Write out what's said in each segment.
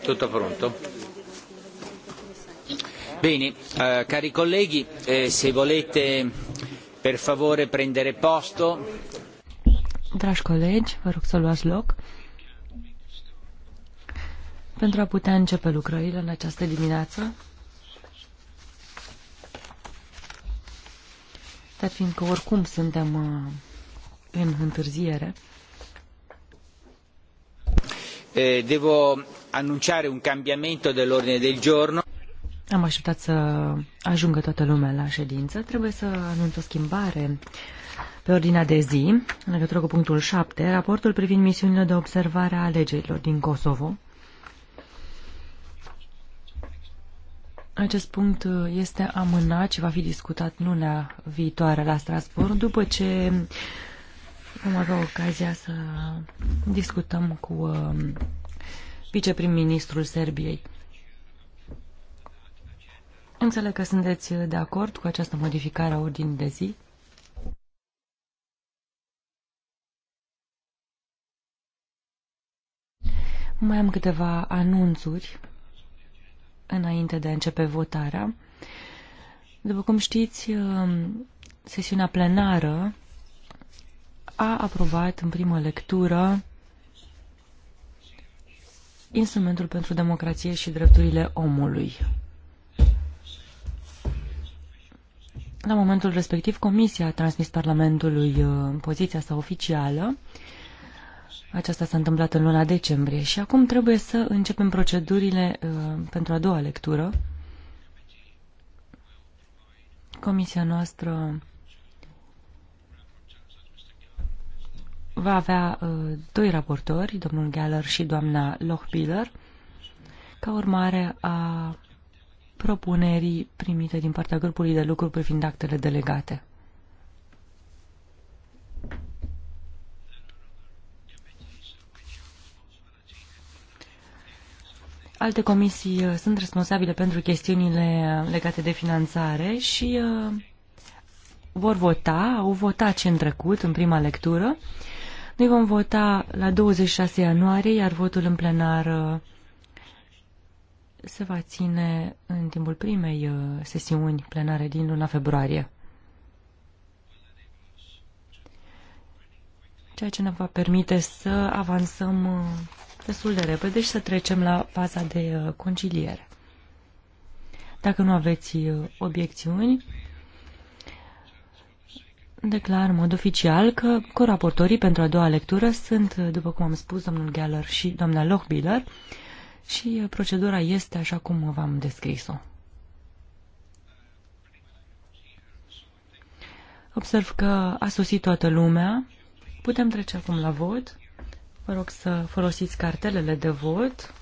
Tutto pronto? Bene, eh, cari colleghi, eh, se volete per favore prendere posto. Dragi colegi, vă rog să luați loc pentru a putea începe lucrările în această dimineață. Dar fiindcă oricum suntem uh, în întârziere. Eh, devo anunciare un cambiamento dell'ordine del giorno. Am așteptat să ajungă toată lumea la ședință. Trebuie să anunț o schimbare pe ordinea de zi, în legătură cu punctul 7, raportul privind misiunile de observare a alegerilor din Kosovo. Acest punct este amânat și va fi discutat lunea viitoare la Strasbourg, după ce vom avea ocazia să discutăm cu um, viceprim-ministrul Serbiei. Înțeleg că sunteți de acord cu această modificare a ordinii de zi. Mai am câteva anunțuri înainte de a începe votarea. După cum știți, um, sesiunea plenară a aprobat în primă lectură instrumentul pentru democrație și drepturile omului. La momentul respectiv, Comisia a transmis Parlamentului uh, poziția sa oficială. Aceasta s-a întâmplat în luna decembrie și acum trebuie să începem procedurile uh, pentru a doua lectură. Comisia noastră va avea uh, doi raportori, domnul Geller și doamna Lochbiller, ca urmare a propunerii primite din partea grupului de lucru privind actele delegate. Alte comisii uh, sunt responsabile pentru chestiunile legate de finanțare și uh, vor vota, au votat ce în trecut, în prima lectură, noi vom vota la 26 ianuarie, iar votul în plenar uh, se va ține în timpul primei uh, sesiuni plenare din luna februarie. Ceea ce ne va permite să avansăm uh, destul de repede și să trecem la faza de conciliere. Dacă nu aveți obiecțiuni, Declar în mod oficial că coraportorii pentru a doua lectură sunt, după cum am spus, domnul Geller și doamna Lochbiller și uh, procedura este așa cum v-am descris-o. Observ că a sosit toată lumea. Putem trece acum la vot. Vă rog să folosiți cartelele de vot.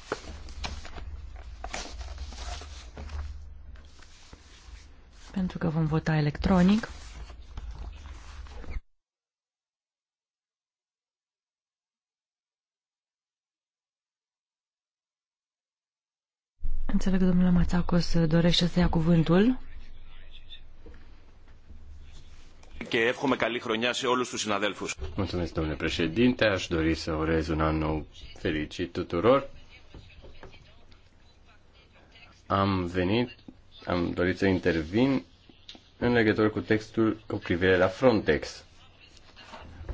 Pentru că vom vota electronic. Înțeleg că domnul Mațacos dorește să ia cuvântul. Mulțumesc, domnule președinte. Aș dori să urez un an nou fericit tuturor. Am venit, am dorit să intervin în legătură cu textul cu privire la Frontex.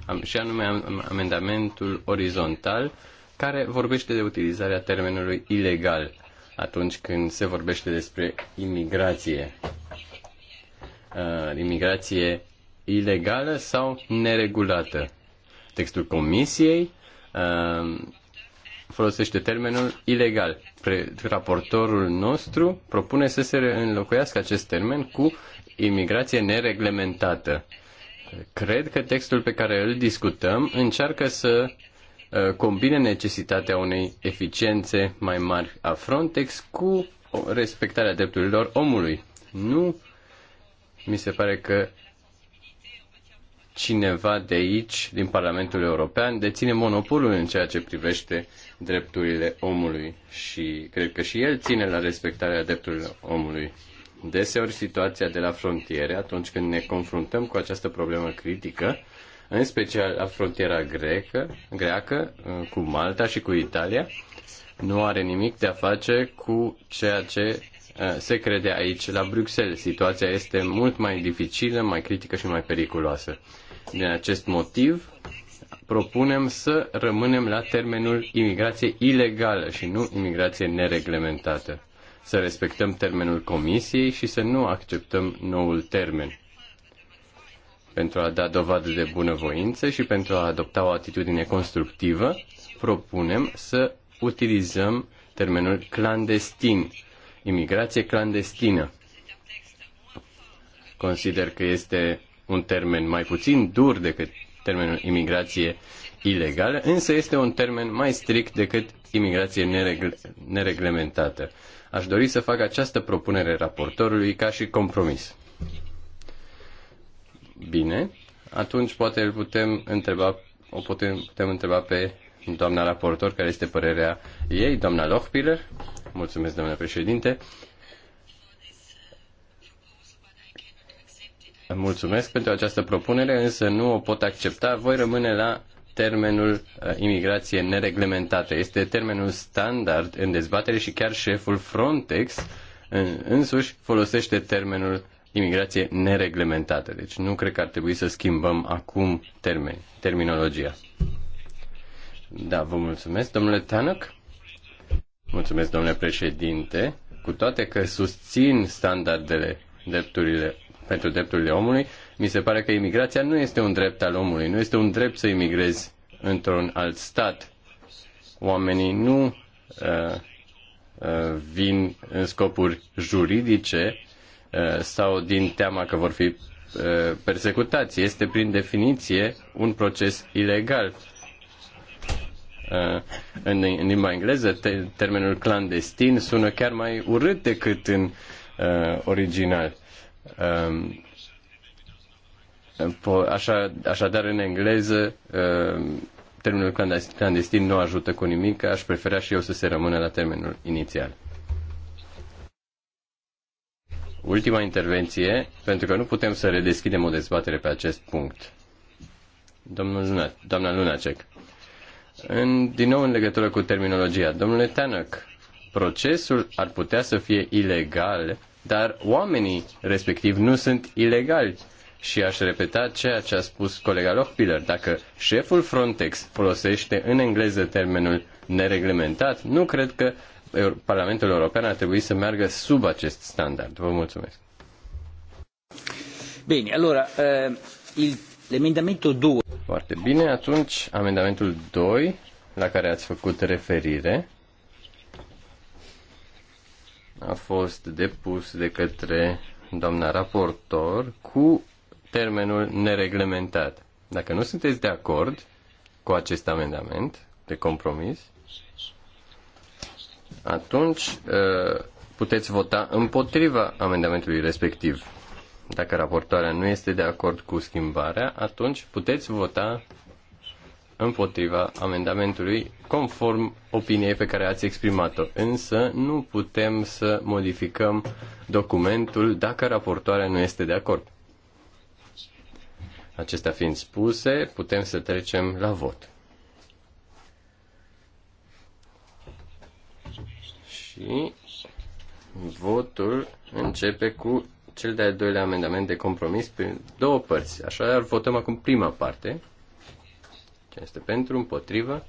Am, și anume am, amendamentul orizontal care vorbește de utilizarea termenului ilegal atunci când se vorbește despre imigrație. Uh, imigrație ilegală sau neregulată. Textul comisiei uh, folosește termenul ilegal. Pre- raportorul nostru propune să se înlocuiască acest termen cu imigrație nereglementată. Cred că textul pe care îl discutăm încearcă să Uh, combine necesitatea unei eficiențe mai mari a Frontex cu respectarea drepturilor omului. Nu mi se pare că cineva de aici, din Parlamentul European, deține monopolul în ceea ce privește drepturile omului și cred că și el ține la respectarea drepturilor omului. Deseori situația de la frontiere, atunci când ne confruntăm cu această problemă critică, în special la frontiera grecă, greacă, uh, cu Malta și cu Italia, nu are nimic de a face cu ceea ce uh, se crede aici, la Bruxelles. Situația este mult mai dificilă, mai critică și mai periculoasă. Din acest motiv, propunem să rămânem la termenul imigrație ilegală și nu imigrație nereglementată. Să respectăm termenul comisiei și să nu acceptăm noul termen. Pentru a da dovadă de bunăvoință și pentru a adopta o atitudine constructivă, propunem să utilizăm termenul clandestin, imigrație clandestină. Consider că este un termen mai puțin dur decât termenul imigrație ilegală, însă este un termen mai strict decât imigrație neregle- nereglementată. Aș dori să fac această propunere raportorului ca și compromis. Bine, atunci poate îl putem întreba, o putem, putem întreba pe doamna raportor care este părerea ei, doamna Lochpiller. Mulțumesc, doamna președinte. Mulțumesc pentru această propunere, însă nu o pot accepta. Voi rămâne la termenul uh, imigrație nereglementată. Este termenul standard în dezbatere și chiar șeful Frontex însuși folosește termenul imigrație nereglementată. Deci nu cred că ar trebui să schimbăm acum termeni, terminologia. Da, vă mulțumesc, domnule Tanuc. Mulțumesc, domnule președinte. Cu toate că susțin standardele drepturile, pentru drepturile omului, mi se pare că imigrația nu este un drept al omului, nu este un drept să imigrezi într-un alt stat. Oamenii nu uh, uh, vin în scopuri juridice, Uh, sau din teama că vor fi uh, persecutați. Este prin definiție un proces ilegal. Uh, în limba engleză, termenul clandestin sună chiar mai urât decât în original. Um, așa, așadar, în engleză, termenul clandestin nu ajută cu nimic, aș prefera și eu să se rămână la termenul inițial ultima intervenție, pentru că nu putem să redeschidem o dezbatere pe acest punct. Domnul Luna, doamna Lunacek, în, din nou în legătură cu terminologia, domnule Tanăc, procesul ar putea să fie ilegal, dar oamenii respectiv nu sunt ilegali. Și aș repeta ceea ce a spus colega Lochpiller. Dacă șeful Frontex folosește în engleză termenul nereglementat, nu cred că Parlamentul European ar trebui să meargă sub acest standard. Vă mulțumesc. Bine, allora, 2. Eh, Foarte bine, atunci amendamentul 2, la care ați făcut referire, a fost depus de către doamna raportor cu termenul nereglementat. Dacă nu sunteți de acord cu acest amendament de compromis, atunci ă, puteți vota împotriva amendamentului respectiv. Dacă raportoarea nu este de acord cu schimbarea, atunci puteți vota împotriva amendamentului conform opiniei pe care ați exprimat-o. Însă nu putem să modificăm documentul dacă raportoarea nu este de acord. Acestea fiind spuse, putem să trecem la vot. Și votul începe cu cel de-al doilea amendament de compromis prin două părți. Așadar, votăm acum prima parte. Cine este pentru, împotrivă,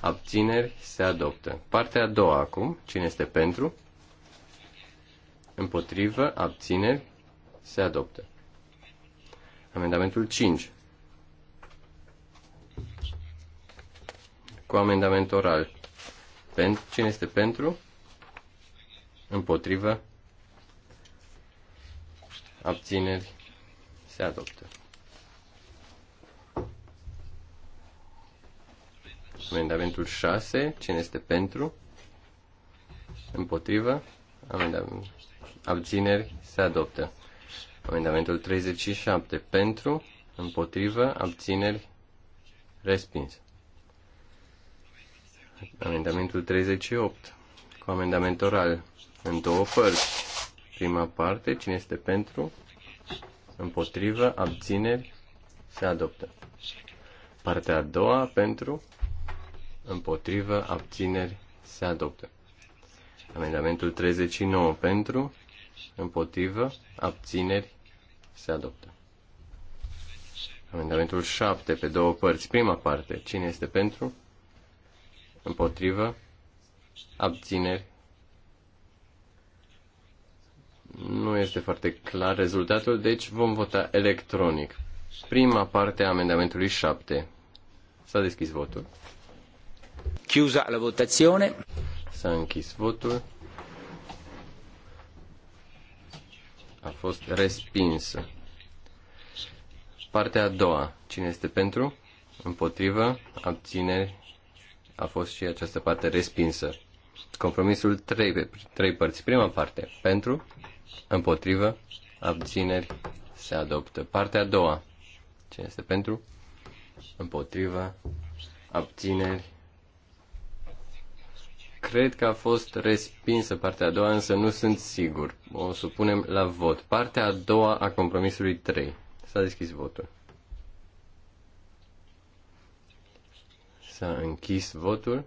abțineri, se adoptă. Partea a doua acum. Cine este pentru, împotrivă, abțineri, se adoptă. Amendamentul 5. Cu amendament oral. Pentru, cine este pentru? Împotrivă. Abțineri. Se adoptă. Amendamentul 6. Cine este pentru? Împotrivă. Amendament. Abțineri. Se adoptă. Amendamentul 37. Pentru. Împotrivă. Abțineri. Respins. Amendamentul 38. Cu amendament oral în două părți. Prima parte, cine este pentru, împotrivă, abțineri, se adoptă. Partea a doua, pentru, împotrivă, abțineri, se adoptă. Amendamentul 39 pentru, împotrivă, abțineri, se adoptă. Amendamentul 7 pe două părți. Prima parte, cine este pentru, împotrivă, abțineri, nu este foarte clar rezultatul, deci vom vota electronic. Prima parte a amendamentului 7. S-a deschis votul. Chiusa la votazione. S-a închis votul. A fost respinsă. Partea a doua. Cine este pentru? Împotrivă? Abțineri? A fost și această parte respinsă. Compromisul 3, 3 părți. Prima parte. Pentru? Împotrivă. Abțineri. Se adoptă. Partea a doua. Ce este pentru? Împotrivă. Abțineri. Cred că a fost respinsă partea a doua, însă nu sunt sigur. O supunem la vot. Partea a doua a compromisului 3. S-a deschis votul. S-a închis votul.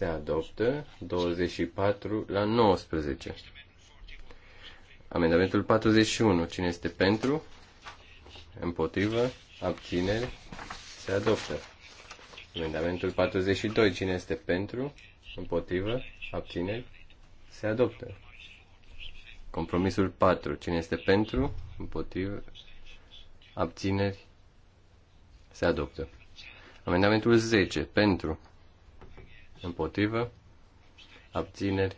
se adoptă 24 la 19. Amendamentul 41. Cine este pentru? Împotrivă? Abțineri? Se adoptă. Amendamentul 42. Cine este pentru? Împotrivă? Abțineri? Se adoptă. Compromisul 4. Cine este pentru? Împotrivă? Abțineri? Se adoptă. Amendamentul 10. Pentru? Împotrivă. Abțineri.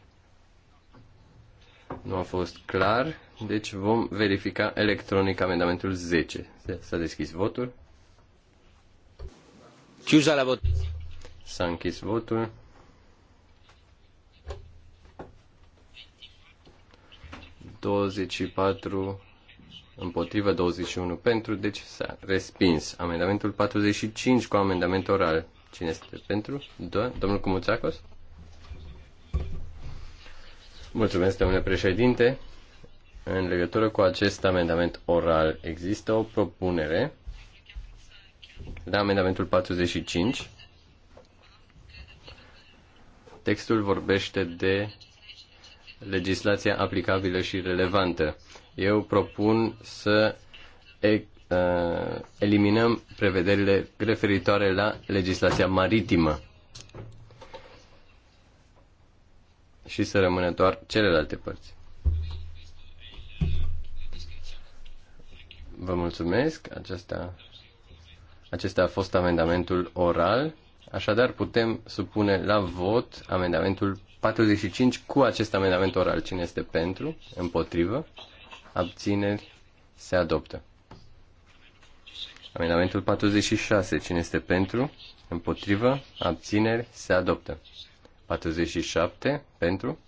Nu a fost clar, deci vom verifica electronic amendamentul 10. S-a deschis votul. Chiusa la vot. S-a închis votul. 24 împotrivă, 21 pentru, deci s-a respins. Amendamentul 45 cu amendament oral. Cine este pentru? Do- Domnul Cumuțacos? Mulțumesc, domnule președinte. În legătură cu acest amendament oral, există o propunere la amendamentul 45. Textul vorbește de legislația aplicabilă și relevantă. Eu propun să uh, eliminăm prevederile referitoare la legislația maritimă și să rămână doar celelalte părți. Vă mulțumesc. Acesta, acesta a fost amendamentul oral. Așadar, putem supune la vot amendamentul 45 cu acest amendament oral. Cine este pentru? Împotrivă? Abțineri? Se adoptă. Amendamentul 46. Cine este pentru? Împotrivă? Abțineri? Se adoptă. 47. Pentru?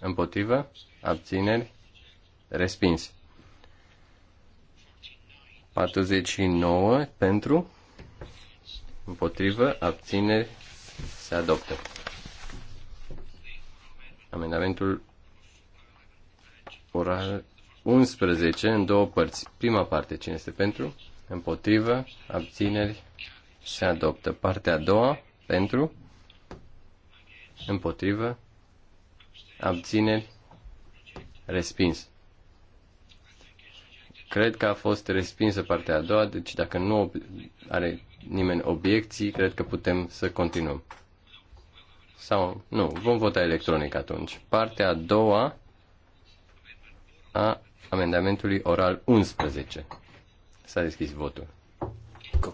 Împotrivă? Abțineri? Respins. 49. Pentru? Împotrivă? Abțineri? Se adoptă. Amendamentul oral 11 în două părți. Prima parte, cine este pentru? Împotrivă, abțineri, se adoptă. Partea a doua, pentru, împotrivă, abțineri, respins. Cred că a fost respinsă partea a doua, deci dacă nu are nimeni obiecții, cred că putem să continuăm. Sau nu, vom vota electronic atunci. Partea a doua a amendamentului oral 11. S-a deschis votul.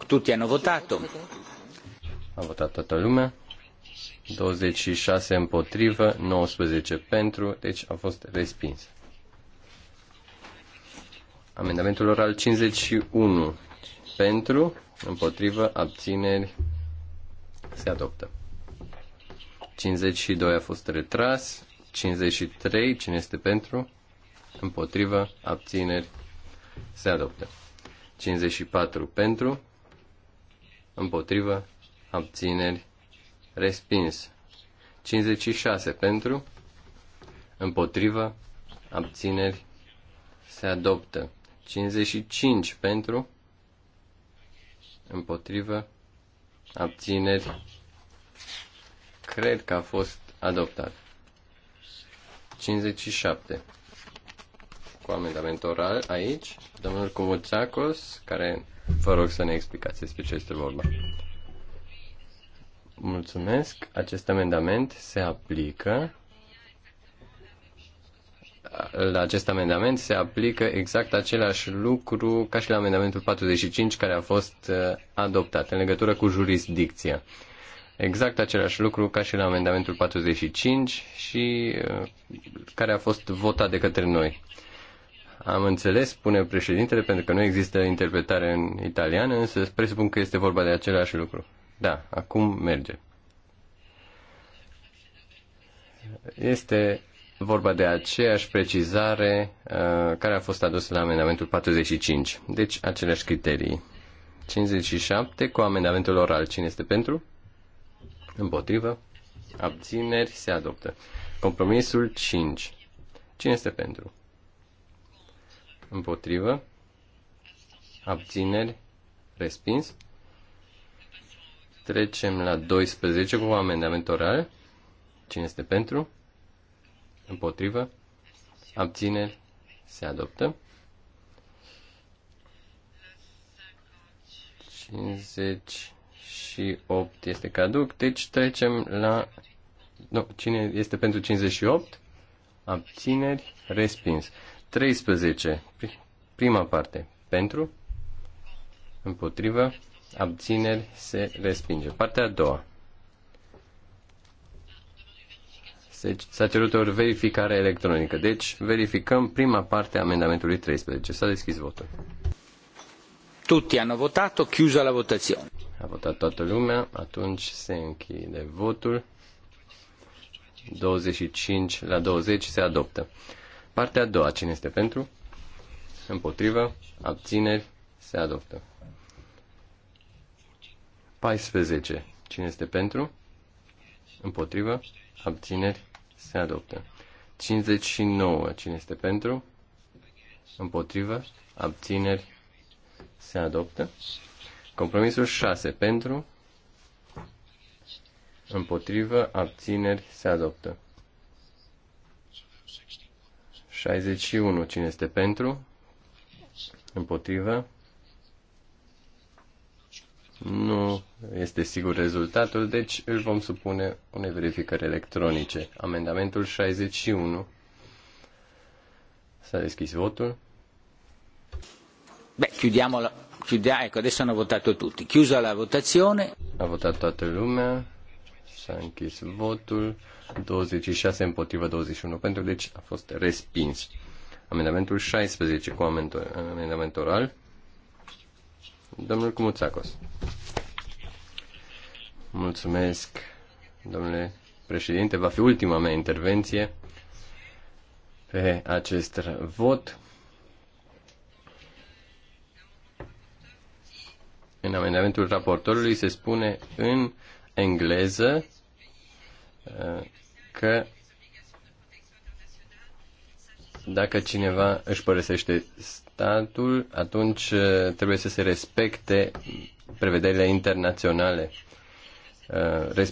Tutti hanno votato. A votat toată lumea. 26 împotrivă, 19 pentru, deci a fost respins. Amendamentul oral 51 pentru, împotrivă, abțineri, se adoptă. 52 a fost retras, 53, cine este pentru, împotrivă, abțineri, se adoptă. 54 pentru, împotrivă, abțineri, respins. 56 pentru, împotrivă, abțineri, se adoptă. 55 pentru, împotrivă, abțineri, cred că a fost adoptat. 57 cu amendament oral aici. Domnul Cumuțacos, care vă rog să ne explicați despre ce este vorba. Mulțumesc. Acest amendament se aplică la acest amendament se aplică exact același lucru ca și la amendamentul 45 care a fost uh, adoptat în legătură cu jurisdicția. Exact același lucru ca și la amendamentul 45 și uh, care a fost votat de către noi. Am înțeles, spune președintele, pentru că nu există interpretare în italiană, însă presupun că este vorba de același lucru. Da, acum merge. Este vorba de aceeași precizare uh, care a fost adusă la amendamentul 45. Deci, aceleași criterii. 57 cu amendamentul oral. Cine este pentru? Împotrivă? Abțineri? Se adoptă. Compromisul 5. Cine este pentru? împotrivă, abțineri, respins. Trecem la 12 cu amendament oral. Cine este pentru? Împotrivă? Abțineri? Se adoptă. 58 este caduc. Deci trecem la... Nu, cine este pentru 58? Abțineri? Respins. 13. Prima parte. Pentru. Împotrivă. Abțineri. Se respinge. Partea a doua. S-a cerut o verificare electronică. Deci, verificăm prima parte a amendamentului 13. S-a deschis votul. Tutti hanno votato, chiusa la votazione. A votat toată lumea, atunci se închide votul. 25 la 20 se adoptă. Partea a doua, cine este pentru? Împotrivă, abțineri, se adoptă. 14. Cine este pentru? Împotrivă, abțineri, se adoptă. 59. Cine este pentru? Împotrivă, abțineri, se adoptă. Compromisul 6. Pentru, împotrivă, abțineri, se adoptă. 61. Cine este pentru? Împotrivă? Nu este sigur rezultatul, deci îl vom supune unei verificări electronice. Amendamentul 61. S-a deschis votul. Beh, chiudiamo la... Chiudia... Ecco, adesso hanno votato tutti. Chiusa la votazione. Ha votato toată lumea. S-a închis votul. 26 împotriva 21 pentru, deci a fost respins. Amendamentul 16 cu amendament oral. Domnul Cumuțacos. Mulțumesc, domnule președinte. Va fi ultima mea intervenție pe acest vot. În amendamentul raportorului se spune în engleză uh, dacă dacă cineva își părăsește statul, atunci uh, trebuie să se respecte prevederile internaționale. Uh,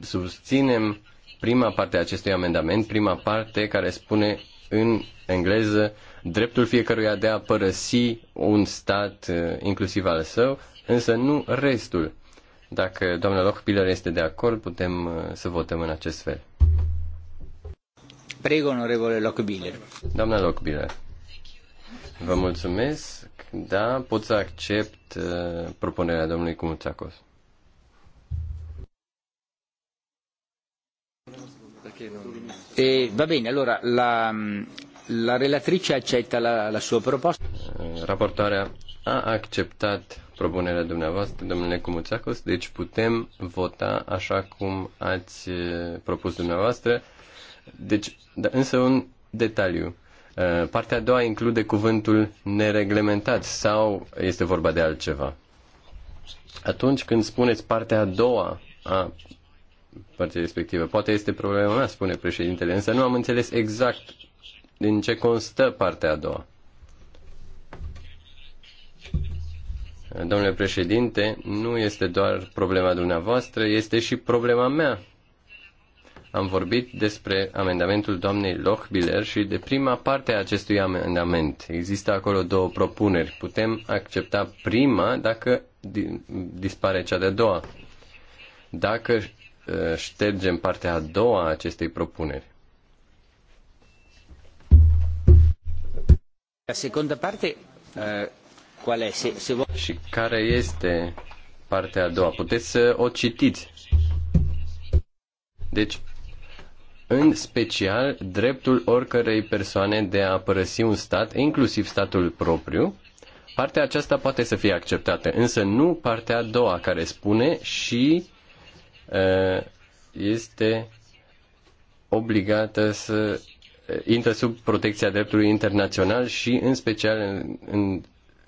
susținem prima parte a acestui amendament, prima parte care spune în engleză dreptul fiecăruia de a părăsi un stat, uh, inclusiv al său, însă nu restul. Dacă doamna Lochpiller este de acord, putem să votăm în acest fel. Prego, onorevole Doamna Lockbiller, vă mulțumesc. Da, pot să accept uh, propunerea domnului Cumuțacos. E, va bene, allora la, la relatrice accetta la, la sua proposta. Uh, Raportarea a acceptat propunerea dumneavoastră, domnule Cumuțacos, deci putem vota așa cum ați uh, propus dumneavoastră. Deci, da, însă un detaliu. Uh, partea a doua include cuvântul nereglementat sau este vorba de altceva? Atunci când spuneți partea a doua a părții respective, poate este problema mea, spune președintele, însă nu am înțeles exact din ce constă partea a doua. Domnule președinte, nu este doar problema dumneavoastră, este și problema mea am vorbit despre amendamentul doamnei Lochbiller și de prima parte a acestui amendament. Există acolo două propuneri. Putem accepta prima dacă dispare cea de-a doua. Dacă uh, ștergem partea a doua a acestei propuneri. La seconda parte, uh, qual Se, se vo- și care este partea a doua? Puteți să o citiți. Deci, în special dreptul oricărei persoane de a părăsi un stat, inclusiv statul propriu. Partea aceasta poate să fie acceptată, însă nu partea a doua care spune și este obligată să intre sub protecția dreptului internațional și în special în, în,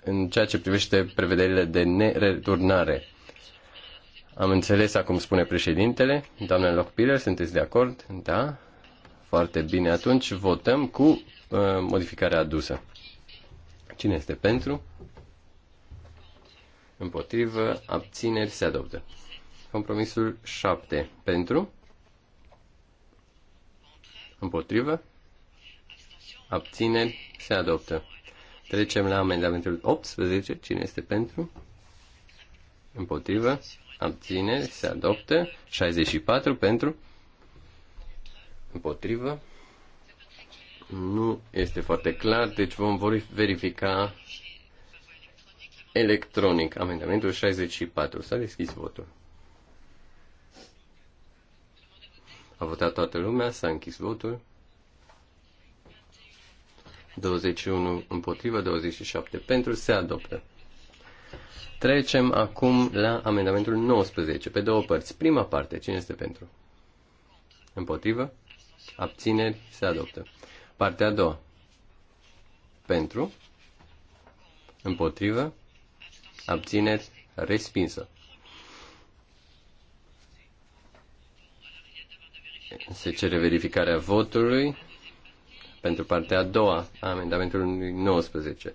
în ceea ce privește prevederile de nereturnare. Am înțeles acum, spune președintele. Doamne Lockpiller, sunteți de acord? Da? Foarte bine. Atunci votăm cu uh, modificarea adusă. Cine este pentru? Împotrivă, abțineri, se adoptă. Compromisul 7. Pentru? Împotrivă? Abțineri, se adoptă. Trecem la amendamentul 18. Cine este pentru? Împotrivă? abține, se adoptă. 64 pentru, împotrivă. Nu este foarte clar, deci vom verifica electronic. Amendamentul 64. S-a deschis votul. A votat toată lumea, s-a închis votul. 21 împotrivă, 27 pentru, se adoptă. Trecem acum la amendamentul 19, pe două părți. Prima parte, cine este pentru? Împotrivă? Abțineri? Se adoptă. Partea a doua. Pentru? Împotrivă? Abțineri? Respinsă. Se cere verificarea votului pentru partea a doua a amendamentului 19.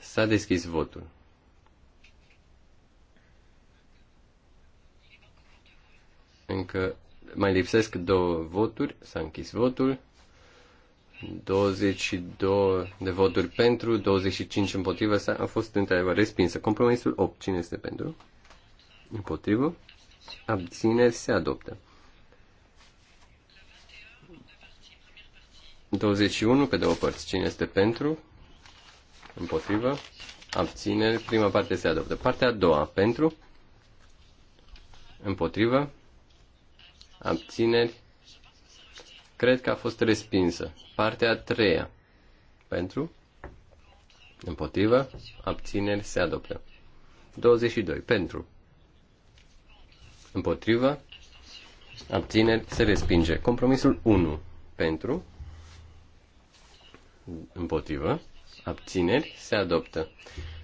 S-a deschis votul. Încă mai lipsesc două voturi. S-a închis votul. 22 de voturi pentru, 25 împotrivă. S-a, a fost întrebarea respinsă. Compromisul 8. Cine este pentru? Împotrivă. Abține, se adoptă. 21 pe două părți. Cine este pentru? Împotrivă. Abține, Prima parte se adoptă. Partea a doua. Pentru? Împotrivă abțineri, cred că a fost respinsă. Partea a treia, pentru, împotrivă, abțineri, se adoptă. 22, pentru, împotrivă, abțineri, se respinge. Compromisul 1, pentru, împotrivă, abțineri, se adoptă.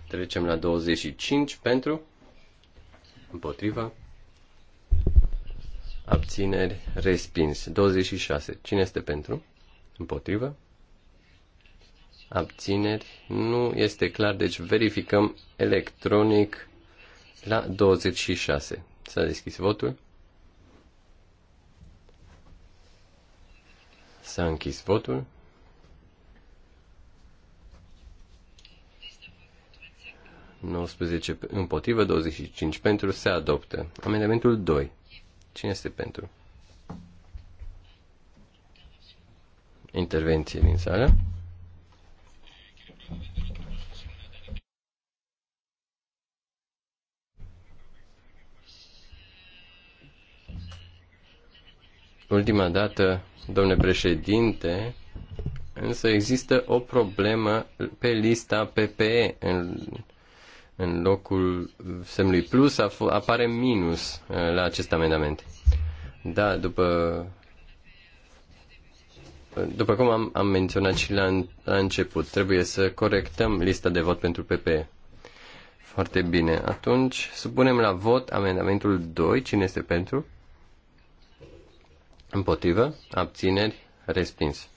Trecem la 25 pentru, împotrivă. Abțineri respins. 26. Cine este pentru? Împotrivă? Abțineri. Nu este clar, deci verificăm electronic la 26. S-a deschis votul. S-a închis votul. împotrivă, 25 pentru, se adoptă. Amendamentul 2. Cine este pentru? Intervenție din sală. Ultima dată, domnule președinte, însă există o problemă pe lista PPE în în locul semnului plus apare minus uh, la acest amendament. Da, după după cum am, am menționat și la, la început, trebuie să corectăm lista de vot pentru PP. Foarte bine. Atunci, supunem la vot amendamentul 2. Cine este pentru? Împotrivă? Abțineri? Respins.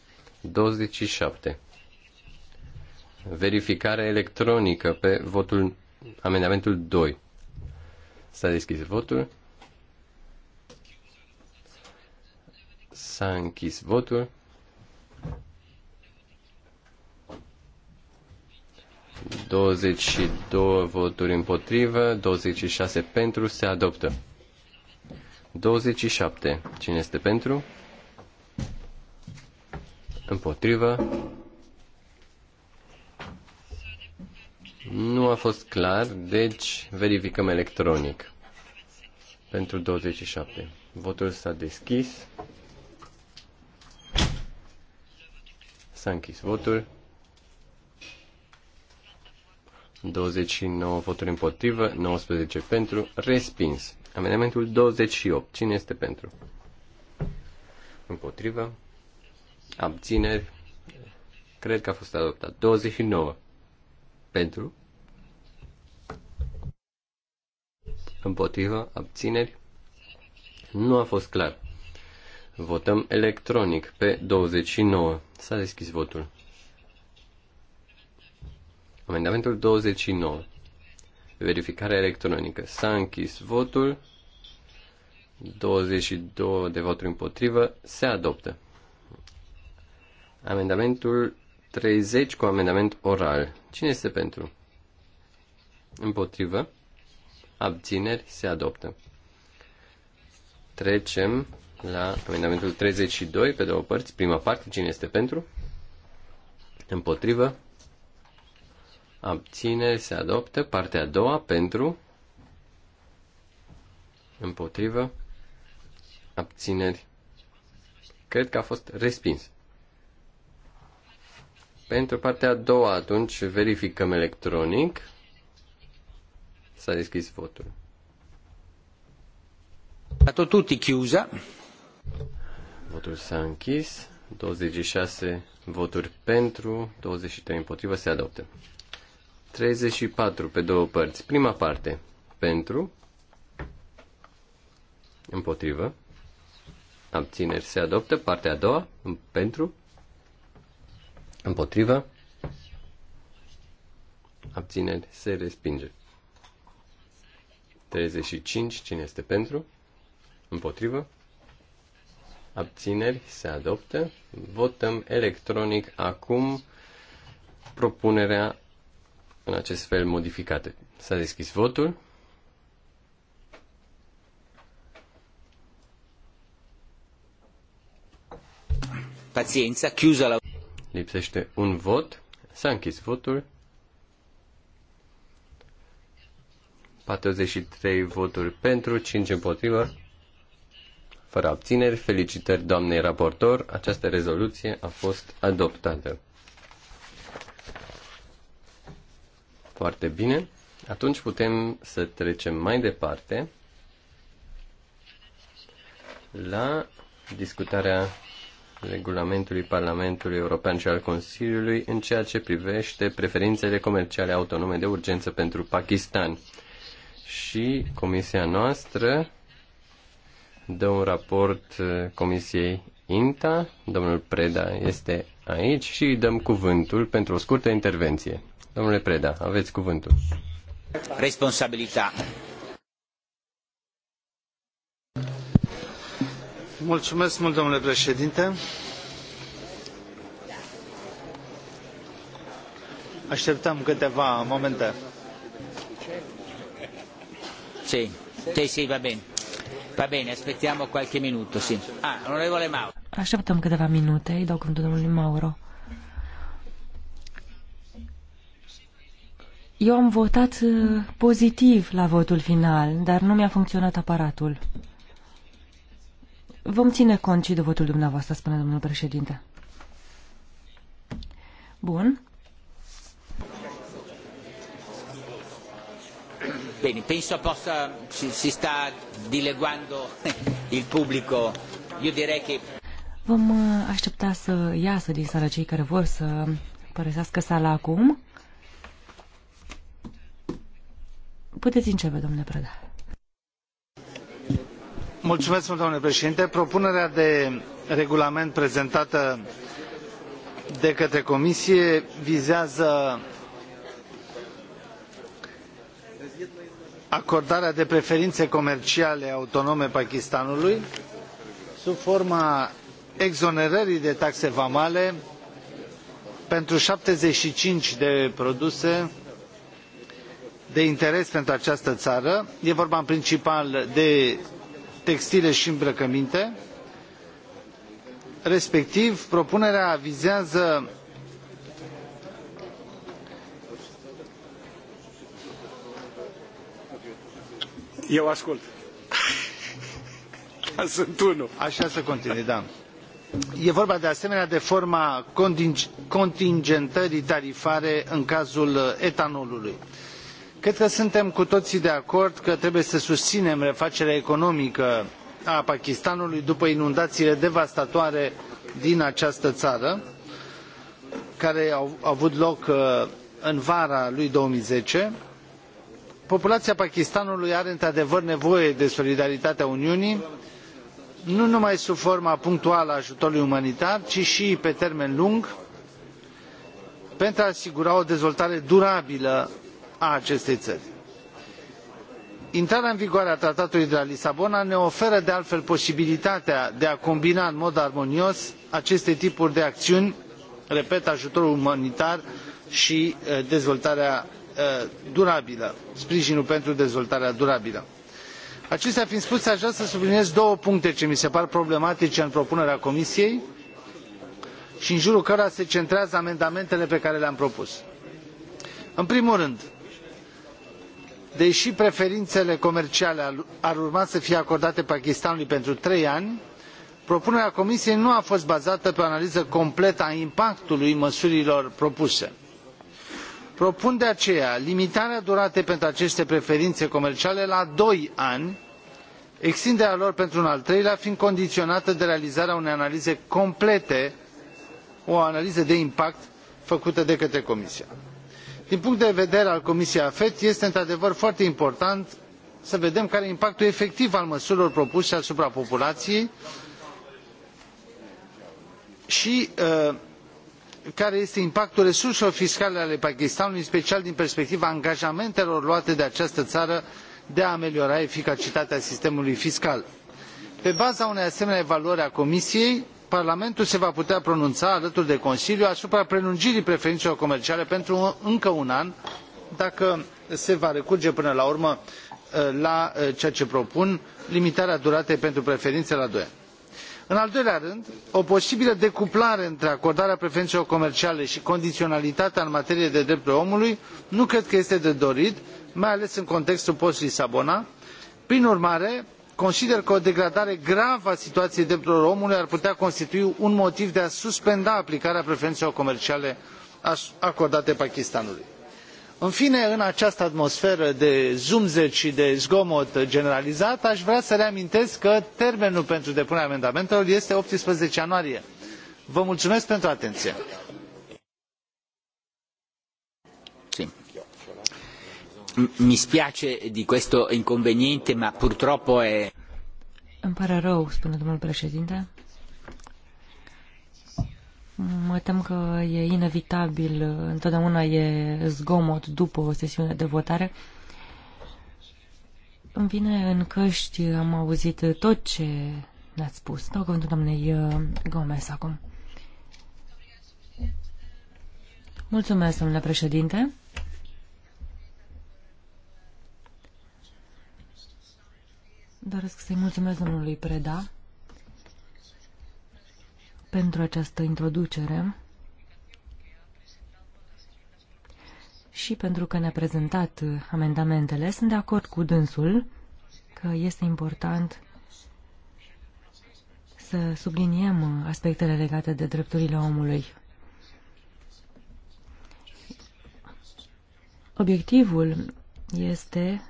27. Verificare electronică pe votul Amendamentul 2. S-a deschis votul. S-a închis votul. Douăzeci și două voturi împotrivă, 26 pentru, se adoptă. 27. Cine este pentru? Împotrivă. Nu a fost clar, deci verificăm electronic. Pentru 27. Votul s-a deschis. S-a închis votul. 29 voturi împotrivă, 19 pentru, respins. Amendamentul 28. Cine este pentru? Împotrivă. Abțineri. Cred că a fost adoptat. 29. Pentru. Împotrivă. Abțineri. Nu a fost clar. Votăm electronic pe 29. S-a deschis votul. Amendamentul 29. Verificare electronică. S-a închis votul. 22 de voturi împotrivă. Se adoptă. Amendamentul 30 cu amendament oral. Cine este pentru? Împotrivă. Abțineri se adoptă. Trecem la amendamentul 32 pe două părți. Prima parte, cine este pentru? Împotrivă. Abțineri se adoptă. Partea a doua, pentru. Împotrivă. Abțineri. Cred că a fost respins. Pentru partea a doua, atunci verificăm electronic. S-a deschis votul. tot tutti chiusa. Votul s-a închis. 26 voturi pentru, 23 împotrivă, se adoptă. 34 pe două părți. Prima parte, pentru, împotrivă, abțineri se adoptă. Partea a doua, pentru, Împotrivă. Abțineri. Se respinge. 35. Cine este pentru? Împotrivă. Abțineri. Se adoptă. Votăm electronic acum propunerea în acest fel modificată. S-a deschis votul. Pazienza, chiusa la... Lipsește un vot. S-a închis votul. 43 voturi pentru, 5 împotrivă, fără abțineri. Felicitări doamnei raportor. Această rezoluție a fost adoptată. Foarte bine. Atunci putem să trecem mai departe la discutarea regulamentului Parlamentului European și al Consiliului în ceea ce privește preferințele comerciale autonome de urgență pentru Pakistan. Și comisia noastră dă un raport uh, comisiei INTA, domnul Preda este aici și îi dăm cuvântul pentru o scurtă intervenție. Domnule Preda, aveți cuvântul. Responsabilitate. Mulțumesc mult, președinte. Așteptăm câteva momente. Sì, sì, sì, va bene. Va bene, aspettiamo qualche minuto, sì. Ah, onorevole Mauro. Așteptăm câteva minute, îi dau cuvântul domnului Mauro. Eu am votat uh, pozitiv la votul final, dar nu mi-a funcționat aparatul. Vom ține cont și de votul dumneavoastră, spune domnul președinte. Bun. Bine, penso possa, si, si sta dileguando il pubblico. Io direi che... Vom uh, aștepta să iasă din sala cei care vor să părăsească sala acum. Puteți începe, domnule Prădare. Mulțumesc, domnule președinte. Propunerea de regulament prezentată de către Comisie vizează acordarea de preferințe comerciale autonome Pakistanului sub forma exonerării de taxe vamale pentru șaptezeci și cinci de produse de interes pentru această țară. este vorba în principal de textile și îmbrăcăminte respectiv propunerea vizează eu ascult sunt unul așa să continui da e vorba de asemenea de forma contingentării tarifare în cazul etanolului. Cred că suntem cu toii de acord că trebuie să susținem refacerea economică a Pakistanului după inundațiile devastatoare din această țară, care au avut loc uh, în vara lui 2010. Populația Pakistanului are într-adevăr nevoie de solidaritatea Uniunii, nu numai sub forma punctuală a ajutorului umanitar, ci și pe termen lung, pentru a asigura o dezvoltare durabilă a acestei țări. Intrarea în vigoare a Tratatului de la Lisabona ne oferă de altfel posibilitatea de a combina în mod armonios aceste tipuri de acțiuni, repet, ajutorul umanitar și dezvoltarea durabilă, sprijinul pentru dezvoltarea durabilă. Acestea fiind spuse, aș vrea să subliniez două puncte ce mi se par problematice în propunerea Comisiei și în jurul cărora se centrează amendamentele pe care le-am propus. În primul rând, dei preferinele comerciale ar urma să fie acordate pakistanului pentru trei ani propunerea comisiei nu a fost bazată pe o analiză completă a impactului măsurilor propuse. propun de aceea limitarea duratei pentru aceste preferine comerciale la doi ani extinderea lor pentru un al treilea fiind condiionată de realizarea unei analize complete o analiză de impact făcută de către comisie din punct de vedere al comisiei afet este într adevăr foarte important să vedem care este impactul efectiv al măsurilor propuse asupra populației și uh, care este impactul resurselor fiscale ale pakistanului în special din perspectiva angajamentelor luate de această țară de a ameliora eficacitatea sistemului fiscal. pe baza unei asemenea evaluări a comisiei parlamentul se va putea pronuna alături de consiliu asupra prelungirii preferinelor comerciale pentru încă un an dacă se va recurge până la urmă uh, la uh, ceea ce propun limitarea duratei pentru preferine la doi ani. în al doilea rând o posibilă decuplare între acordarea preferinelor comerciale i condiionalitatea în materie de drepturi omului nu cred că este de dorit mai ales în contextul post lisabona prin urmare consider că o degradare gravă a situației drepturilor omului ar putea constitui un motiv de a suspenda aplicarea preferințelor comerciale acordate pakistanului. în fine în această atmosferă de zumzet și de zgomot generalizat aș vrea să reamintesc că termenul pentru depunerea amendamentelor este optsprezece ianuarie. vă mulțumesc pentru atenție. mi spiace di questo inconveniente, ma purtroppo è... Îmi pare rău, spune domnul președinte. Mă tem că e inevitabil, întotdeauna e zgomot după o sesiune de votare. Îmi vine în căști, am auzit tot ce ne-ați spus. Dau cuvântul doamnei uh, Gomez acum. Mulțumesc, domnule președinte. Doresc să-i mulțumesc domnului Preda pentru această introducere și pentru că ne-a prezentat amendamentele. Sunt de acord cu dânsul că este important să subliniem aspectele legate de drepturile omului. Obiectivul este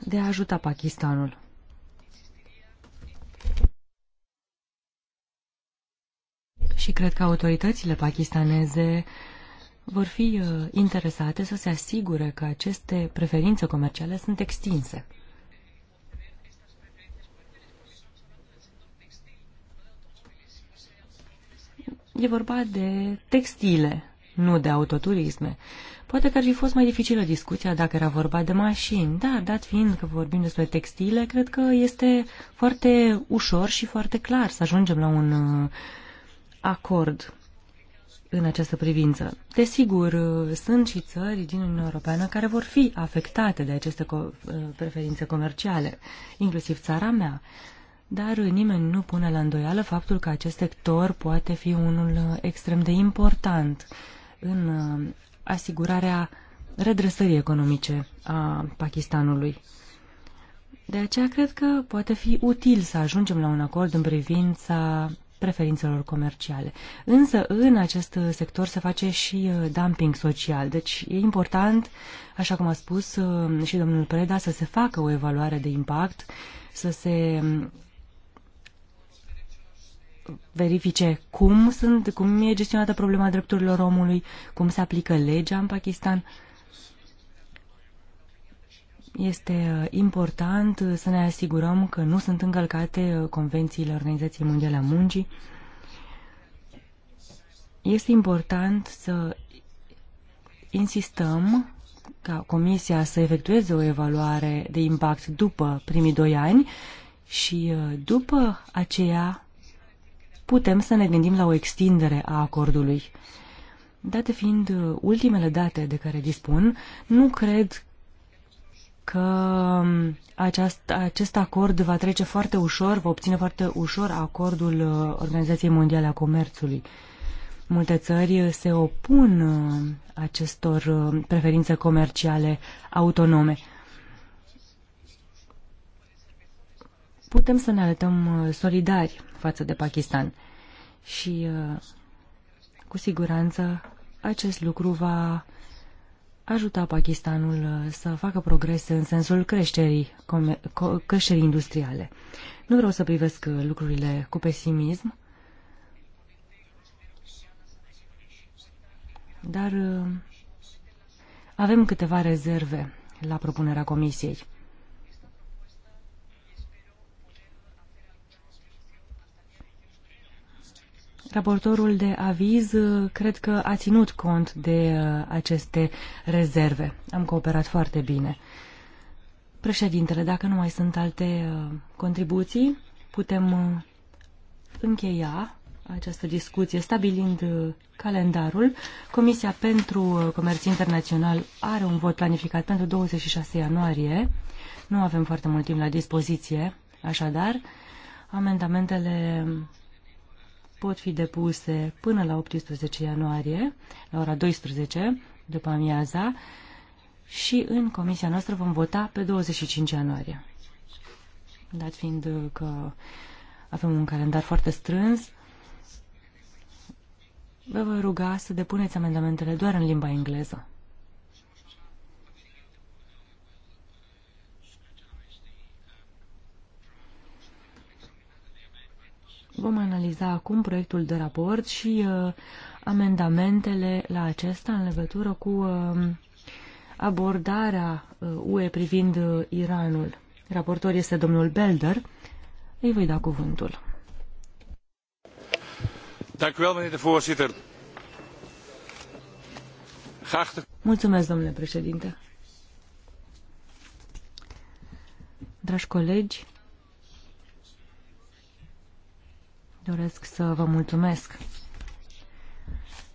de a ajuta Pakistanul. și cred că autoritățile pakistaneze vor fi uh, interesate să se asigure că aceste preferințe comerciale sunt extinse. E vorba de textile, nu de autoturisme. Poate că ar fi fost mai dificilă discuția dacă era vorba de mașini. Da, dat fiind că vorbim despre textile, cred că este foarte ușor și foarte clar să ajungem la un uh, acord în această privință. Desigur, sunt și țări din Uniunea Europeană care vor fi afectate de aceste preferințe comerciale, inclusiv țara mea. Dar nimeni nu pune la îndoială faptul că acest sector poate fi unul extrem de important în uh, asigurarea redresării economice a Pakistanului. De aceea cred că poate fi util să ajungem la un acord în privința preferințelor comerciale. Însă în acest sector se face și uh, dumping social, deci e important, așa cum a spus uh, și domnul Preda, să se facă o evaluare de impact, să se um, verifice cum sunt, cum e gestionată problema drepturilor omului, cum se aplică legea în Pakistan. Este uh, important uh, să ne asigurăm că nu sunt încălcate uh, convențiile Organizației Mondiale a Muncii. Este important să insistăm ca Comisia să efectueze o evaluare de impact după primii doi ani și după aceea putem să ne gândim la o extindere a acordului. Date fiind ultimele date de care dispun, nu cred că um, aceast, acest acord va trece foarte ușor, va obține foarte ușor acordul uh, Organizației Mondiale a Comerțului. Multe țări se opun uh, acestor uh, preferințe comerciale autonome. Putem să ne arătăm solidari față de Pakistan și cu siguranță acest lucru va ajuta Pakistanul uh, să facă progrese în sensul creșterii, creșterii industriale. Nu vreau să privesc uh, lucrurile cu pesimism, dar uh, avem câteva rezerve la propunerea Comisiei. Raportorul de aviz uh, cred că a ținut cont de uh, aceste rezerve. Am cooperat foarte bine. Președintele, dacă nu mai sunt alte uh, contribuții, putem încheia această discuție stabilind calendarul. Comisia pentru Comerț Internațional are un vot planificat pentru 26 ianuarie. Nu avem foarte mult timp la dispoziție, așadar, amendamentele pot fi depuse până la 18 ianuarie, la ora 12, după amiaza, și în comisia noastră vom vota pe 25 ianuarie. Dat fiind că avem un calendar foarte strâns, vă voi ruga să depuneți amendamentele doar în limba engleză. Vom analiza acum proiectul de raport și uh, amendamentele la acesta în legătură cu uh, abordarea uh, UE privind uh, Iranul. Raportor este domnul Belder. Îi voi da cuvântul. Mulțumesc, domnule președinte. Dragi colegi, Doresc să vă mulțumesc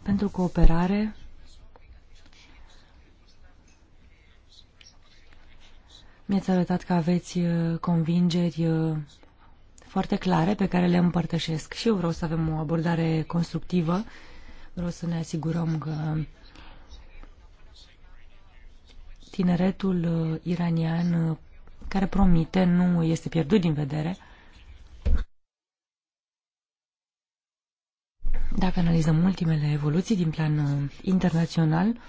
pentru cooperare. Mi-ați arătat că aveți uh, convingeri uh, foarte clare pe care le împărtășesc și eu vreau să avem o abordare constructivă. Vreau să ne asigurăm că tineretul uh, iranian care promite nu este pierdut din vedere. Dacă analizăm ultimele evoluții din plan uh, internațional,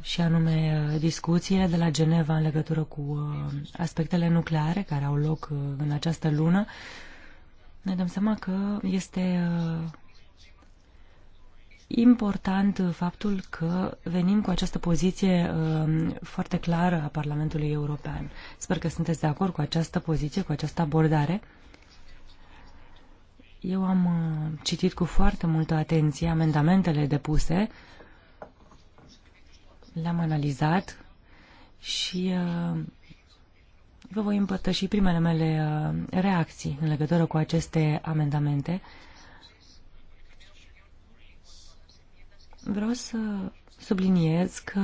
și anume uh, discuțiile de la Geneva în legătură cu uh, aspectele nucleare care au loc în această lună, ne dăm seama că este important faptul că venim cu această poziție foarte clară a Parlamentului European. Sper că sunteți de acord cu această poziție, cu această abordare. Eu am uh, citit cu foarte multă atenție amendamentele depuse, le-am analizat și uh, vă voi împărtăși primele mele uh, reacții în legătură cu aceste amendamente. Vreau să subliniez că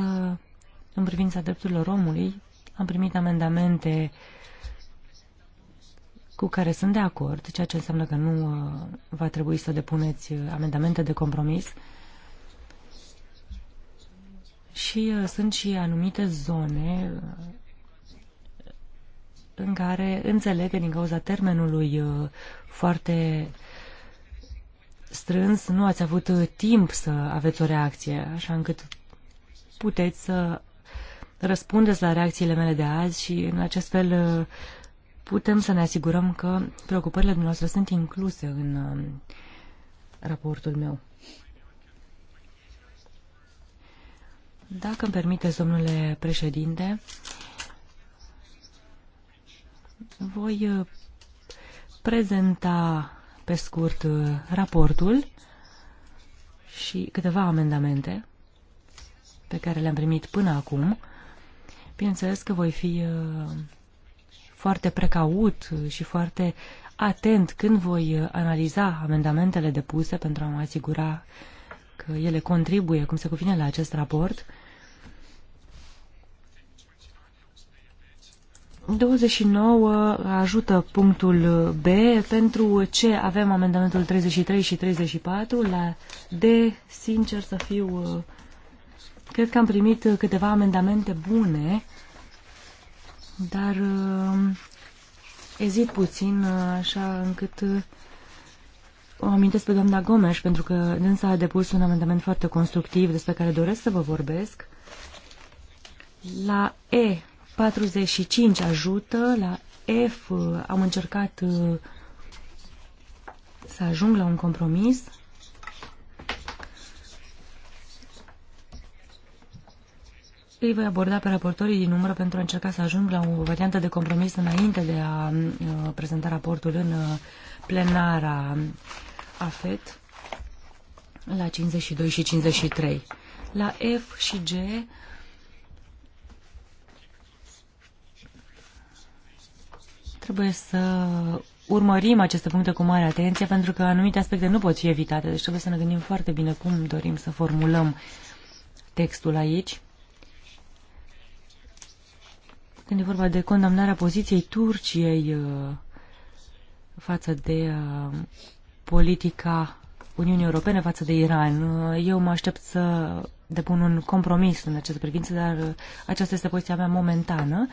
în privința drepturilor omului am primit amendamente uh, cu care sunt de acord, ceea ce înseamnă că nu uh, va trebui să depuneți uh, amendamente de compromis. Și uh, sunt și anumite zone în care înțeleg că din cauza termenului foarte strâns nu ați avut timp să aveți o reacție, așa încât puteți să răspundeți la reacțiile mele de azi și în acest fel putem să ne asigurăm că preocupările dumneavoastră sunt incluse în um, raportul meu. Dacă îmi permiteți, domnule președinte, voi uh, prezenta pe scurt uh, raportul și câteva amendamente pe care le-am primit până acum. Bineînțeles că voi fi uh, foarte precaut și foarte atent când voi analiza amendamentele depuse pentru a mă asigura că ele contribuie, cum se cuvine, la acest raport. 29 ajută punctul B. Pentru ce avem amendamentul 33 și 34? La D, sincer să fiu, cred că am primit câteva amendamente bune dar uh, ezit puțin uh, așa încât uh, o amintesc pe doamna Gomes pentru că dânsa a depus un amendament foarte constructiv despre care doresc să vă vorbesc. La E45 ajută, la F am încercat să ajung la un compromis Îi voi aborda pe raportorii din umbră pentru a încerca să ajung la o variantă de compromis înainte de a uh, prezenta raportul în uh, plenara AFET la 52 și 53. La F și G trebuie să urmărim aceste puncte cu mare atenție pentru că anumite aspecte nu pot fi evitate, deci trebuie să ne gândim foarte bine cum dorim să formulăm textul aici. Când e vorba de condamnarea poziției Turciei uh, față de uh, politica Uniunii Europene față de Iran, uh, eu mă aștept să depun un compromis în această privință, dar aceasta este poziția mea momentană.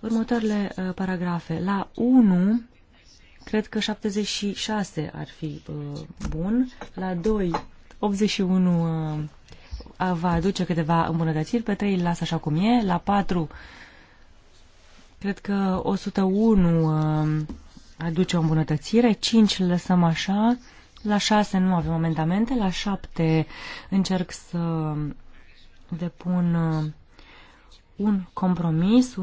Următoarele paragrafe. La 1, cred că 76 ar fi bun. La 2, 81 va aduce câteva îmbunătățiri, pe 3 las așa cum e, la 4 Cred că 101 um, aduce o îmbunătățire, 5 lăsăm așa, la 6 nu avem amendamente, la 7 încerc să depun uh, un compromis,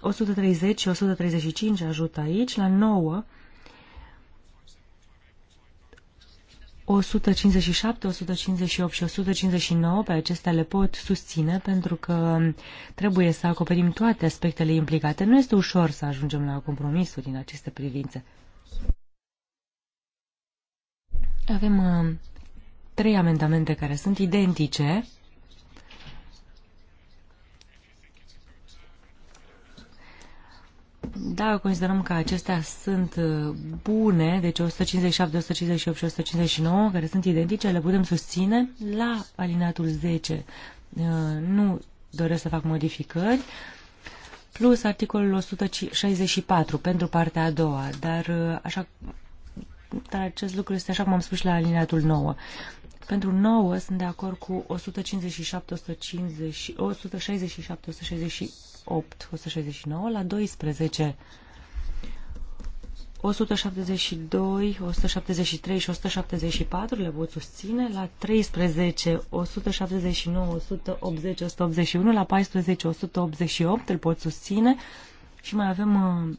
130 și 135 ajută aici, la 9 157, 158 și 159 pe acestea le pot susține pentru că trebuie să acoperim toate aspectele implicate. Nu este ușor să ajungem la compromisuri în aceste privințe. Avem uh, trei amendamente care sunt identice Da, considerăm că acestea sunt uh, bune, deci 157, 158 și 159, care sunt identice, le putem susține la alineatul 10. Uh, nu doresc să fac modificări, plus articolul 164 pentru partea a doua, dar, uh, așa, dar acest lucru este așa cum am spus la alineatul 9. Pentru 9 sunt de acord cu 157, 150, 167, 168 8, 169 la 12. 172, 173 și 174 le pot susține, la 13, 179, 180, 181, la 14, 188 îl pot susține și mai avem uh,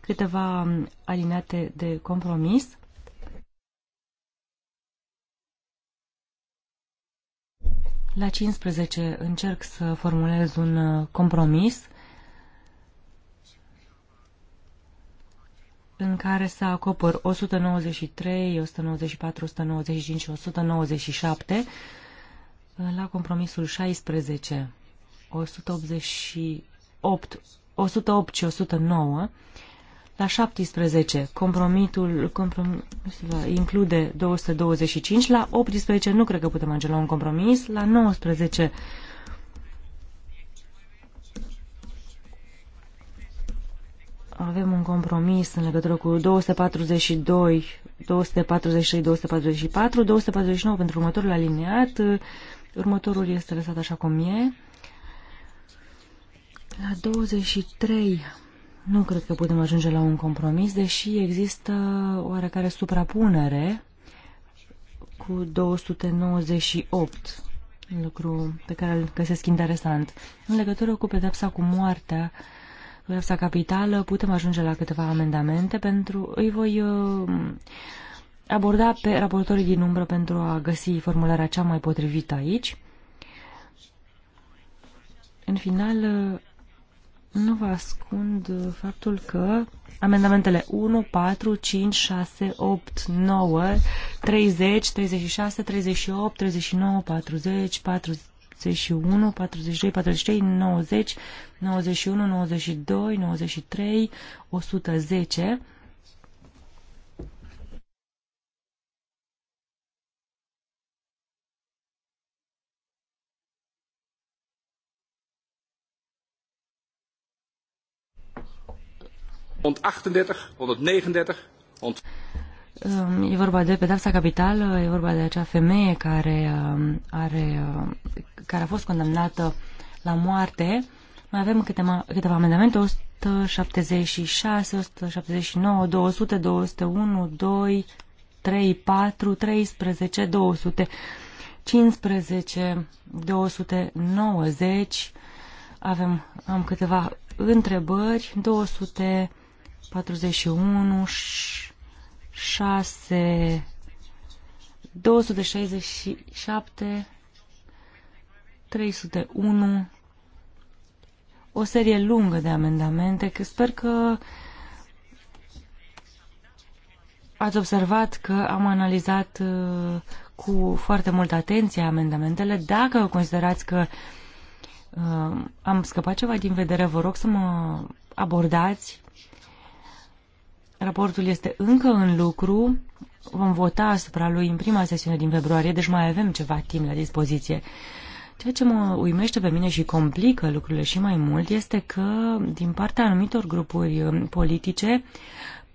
câteva um, alineate de compromis. La 15 încerc să formulez un uh, compromis în care să acopăr 193, 194, 195 și 197 uh, la compromisul 16, 188, 108 și 109 la 17, compromitul comprom, include 225, la 18 nu cred că putem ajunge la un compromis, la 19 avem un compromis în legătură cu 242, 243, 244, 249 pentru următorul aliniat. Următorul este lăsat așa cum e. La 23 nu cred că putem ajunge la un compromis, deși există oarecare suprapunere cu 298, lucru pe care îl găsesc interesant. În legătură cu pedepsa cu moartea, pedepsa capitală, putem ajunge la câteva amendamente pentru... Îi voi uh, aborda pe raportorii din umbră pentru a găsi formularea cea mai potrivită aici. În final, uh, nu vă ascund uh, faptul că amendamentele 1, 4, 5, 6, 8, 9, 30, 36, 38, 39, 40, 41, 42, 43, 90, 91, 92, 93, 110 138, 139, 100. E vorba de pedapsa capitală, e vorba de acea femeie care, ehm, are, ehm, care a fost condamnată la moarte. Mai avem câteva, câteva amendamente, 176, 179, 200, 201, 2, 3, 4, 13, 15, 290. Avem, am câteva întrebări, 200 41, 6, 267, 301, o serie lungă de amendamente, că sper că ați observat că am analizat uh, cu foarte multă atenție amendamentele. Dacă considerați că uh, am scăpat ceva din vedere, vă rog să mă abordați Raportul este încă în lucru. Vom vota asupra lui în prima sesiune din februarie, deci mai avem ceva timp la dispoziție. Ceea ce mă uimește pe mine și complică lucrurile și mai mult este că, din partea anumitor grupuri politice,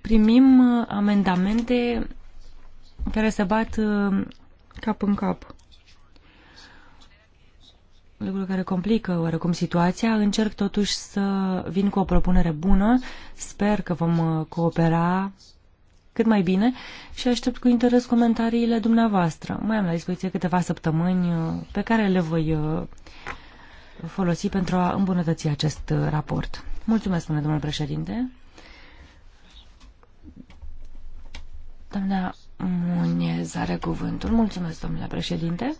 primim amendamente care se bat uh, cap în cap lucru care complică oarecum situația. Încerc totuși să vin cu o propunere bună. Sper că vom uh, coopera cât mai bine și aștept cu interes comentariile dumneavoastră. Mai am la dispoziție câteva săptămâni uh, pe care le voi uh, folosi pentru a îmbunătăți acest raport. Mulțumesc, spune domnul președinte. Doamna Muniez are cuvântul. Mulțumesc, domnule președinte.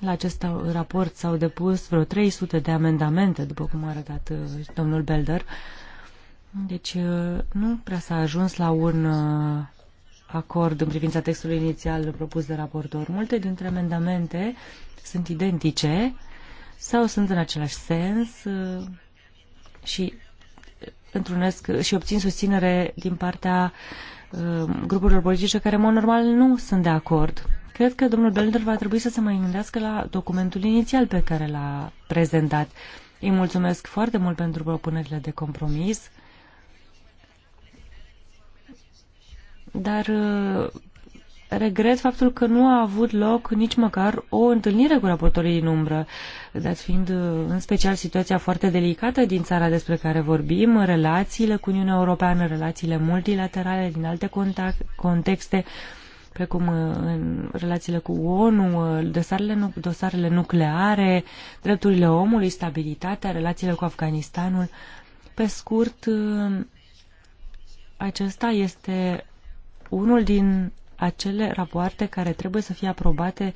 La acest raport s-au depus vreo 300 de amendamente, după cum a arătat uh, domnul Belder. Deci uh, nu prea s-a ajuns la un uh, acord în privința textului inițial propus de raportor. Multe dintre amendamente sunt identice sau sunt în același sens și întrunesc și obțin susținere din partea grupurilor politice care, în mod normal, nu sunt de acord Cred că domnul Belder va trebui să se mai gândească la documentul inițial pe care l-a prezentat. Îi mulțumesc foarte mult pentru propunerile de compromis, dar uh, regret faptul că nu a avut loc nici măcar o întâlnire cu raportorii din umbră, dat fiind uh, în special situația foarte delicată din țara despre care vorbim, relațiile cu Uniunea Europeană, relațiile multilaterale din alte contexte, precum uh, în relațiile cu ONU, uh, dosarele, dosarele nucleare, drepturile omului, stabilitatea, relațiile cu Afganistanul. Pe scurt, uh, acesta este unul din acele rapoarte care trebuie să fie aprobate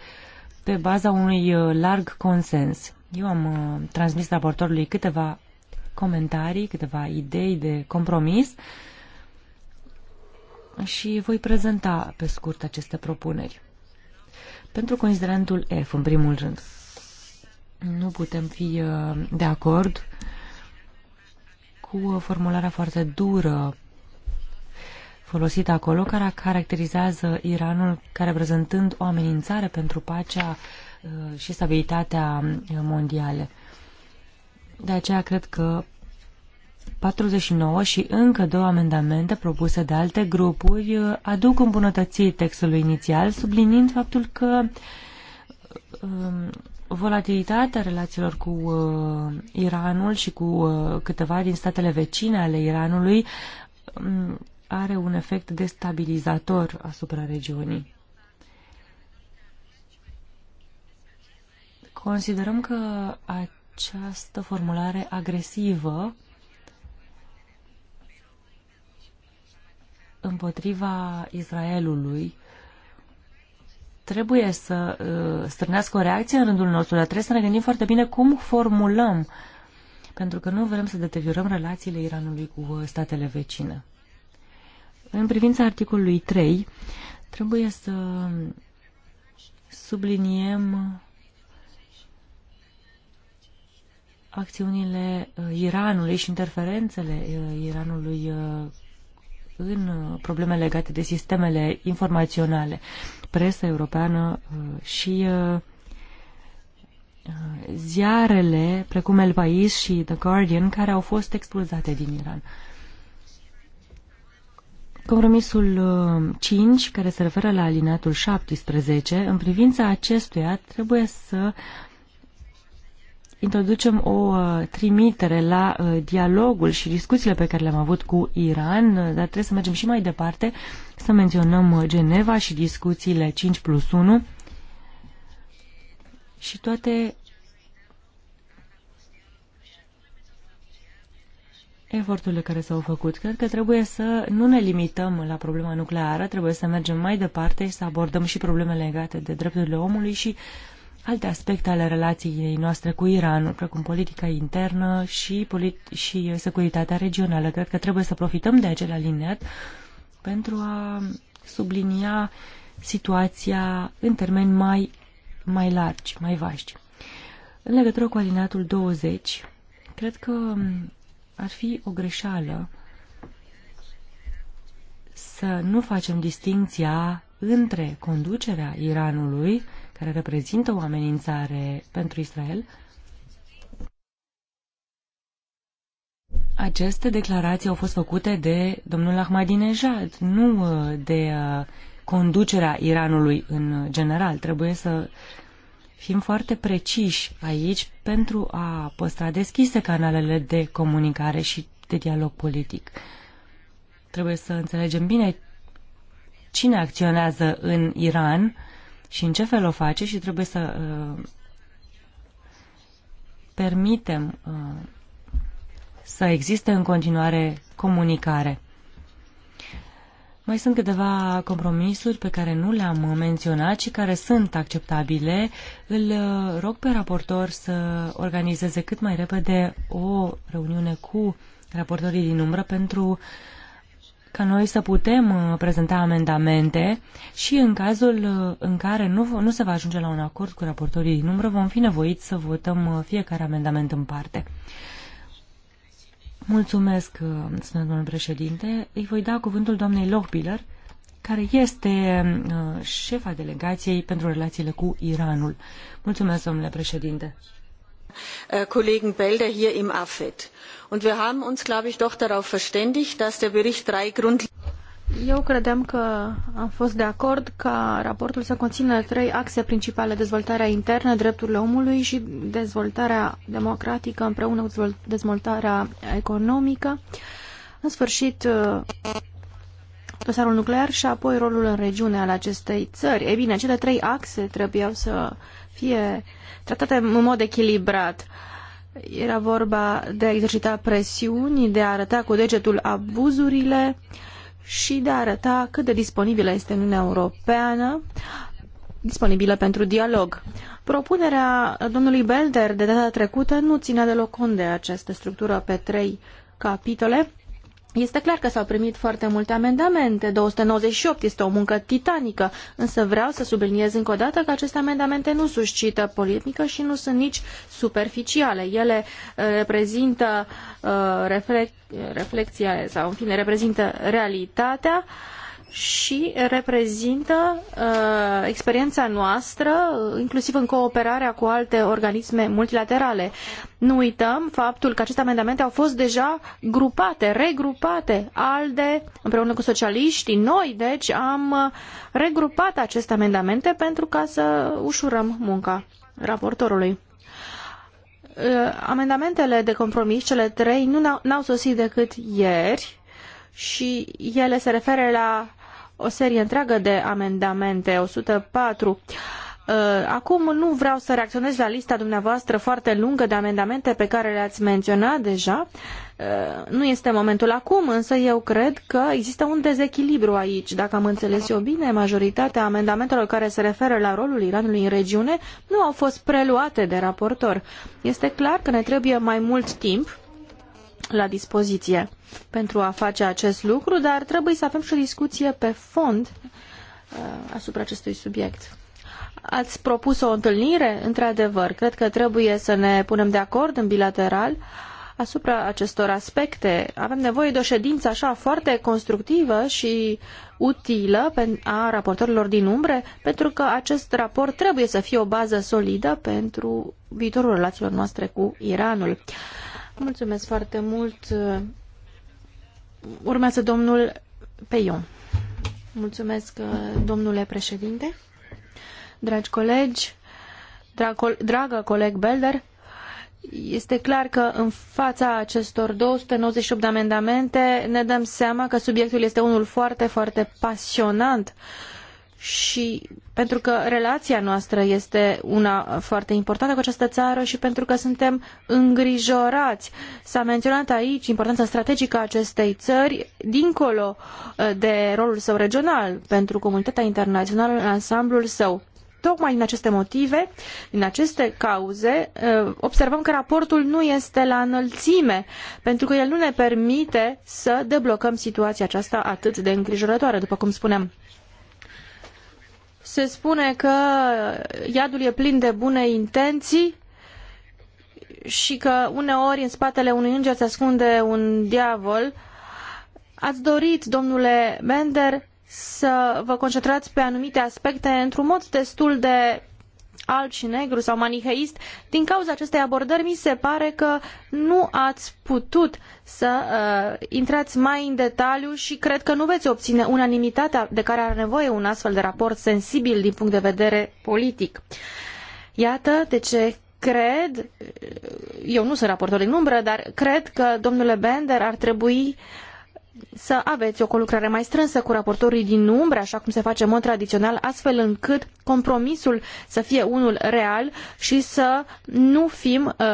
pe baza unui larg consens. Eu am transmis raportorului câteva comentarii, câteva idei de compromis și voi prezenta pe scurt aceste propuneri. Pentru considerentul F, în primul rând, nu putem fi uh, de acord cu formularea foarte dură folosită acolo, care caracterizează Iranul ca reprezentând o amenințare pentru pacea uh, și stabilitatea mondiale. De aceea cred că 49 și încă două amendamente propuse de alte grupuri uh, aduc îmbunătățiri textului inițial, sublinind faptul că um, volatilitatea relațiilor cu uh, Iranul și cu uh, câteva din statele vecine ale Iranului um, are un efect destabilizator asupra regiunii. Considerăm că această formulare agresivă împotriva Israelului trebuie să uh, strânească o reacție în rândul nostru, dar trebuie să ne gândim foarte bine cum formulăm, pentru că nu vrem să deteriorăm relațiile Iranului cu uh, statele vecine. În privința articolului 3, trebuie să subliniem acțiunile uh, Iranului și interferențele uh, Iranului în uh, probleme legate de sistemele informaționale. Presa europeană uh, și uh, ziarele precum El Pais și The Guardian care au fost expulzate din Iran. Compromisul 5, care se referă la alineatul 17, în privința acestuia trebuie să introducem o uh, trimitere la uh, dialogul și discuțiile pe care le-am avut cu Iran, uh, dar trebuie să mergem și mai departe, să menționăm Geneva și discuțiile 5 plus 1 și toate eforturile care s-au făcut. Cred că trebuie să nu ne limităm la problema nucleară, trebuie să mergem mai departe și să abordăm și probleme legate de drepturile omului și alte aspecte ale relației noastre cu Iranul, precum politica internă și, polit- și securitatea regională. Cred că trebuie să profităm de acel aliniat pentru a sublinia situația în termeni mai, mai largi, mai vaști. În legătură cu alineatul 20, cred că ar fi o greșeală să nu facem distinția între conducerea Iranului care reprezintă o amenințare pentru Israel, aceste declarații au fost făcute de domnul Ahmadinejad, nu uh, de uh, conducerea Iranului în general. Trebuie să fim foarte preciși aici pentru a păstra deschise canalele de comunicare și de dialog politic. Trebuie să înțelegem bine cine acționează în Iran și în ce fel o face și trebuie să uh, permitem uh, să existe în continuare comunicare. Mai sunt câteva compromisuri pe care nu le-am menționat și care sunt acceptabile. Îl uh, rog pe raportor să organizeze cât mai repede o reuniune cu raportorii din umbră pentru uh, ca noi să putem uh, prezenta amendamente și în cazul uh, în care nu, nu se va ajunge la un acord cu raportorii din umbră, vom fi nevoiți să votăm uh, fiecare amendament în parte. Mulțumesc, domnule domnul președinte. Îi voi da cuvântul doamnei Lochbiller, care este șefa delegației pentru relațiile cu Iranul. Mulțumesc, domnule președinte. Äh, Kollegen Belder hier im AFED. Und wir haben uns, glaube ich, doch darauf verständigt, dass der Bericht drei eu credeam că am fost de acord ca raportul să conțină trei axe principale, dezvoltarea internă, drepturile omului și dezvoltarea democratică împreună cu dezvoltarea economică. În sfârșit, uh, dosarul nuclear și apoi rolul în regiune al acestei țări. Ei bine, cele trei axe trebuiau să fie tratate în mod echilibrat. Era vorba de a exercita presiuni, de a arăta cu degetul abuzurile și de a arăta cât de disponibilă este Uniunea Europeană, disponibilă pentru dialog. Propunerea domnului Belder de data trecută nu ținea deloc cont de această structură pe trei capitole este clar că s-au primit foarte multe amendamente, 298 este o muncă titanică, însă vreau să subliniez încă o dată că aceste amendamente nu suscită politică și nu sunt nici superficiale. Ele uh, reprezintă uh, reflec, reflecția sau în fine reprezintă realitatea uh, și reprezintă uh, experiența noastră, inclusiv în cooperarea cu alte organisme multilaterale. Nu uităm faptul că aceste amendamente au fost deja grupate, regrupate, ALDE, împreună cu socialiștii, noi, deci, am regrupat aceste amendamente pentru ca să ușurăm munca raportorului. Uh, amendamentele de compromis, cele trei, nu n-au sosit decât ieri și ele se referă la o serie întreagă de amendamente, 104. Uh, acum nu vreau să reacționez la lista dumneavoastră foarte lungă de amendamente pe care le-ați menționat deja. Uh, nu este momentul acum, însă eu cred că există un dezechilibru aici. Dacă am înțeles eu bine, majoritatea amendamentelor care se referă la rolul Iranului în regiune nu au fost preluate de raportor. Este clar că ne trebuie mai mult timp la dispoziție pentru a face acest lucru, dar trebuie să avem și o discuție pe fond uh, asupra acestui subiect. Ați propus o întâlnire? Într-adevăr, cred că trebuie să ne punem de acord în bilateral asupra acestor aspecte. Avem nevoie de o ședință așa foarte constructivă și utilă a raportorilor din umbre, pentru că acest raport trebuie să fie o bază solidă pentru viitorul relațiilor noastre cu Iranul. Mulțumesc foarte mult. Urmează domnul Peion. Mulțumesc, domnule președinte. Dragi colegi, drag, dragă coleg Belder, este clar că în fața acestor 298 de amendamente ne dăm seama că subiectul este unul foarte, foarte pasionant uh, și pentru că relația noastră este una foarte importantă cu această țară și pentru că suntem îngrijorați. S-a menționat aici importanța strategică a acestei țări, dincolo uh, de rolul său regional pentru comunitatea internațională în ansamblul său. Tocmai din aceste motive, din aceste cauze, uh, observăm că raportul nu este la înălțime, pentru că el nu ne permite să deblocăm situația aceasta atât de îngrijorătoare, după cum spuneam se spune că iadul e plin de bune intenții și că uneori în spatele unui înger se ascunde un diavol. Ați dorit, domnule Bender, să vă concentrați pe anumite aspecte într-un mod destul de alb și negru sau maniheist, din cauza acestei abordări mi se pare că nu ați putut să uh, intrați mai în detaliu și cred că nu veți obține unanimitatea de care are nevoie un astfel de raport sensibil din punct de vedere politic. Iată de ce cred, eu nu sunt raportor din umbră, dar cred că, domnule Bender, ar trebui uh, să aveți o colucrare mai strânsă cu raportorii din umbră, așa cum se face în mod tradițional, astfel încât compromisul să fie unul real și să nu fim uh,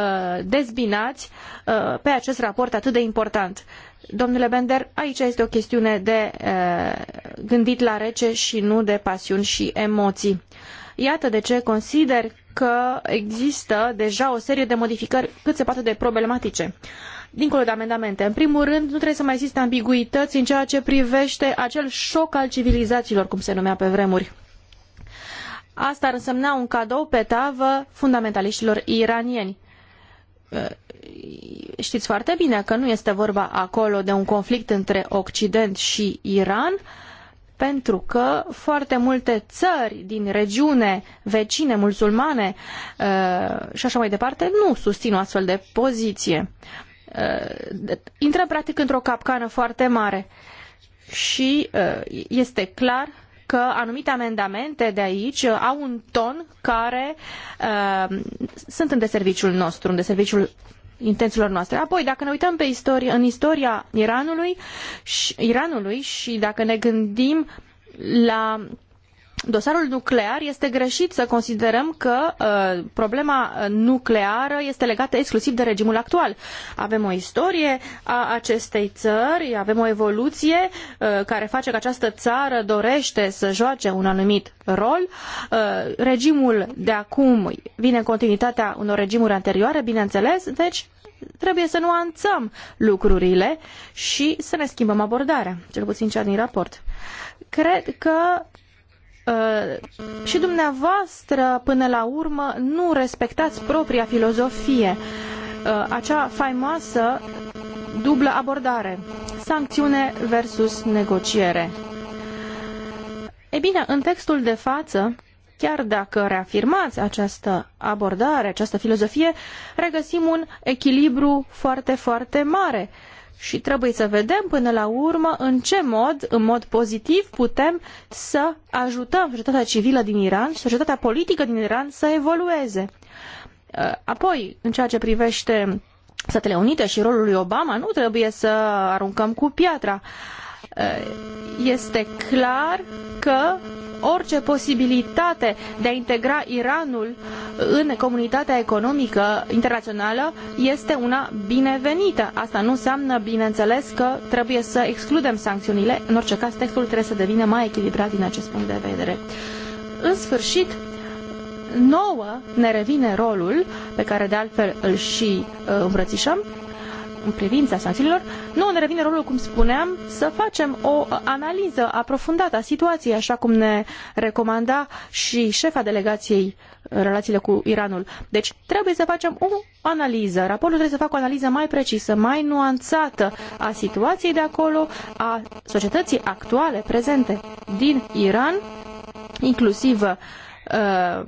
dezbinați uh, pe acest raport atât de important. Domnule Bender, aici este o chestiune de uh, gândit la rece și nu de pasiuni și emoții. Iată de ce consider că există deja o serie de modificări cât se poate de problematice. Uh, dincolo de amendamente. În primul rând, nu trebuie să mai existe ambiguități în ceea ce privește acel șoc al civilizațiilor, cum se numea pe vremuri. Asta ar însemna un cadou pe tavă fundamentaliștilor iranieni. Ă, știți foarte bine că nu este vorba acolo de un conflict între Occident și Iran, pentru că foarte multe țări din regiune vecine musulmane ă, și așa mai departe nu susțin o astfel de poziție. Uh, intră practic într-o capcană foarte mare și uh, este clar că anumite amendamente de aici uh, au un ton care uh, sunt în deserviciul nostru, în deserviciul intențiilor noastre. Apoi, dacă ne uităm pe istorie, în istoria Iranului și, Iranului și dacă ne gândim la dosarul nuclear este greșit să considerăm că uh, problema nucleară este legată exclusiv de regimul actual. Avem o istorie a acestei țări, avem o evoluție uh, care face că această țară dorește să joace un anumit rol. Uh, regimul de acum vine în continuitatea unor regimuri anterioare, bineînțeles, deci trebuie să nuanțăm lucrurile și să ne schimbăm abordarea, cel puțin cea din raport. Cred că Uh, și dumneavoastră, până la urmă, nu respectați propria filozofie, uh, acea faimoasă dublă abordare, sancțiune versus negociere. E bine, în textul de față, chiar dacă reafirmați această abordare, această filozofie, regăsim un echilibru foarte, foarte mare. Uh, și trebuie să vedem până la urmă în ce mod, în mod pozitiv, putem să ajutăm societatea civilă din Iran și societatea politică din Iran să evolueze. Uh, apoi, în ceea ce privește Statele Unite și rolul lui Obama, nu trebuie să aruncăm cu piatra. Uh, Eh, este clar că orice posibilitate de a integra Iranul în comunitatea economică internațională este una binevenită. Asta nu înseamnă, bineînțeles, că trebuie să excludem sancțiunile. În orice caz, textul trebuie să devină mai echilibrat din acest punct de vedere. În sfârșit, nouă ne revine rolul, pe care de altfel îl și uh, îmbrățișăm, în privința sancțiilor, nouă ne revine rolul, cum spuneam, să facem o uh, analiză aprofundată a situației, așa cum ne recomanda și șefa delegației uh, relațiile cu Iranul. Deci trebuie să facem o analiză. Raportul trebuie să facă o analiză mai precisă, mai nuanțată a situației de acolo, a societății actuale, prezente din Iran, inclusiv uh,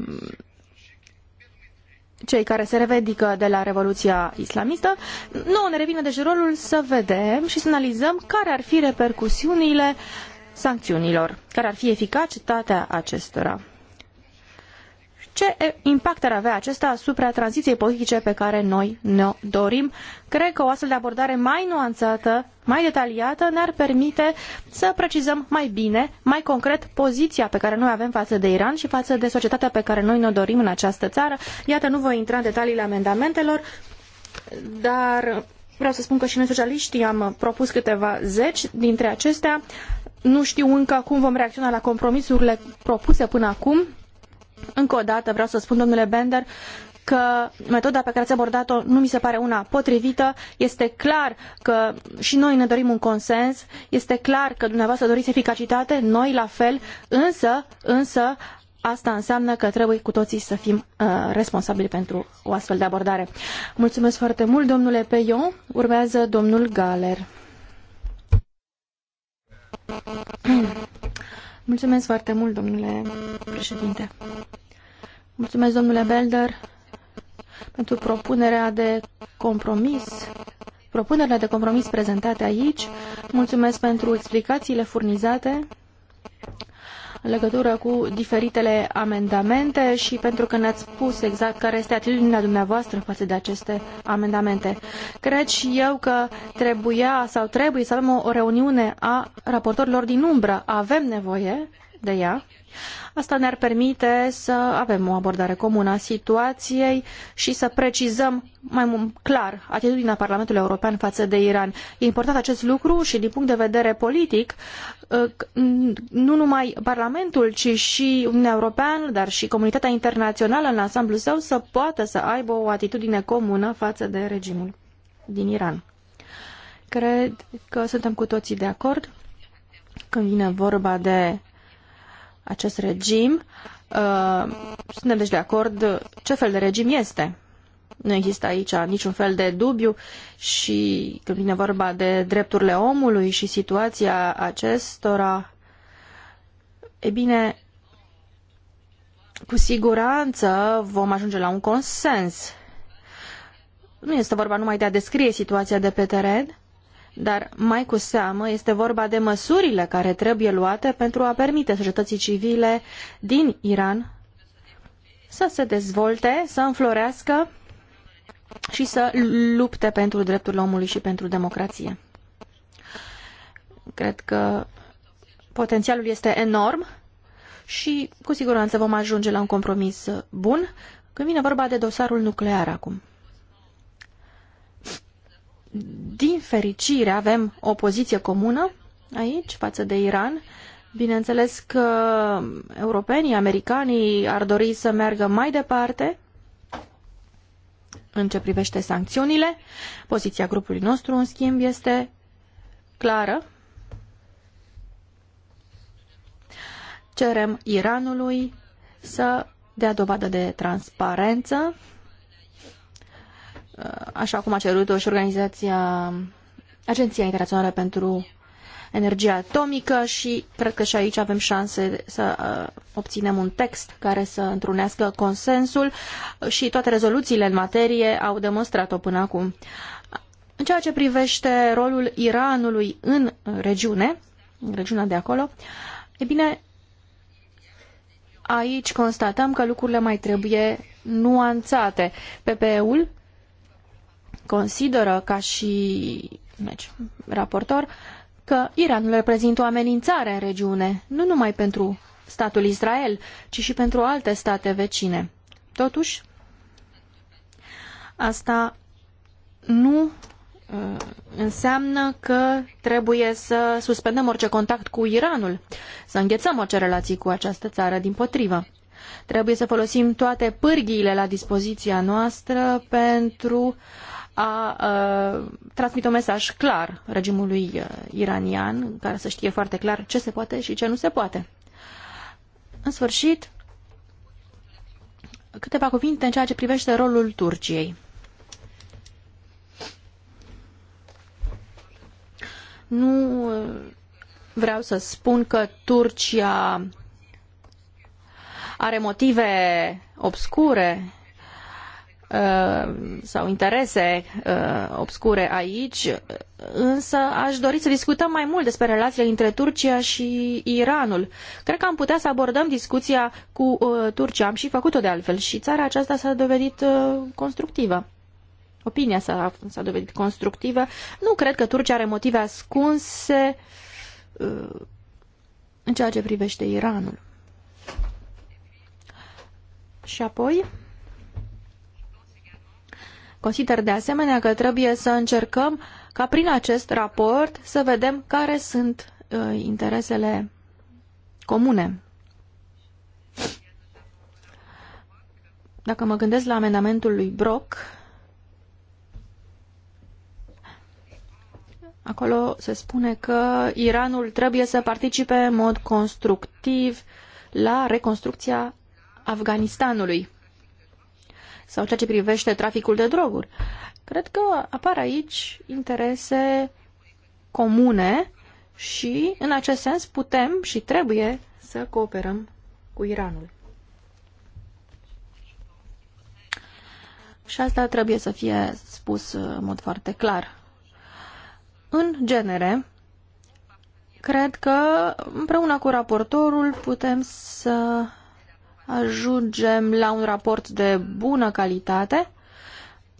cei care se revedică de la Revoluția Islamistă, nouă ne revine deci rolul să vedem și să analizăm care ar fi repercusiunile sancțiunilor, care ar fi eficacitatea acestora. Ce impact ar avea acesta asupra tranziției politice pe care noi ne dorim? Cred că o astfel de abordare mai nuanțată, mai detaliată, ne-ar permite să precizăm mai bine, mai concret, poziția pe care noi avem față de Iran și față de societatea pe care noi ne dorim în această țară. Iată, nu voi intra în detaliile amendamentelor, dar vreau să spun că și noi socialiștii am propus câteva zeci dintre acestea. Nu știu încă cum vom reacționa la compromisurile propuse până acum, încă o dată vreau să spun, domnule Bender, că metoda pe care ați abordat-o nu mi se pare una potrivită. Este clar că și noi ne dorim un consens, este clar că dumneavoastră doriți eficacitate, noi la fel, însă, însă asta înseamnă că trebuie cu toții să fim uh, responsabili pentru o astfel de abordare. Mulțumesc foarte mult, domnule Peion. Urmează domnul Galer. Mulțumesc foarte mult, domnule președinte. Mulțumesc, domnule Belder, pentru propunerea de compromis, Propunerea de compromis prezentate aici. Mulțumesc pentru explicațiile furnizate în legătură cu diferitele amendamente și pentru că ne-ați spus exact care este atitudinea dumneavoastră față de aceste amendamente. Cred și eu că trebuia sau trebuie să avem o reuniune a raportorilor din umbră. Avem nevoie de ea Asta ne-ar permite să avem o abordare comună a situației și să precizăm mai clar atitudinea Parlamentului European față de Iran. E important acest lucru și din punct de vedere politic, ă, nu numai Parlamentul, ci și Uniunea Europeană, dar și comunitatea internațională în ansamblu său să poată să aibă o atitudine comună față de regimul din Iran. Cred că suntem cu toții de acord când vine vorba de acest regim. Uh, suntem deci de acord ce fel de regim este. Nu există aici niciun fel de dubiu și când vine vorba de drepturile omului și situația acestora, e bine, cu siguranță vom ajunge la un consens. Nu este vorba numai de a descrie situația de pe teren, dar mai cu seamă este vorba de măsurile care trebuie luate pentru a permite societății civile din Iran să se dezvolte, să înflorească și să lupte pentru drepturile omului și pentru democrație. Cred că potențialul este enorm și cu siguranță vom ajunge la un compromis bun când vine vorba de dosarul nuclear acum din fericire, avem o poziție comună aici, față de Iran. Bineînțeles că europenii, americanii ar dori să meargă mai departe în ce privește sancțiunile. Poziția grupului nostru, în schimb, este clară. Cerem Iranului să dea dovadă de transparență Uh, așa cum a cerut-o și organizația Agenția Internațională pentru Energie Atomică și cred că și aici avem șanse să uh, obținem un text care să întrunească consensul și toate rezoluțiile în materie au demonstrat-o până acum. În ceea ce privește rolul Iranului în regiune, în regiunea de acolo, e bine, aici constatăm că lucrurile mai trebuie nuanțate. PPE-ul consideră ca și deci, raportor că Iranul reprezintă o amenințare în regiune, nu numai pentru statul Israel, ci și pentru alte state vecine. Totuși, asta nu uh, înseamnă că trebuie să suspendăm orice contact cu Iranul, să înghețăm orice relații cu această țară din potrivă. Trebuie să folosim toate pârghiile la dispoziția noastră pentru a transmite un mesaj clar regimului uh, iranian, care să știe foarte clar ce se poate și ce nu se poate. În sfârșit, câteva cuvinte în ceea ce privește rolul Turciei. Nu uh, vreau să spun că Turcia are motive obscure Uh, sau interese uh, obscure aici, însă aș dori să discutăm mai mult despre relațiile între Turcia și Iranul. Cred că am putea să abordăm discuția cu uh, Turcia, am și făcut-o de altfel și țara aceasta s-a dovedit constructivă. Opinia s-a, s-a dovedit constructivă. Nu cred că Turcia are motive ascunse în ceea ce privește Iranul. Și apoi, Consider de asemenea că trebuie să încercăm ca prin acest raport să vedem care sunt uh, interesele comune. Dacă mă gândesc la amendamentul lui Brock, acolo se spune că Iranul trebuie să participe în mod constructiv la reconstrucția Afganistanului sau ceea ce privește traficul de droguri. Cred că apar aici interese comune și, în acest sens, putem și trebuie să cooperăm cu Iranul. Și asta trebuie să fie spus în mod foarte clar. În genere, cred că împreună cu raportorul putem să ajungem la un raport de bună calitate.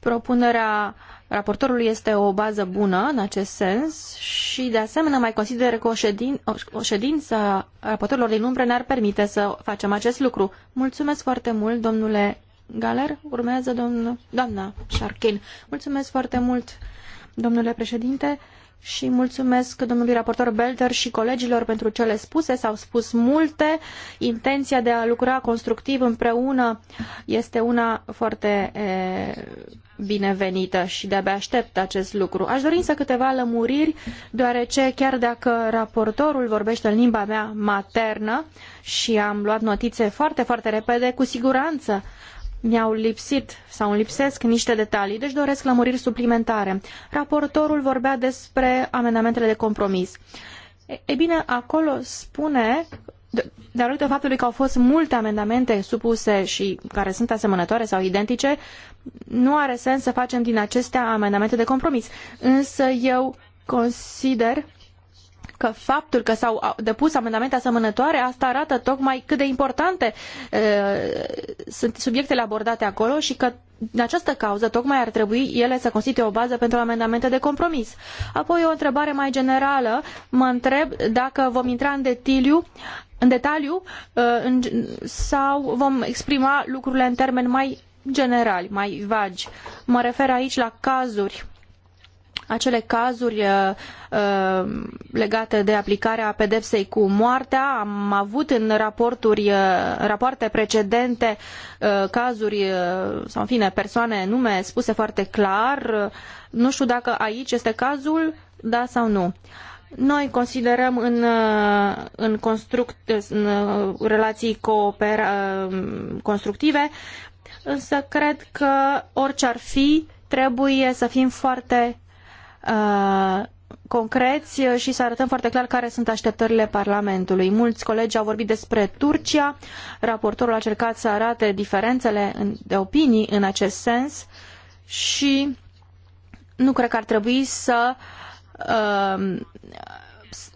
Propunerea raportorului este o bază bună în acest sens și, de asemenea, mai consider că o, ședin, o ședință raportorilor din umbră ne-ar permite să facem acest lucru. Mulțumesc foarte mult, domnule Galer. Urmează domnul, doamna Sharkin. Mulțumesc foarte mult, domnule președinte și mulțumesc domnului raportor Belder și colegilor pentru cele spuse. S-au spus multe. Intenția de a lucra constructiv împreună este una foarte e, binevenită și de-abia aștept acest lucru. Aș dori însă câteva lămuriri, deoarece chiar dacă raportorul vorbește în limba mea maternă și am luat notițe foarte, foarte repede, cu siguranță mi-au lipsit sau îmi lipsesc niște detalii, deci doresc lămuriri suplimentare. Raportorul vorbea despre amendamentele de compromis. E, e bine, acolo spune, datorită faptului că au fost multe amendamente supuse și care sunt asemănătoare sau identice, nu are sens să facem din acestea amendamente de compromis. Însă eu consider că faptul că s-au depus amendamente asemănătoare, asta arată tocmai cât de importante e, sunt subiectele abordate acolo și că din această cauză tocmai ar trebui ele să constituie o bază pentru amendamente de compromis. Apoi o întrebare mai generală, mă întreb dacă vom intra în detaliu în detaliu sau vom exprima lucrurile în termeni mai generali, mai vagi. Mă refer aici la cazuri acele cazuri uh, uh, legate de aplicarea pedepsei cu moartea. Am avut în raporturi, uh, rapoarte precedente uh, cazuri uh, sau în fine persoane nume spuse foarte clar. Nu știu dacă aici este cazul, da sau nu. Noi considerăm în, uh, în, construct, în relații coopera, constructive, însă cred că orice ar fi, trebuie să fim foarte uh, concreți și să arătăm foarte clar care sunt așteptările Parlamentului. Mulți colegi au vorbit despre Turcia, raportorul a încercat să arate diferențele de opinii în acest sens și nu cred că ar trebui să uh,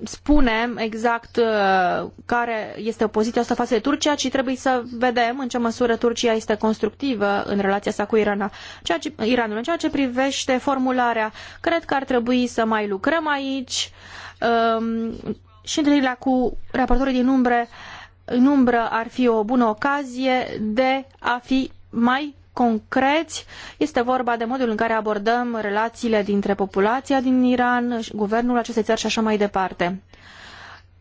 spune exact uh, care este poziția asta față de Turcia, ci trebuie să vedem în ce măsură Turcia este constructivă în relația sa cu Irana. Ceea ce, Iranul. În ceea ce privește formularea, cred că ar trebui să mai lucrăm aici um, și întâlnirea cu raportorii din umbre, în umbră ar fi o bună ocazie de a fi mai concreți. Este vorba de modul în care abordăm relațiile dintre populația din Iran, guvernul acestei țări și așa mai departe.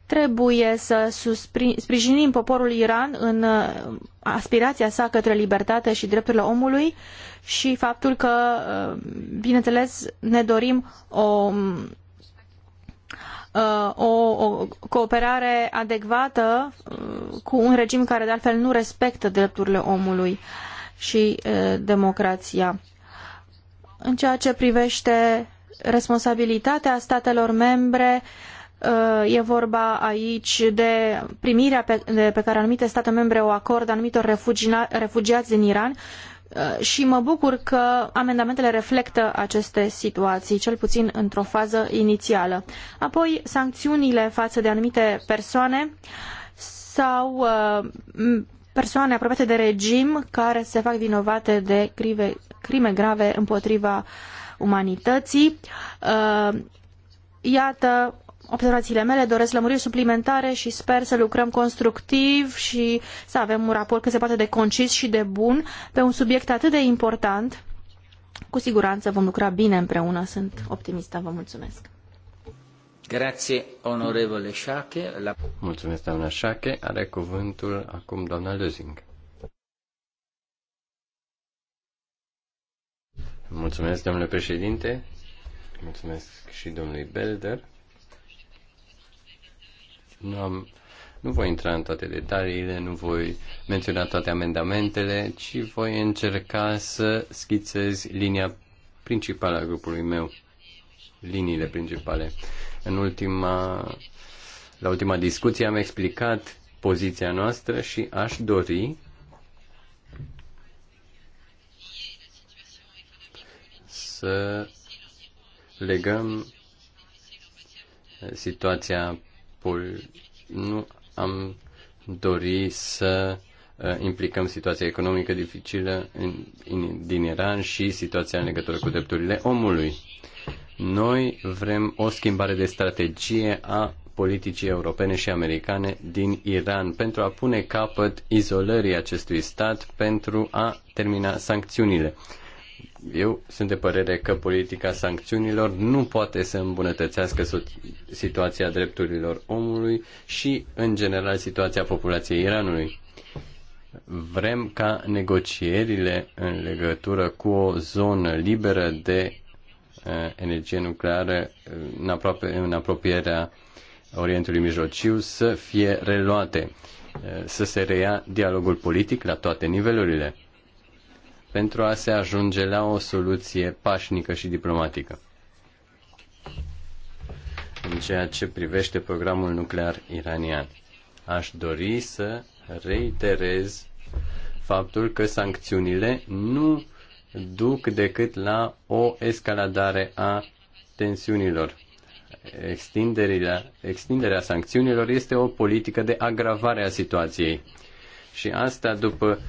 Trebuie să sprijinim poporul Iran în uh, aspirația sa către libertate și drepturile omului și faptul că, uh, bineînțeles, ne dorim o uh, o, o, cooperare adecvată cu un regim care de altfel nu respectă drepturile omului. Uh, și democrația. În ceea ce privește responsabilitatea statelor membre, e vorba aici de primirea pe, pe care anumite state membre o acordă anumitor refugia, refugiați din Iran și mă bucur că amendamentele reflectă aceste situații, cel puțin într-o fază inițială. Apoi, sancțiunile față de anumite persoane sau persoane apropiate de regim care se fac vinovate de crime grave împotriva umanității. Uh, iată observațiile mele, doresc lămuriri suplimentare și sper să lucrăm constructiv și să avem un raport cât se poate de concis și de bun pe un subiect atât de important. Cu siguranță vom lucra bine împreună, sunt optimistă, vă mulțumesc. Grazie, onorevole Șache. La... Mulțumesc, doamna Șache. Are cuvântul acum doamna Lözing. Mulțumesc, domnule președinte. Mulțumesc și domnului Belder. Nu, am, nu voi intra în toate detaliile, nu voi menționa toate amendamentele, ci voi încerca să schițez linia principală a grupului meu, liniile principale. În ultima, la ultima discuție am explicat poziția noastră și aș dori să legăm situația pol... nu am dori să uh, implicăm situația economică dificilă în, în, din Iran și situația în legătură cu drepturile omului. Noi vrem o schimbare de strategie a politicii europene și americane din Iran pentru a pune capăt izolării acestui stat pentru a termina sancțiunile. Eu sunt de părere că politica sancțiunilor nu poate să îmbunătățească situația drepturilor omului și, în general, situația populației Iranului. Vrem ca negocierile în legătură cu o zonă liberă de Eh, energie nucleară eh, în, aproape, în apropierea Orientului Mijlociu să fie reluate, eh, să se reia dialogul politic la toate nivelurile, pentru a se ajunge la o soluție pașnică și diplomatică. În ceea ce privește programul nuclear iranian, aș dori să reiterez faptul că sancțiunile nu duc decât la o escaladare a tensiunilor. Extinderea, extinderea sancțiunilor este o politică de agravare a situației. Și asta după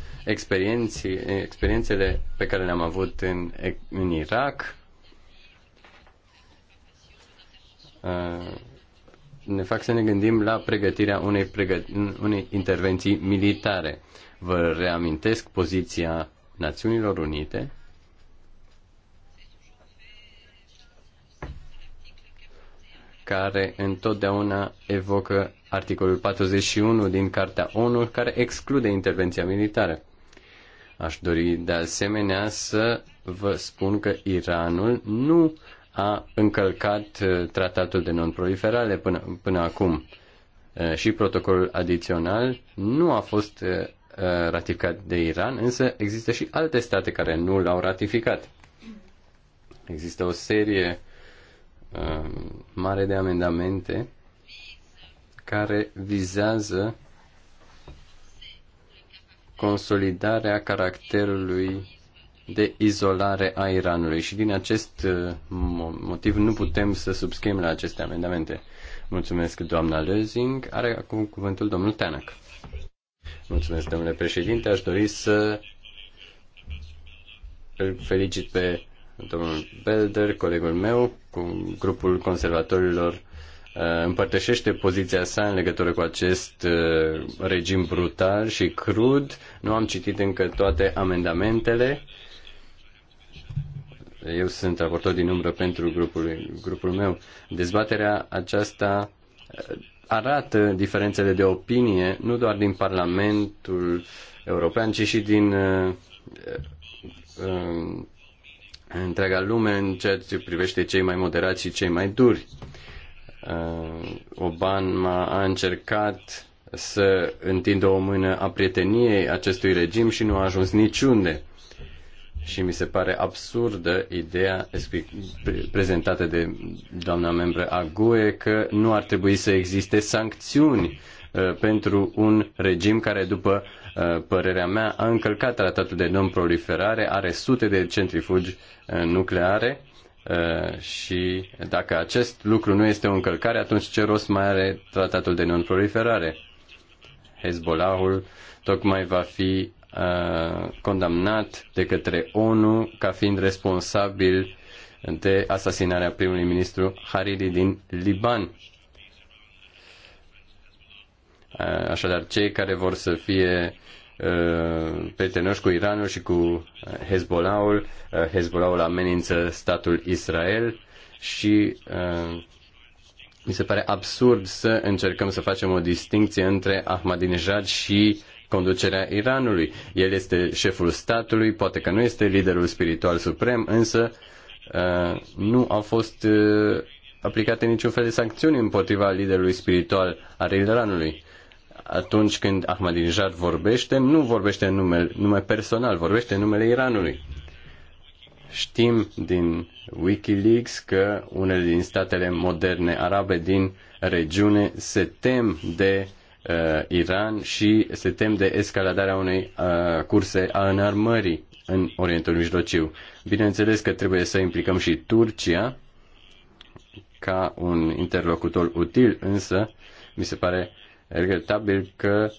experiențele pe care le-am avut în, în Irak, uh, ne fac să ne gândim la pregătirea unei, pregăt- unei intervenții militare. Vă reamintesc poziția Națiunilor Unite care întotdeauna evocă articolul 41 din Cartea ONU care exclude intervenția militară. Aș dori de asemenea să vă spun că Iranul nu a încălcat uh, tratatul de non-proliferare până, până acum uh, și protocolul adițional nu a fost uh, Uh, ratificat de Iran, însă există și alte state care nu l-au ratificat. Există o serie uh, mare de amendamente care vizează consolidarea caracterului de izolare a Iranului și din acest uh, motiv nu putem să subscriem la aceste amendamente. Mulțumesc, doamna Lezing. Are acum cuvântul domnul Tanak. Mulțumesc, domnule președinte. Aș dori să îl felicit pe domnul Belder, colegul meu, cu grupul conservatorilor uh, împărtășește poziția sa în legătură cu acest uh, regim brutal și crud. Nu am citit încă toate amendamentele. Eu sunt raportor din umbră pentru grupul, grupul meu. Dezbaterea aceasta uh, arată diferențele de opinie, nu doar din Parlamentul European, ci și din uh, uh, um, întreaga lume în ceea ce privește cei mai moderați și cei mai duri. Uh, Obama a încercat să întindă o mână a prieteniei acestui regim și nu a ajuns niciunde și mi se pare absurdă ideea prezentată de doamna membră a GUE că nu ar trebui să existe sancțiuni uh, pentru un regim care, după uh, părerea mea, a încălcat tratatul de non-proliferare, are sute de centrifugi uh, nucleare și dacă acest lucru nu este o încălcare, atunci ce rost mai are tratatul de non-proliferare? Hezbollahul tocmai va fi condamnat de către ONU ca fiind responsabil de asasinarea primului ministru Hariri din Liban. Așadar, cei care vor să fie prietenoși cu Iranul și cu Hezbollahul, Hezbollahul amenință statul Israel și mi se pare absurd să încercăm să facem o distinție între Ahmadinejad și conducerea Iranului. El este șeful statului, poate că nu este liderul spiritual suprem, însă uh, nu au fost uh, aplicate niciun fel de sancțiuni împotriva liderului spiritual al Iranului. Atunci când Ahmadinejad vorbește, nu vorbește în nume, nume personal, vorbește în numele Iranului. Știm din Wikileaks că unele din statele moderne arabe din regiune se tem de uh, Iran și se tem de escaladarea unei uh, curse a înarmării în Orientul Mijlociu. Bineînțeles că trebuie să implicăm și Turcia ca un interlocutor util, însă mi se pare regretabil că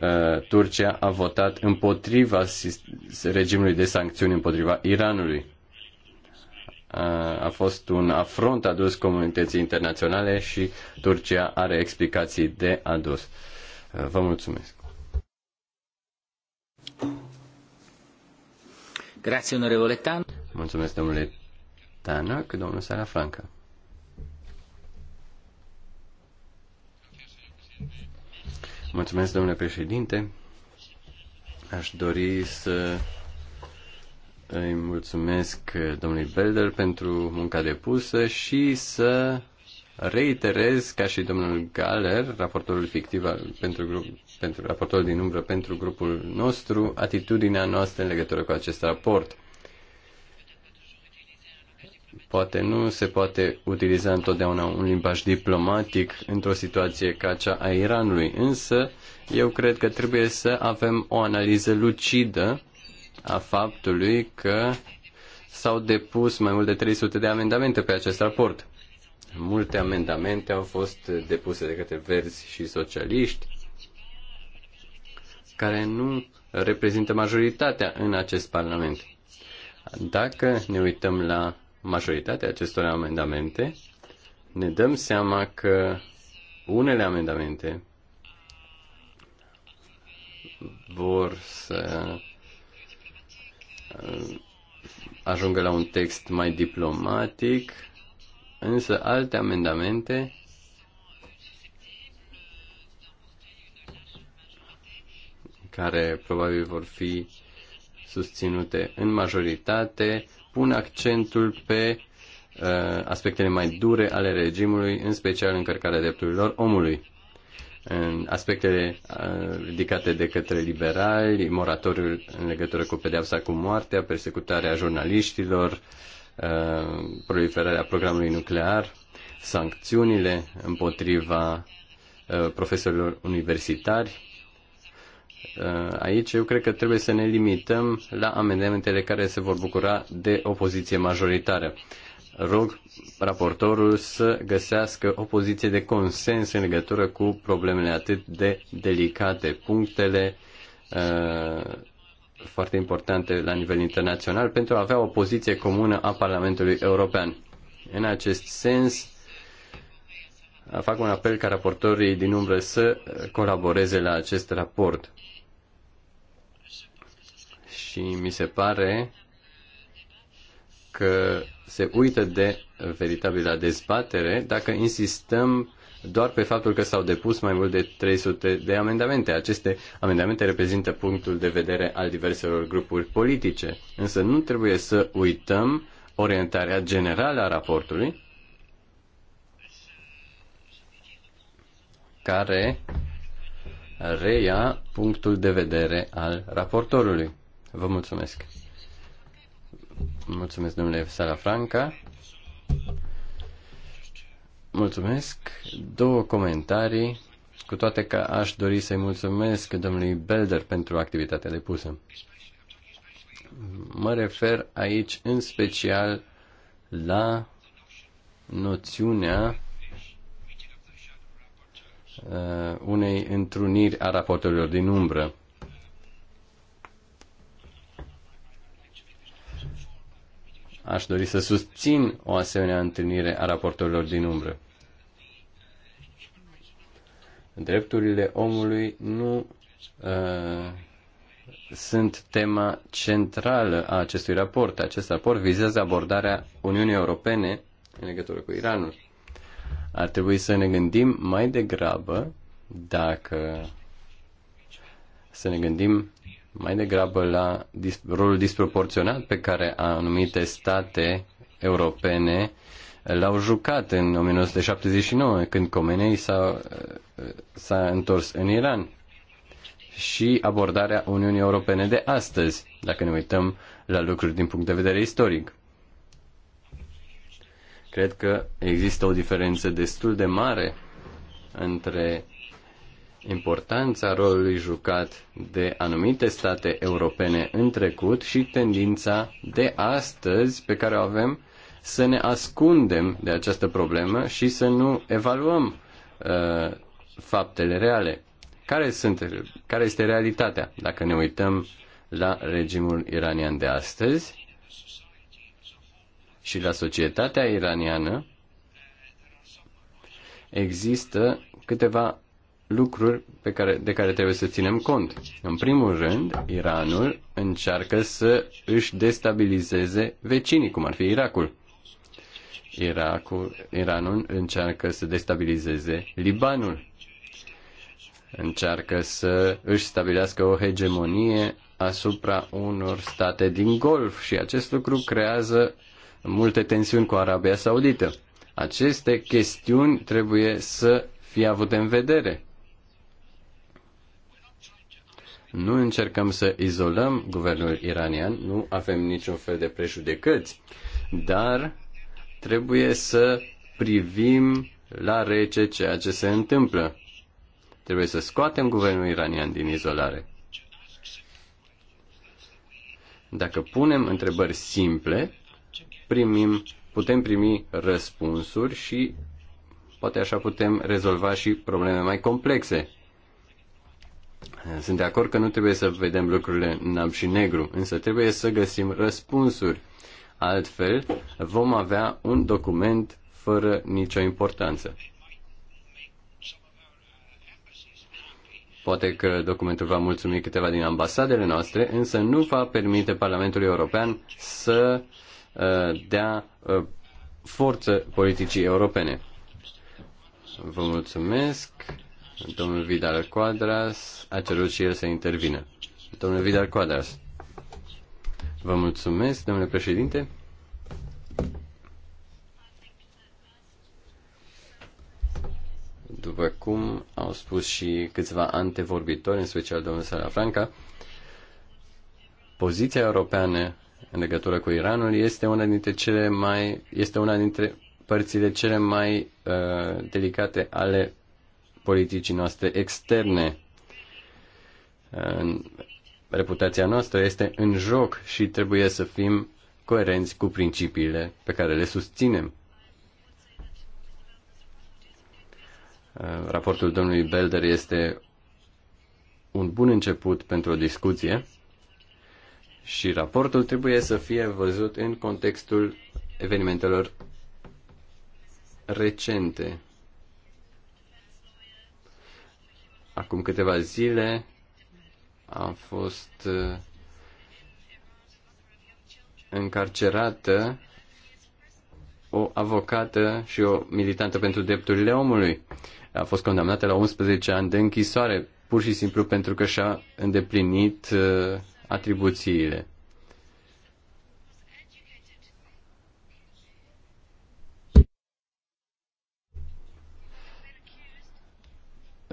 uh, Turcia a votat împotriva regimului de sancțiuni împotriva Iranului a fost un afront adus comunității internaționale și Turcia are explicații de adus. Vă mulțumesc. Grazie, onorevole Tan. Mulțumesc, domnule Tanac, domnul Sara Franca. Mulțumesc, domnule președinte. Aș dori să îi mulțumesc domnului Belder pentru munca depusă și să reiterez ca și domnul Galer, raportorul fictiv pentru, grup, pentru raportorul din umbră pentru grupul nostru, atitudinea noastră în legătură cu acest raport. Poate nu se poate utiliza întotdeauna un limbaj diplomatic într-o situație ca cea a Iranului, însă eu cred că trebuie să avem o analiză lucidă a faptului că s-au depus mai mult de 300 de amendamente pe acest raport. Multe amendamente au fost depuse de către verzi și socialiști, care nu reprezintă majoritatea în acest Parlament. Dacă ne uităm la majoritatea acestor amendamente, ne dăm seama că unele amendamente vor să ajungă la un text mai diplomatic, însă alte amendamente care probabil vor fi susținute în majoritate, pun accentul pe uh, aspectele mai dure ale regimului, în special încărcarea drepturilor omului în aspectele uh, ridicate de către liberali, moratoriul în legătură cu pedeapsa cu moartea, persecutarea jurnaliștilor, uh, proliferarea programului nuclear, sancțiunile împotriva uh, profesorilor universitari. Aici eu cred că trebuie să ne limităm la amendamentele care se vor bucura de o poziție majoritară rog raportorul să găsească o poziție de consens în legătură cu problemele atât de delicate, punctele uh, foarte importante la nivel internațional pentru a avea o poziție comună a Parlamentului European. În acest sens, fac un apel ca raportorii din umbră să colaboreze la acest raport. Și mi se pare că se uită de veritabila dezbatere dacă insistăm doar pe faptul că s-au depus mai mult de 300 de amendamente. Aceste amendamente reprezintă punctul de vedere al diverselor grupuri politice, însă nu trebuie să uităm orientarea generală a raportului, care reia punctul de vedere al raportorului. Vă mulțumesc! Mulțumesc, domnule Sala Franca. Mulțumesc. Două comentarii, cu toate că aș dori să-i mulțumesc domnului Belder pentru activitatea depusă. Mă refer aici în special la noțiunea uh, unei întruniri a raportelor din umbră. Aș dori să susțin o asemenea întâlnire a raportorilor din umbră. Drepturile omului nu uh, sunt tema centrală a acestui raport. Acest raport vizează abordarea Uniunii Europene în legătură cu Iranul. Ar trebui să ne gândim mai degrabă dacă să ne gândim mai degrabă la dis- rolul disproporționat pe care anumite state europene l-au jucat în 1979, când Comenei s-a, s-a întors în Iran și abordarea Uniunii Europene de astăzi, dacă ne uităm la lucruri din punct de vedere istoric. Cred că există o diferență destul de mare între importanța rolului jucat de anumite state europene în trecut și tendința de astăzi pe care o avem să ne ascundem de această problemă și să nu evaluăm uh, faptele reale. Care, sunt, care este realitatea? Dacă ne uităm la regimul iranian de astăzi și la societatea iraniană, există câteva lucruri pe care, de care trebuie să ținem cont. În primul rând, Iranul încearcă să își destabilizeze vecinii, cum ar fi Irakul. Irakul, Iranul încearcă să destabilizeze Libanul. Încearcă să își stabilească o hegemonie asupra unor state din Golf și acest lucru creează multe tensiuni cu Arabia Saudită. Aceste chestiuni trebuie să fie avute în vedere nu încercăm să izolăm guvernul iranian, nu avem niciun fel de prejudecăți, dar trebuie să privim la rece ceea ce se întâmplă. Trebuie să scoatem guvernul iranian din izolare. Dacă punem întrebări simple, primim, putem primi răspunsuri și poate așa putem rezolva și probleme mai complexe. Sunt de acord că nu trebuie să vedem lucrurile în alb și negru, însă trebuie să găsim răspunsuri. Altfel, vom avea un document fără nicio importanță. Poate că documentul va mulțumi câteva din ambasadele noastre, însă nu va permite Parlamentului European să uh, dea uh, forță politicii europene. Vă mulțumesc. Domnul Vidal Quadras a cerut și el să intervină. Domnul Vidal Quadras. Vă mulțumesc, domnule președinte. După cum au spus și câțiva antevorbitori, în special domnul Salafranca, poziția europeană în legătură cu Iranul este una dintre cele mai este una dintre părțile cele mai uh, delicate ale politicii noastre externe. Reputația noastră este în joc și trebuie să fim coerenți cu principiile pe care le susținem. Raportul domnului Belder este un bun început pentru o discuție și raportul trebuie să fie văzut în contextul evenimentelor recente. Acum câteva zile a fost uh, încarcerată o avocată și o militantă pentru drepturile omului. A fost condamnată la 11 ani de închisoare, pur și simplu pentru că și-a îndeplinit uh, atribuțiile.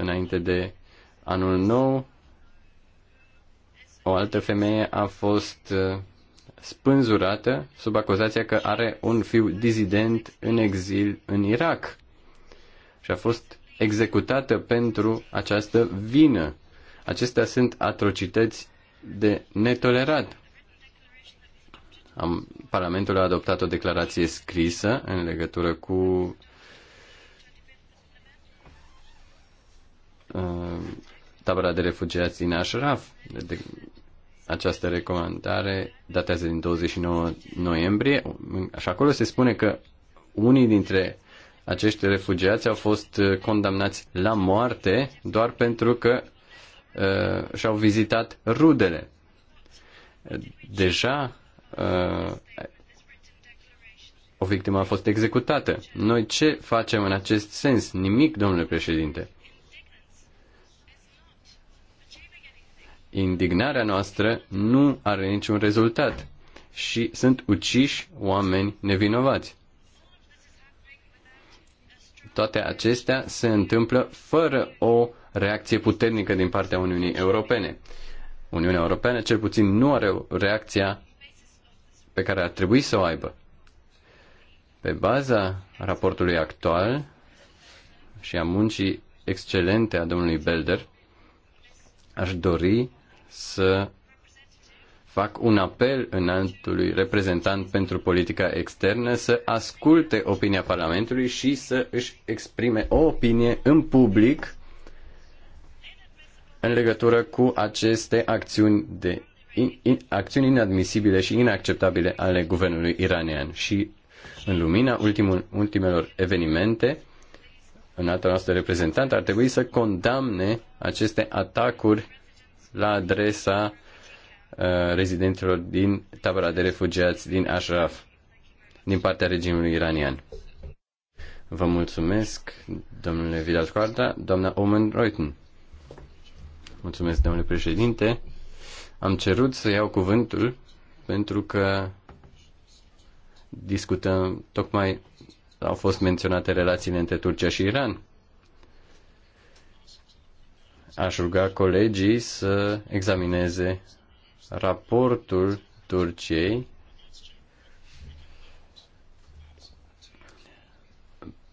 înainte de anul nou, o altă femeie a fost uh, spânzurată sub acuzația că are un fiu dizident în exil în Irak și a fost executată pentru această vină. Acestea sunt atrocități de netolerat. Am, Parlamentul a adoptat o declarație scrisă în legătură cu Uh, tabăra de refugiați din Ashraf. De, această recomandare datează din 29 noiembrie și acolo se spune că unii dintre acești refugiați au fost uh, condamnați la moarte doar pentru că uh, și-au vizitat rudele. Deja uh, o victimă a fost executată. Noi ce facem în acest sens? Nimic, domnule președinte. indignarea noastră nu are niciun rezultat și sunt uciși oameni nevinovați. Toate acestea se întâmplă fără o reacție puternică din partea Uniunii Europene. Uniunea Europeană cel puțin nu are reacția pe care ar trebui să o aibă. Pe baza raportului actual și a muncii excelente a domnului Belder, aș dori să fac un apel înaltului reprezentant pentru politica externă să asculte opinia Parlamentului și să își exprime o opinie în public în legătură cu aceste acțiuni de in, in, acțiuni inadmisibile și inacceptabile ale guvernului iranian. Și în lumina ultimul, ultimelor evenimente, în alta noastră reprezentant ar trebui să condamne aceste atacuri la adresa uh, rezidenților din tabăra de refugiați din Ashraf, din partea regimului iranian. Vă mulțumesc, domnule Vidal Coarda, doamna Omen Reuten. Mulțumesc, domnule președinte. Am cerut să iau cuvântul pentru că discutăm, tocmai au fost menționate relațiile între Turcia și Iran Aș ruga colegii să examineze raportul Turciei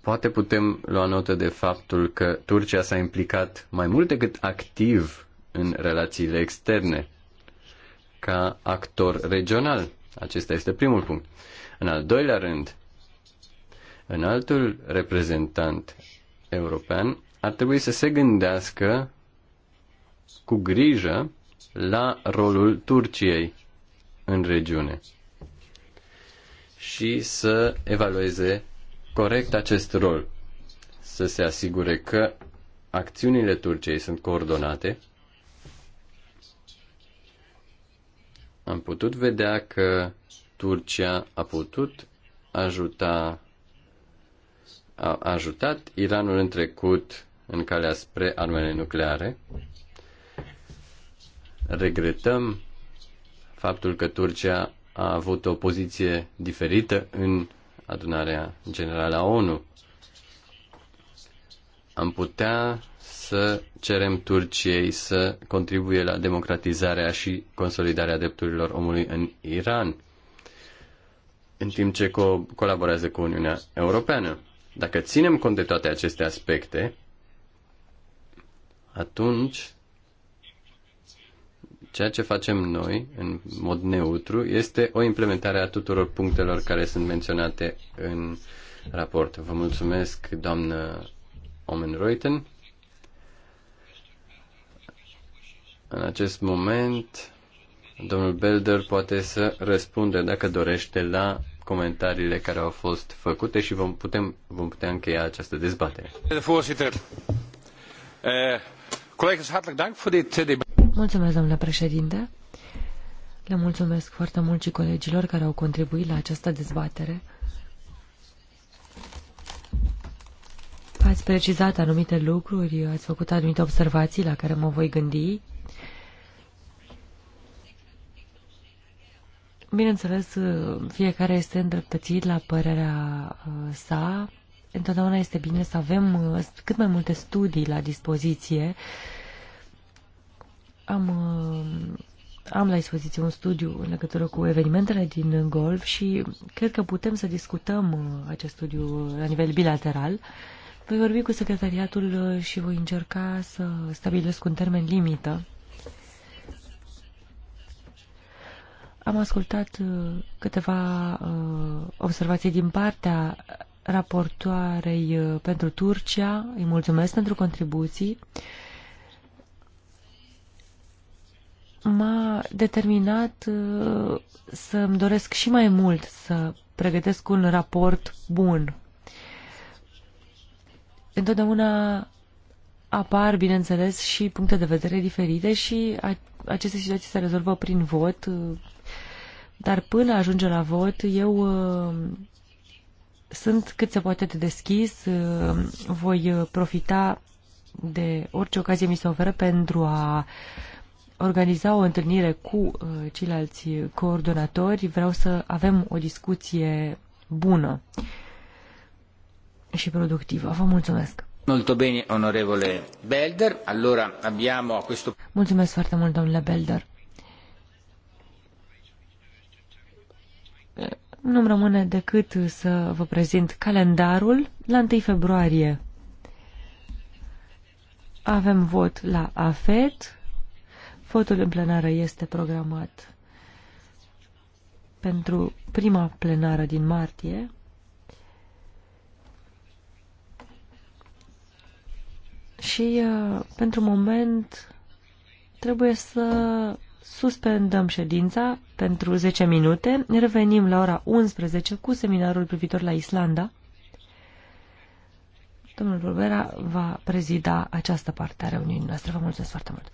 poate putem lua notă de faptul că Turcia s-a implicat mai mult decât activ în relațiile externe ca actor regional. Acesta este primul punct. În al doilea rând, în altul reprezentant european ar trebui să se gândească cu grijă la rolul Turciei în regiune și să evalueze corect acest rol, să se asigure că acțiunile Turciei sunt coordonate. Am putut vedea că Turcia a putut ajuta a ajutat Iranul în trecut în calea spre armele nucleare regretăm faptul că Turcia a avut o poziție diferită în adunarea generală a ONU. Am putea să cerem Turciei să contribuie la democratizarea și consolidarea drepturilor omului în Iran, în timp ce co- colaborează cu Uniunea Europeană. Dacă ținem cont de toate aceste aspecte, atunci ceea ce facem noi, în mod neutru, este o implementare a tuturor punctelor care sunt menționate în raport. Vă mulțumesc, doamnă Omen Reuten. În acest moment, domnul Belder poate să răspunde, dacă dorește, la comentariile care au fost făcute și vom, putem, vom putea încheia această dezbatere. Voorzitter, eh, collega's, hartelijk dank voor dit eh, debat. Mulțumesc, domnule președinte. Le mulțumesc foarte mult și colegilor care au contribuit la această dezbatere. Ați precizat anumite lucruri, ați făcut anumite observații la care mă voi gândi. Bineînțeles, fiecare este îndreptățit la părerea uh, sa. Întotdeauna este bine să avem uh, cât mai multe studii la dispoziție am, uh, am la dispoziție un studiu în legătură cu evenimentele din golf și cred că putem să discutăm uh, acest studiu uh, la nivel bilateral. Voi vorbi cu secretariatul și voi încerca să stabilesc un termen limită. Am ascultat câteva observații din partea raportoarei pentru Turcia. Îi mulțumesc pentru contribuții. m-a determinat uh, să îmi doresc și mai mult să pregătesc un raport bun. Întotdeauna apar, bineînțeles, și puncte de vedere diferite și aceste situații se rezolvă prin vot, uh, dar până ajunge la vot, eu uh, sunt cât se poate de deschis, voi profita de orice ocazie mi se oferă pentru a organiza o întâlnire cu uh, ceilalți coordonatori. Vreau să avem o discuție bună și productivă. Vă mulțumesc! Molto bene, onorevole Belder. Allora abbiamo a questo... Mulțumesc foarte mult, domnule Belder. Nu-mi rămâne decât să vă prezint calendarul la 1 februarie. Avem vot la AFET, Votul în plenară este programat pentru prima plenară din martie. Și uh, pentru moment trebuie să suspendăm ședința pentru 10 minute. Revenim la ora 11 cu seminarul privitor la Islanda. Domnul Bulbera va prezida această parte a reuniunii noastre. Vă mulțumesc foarte mult!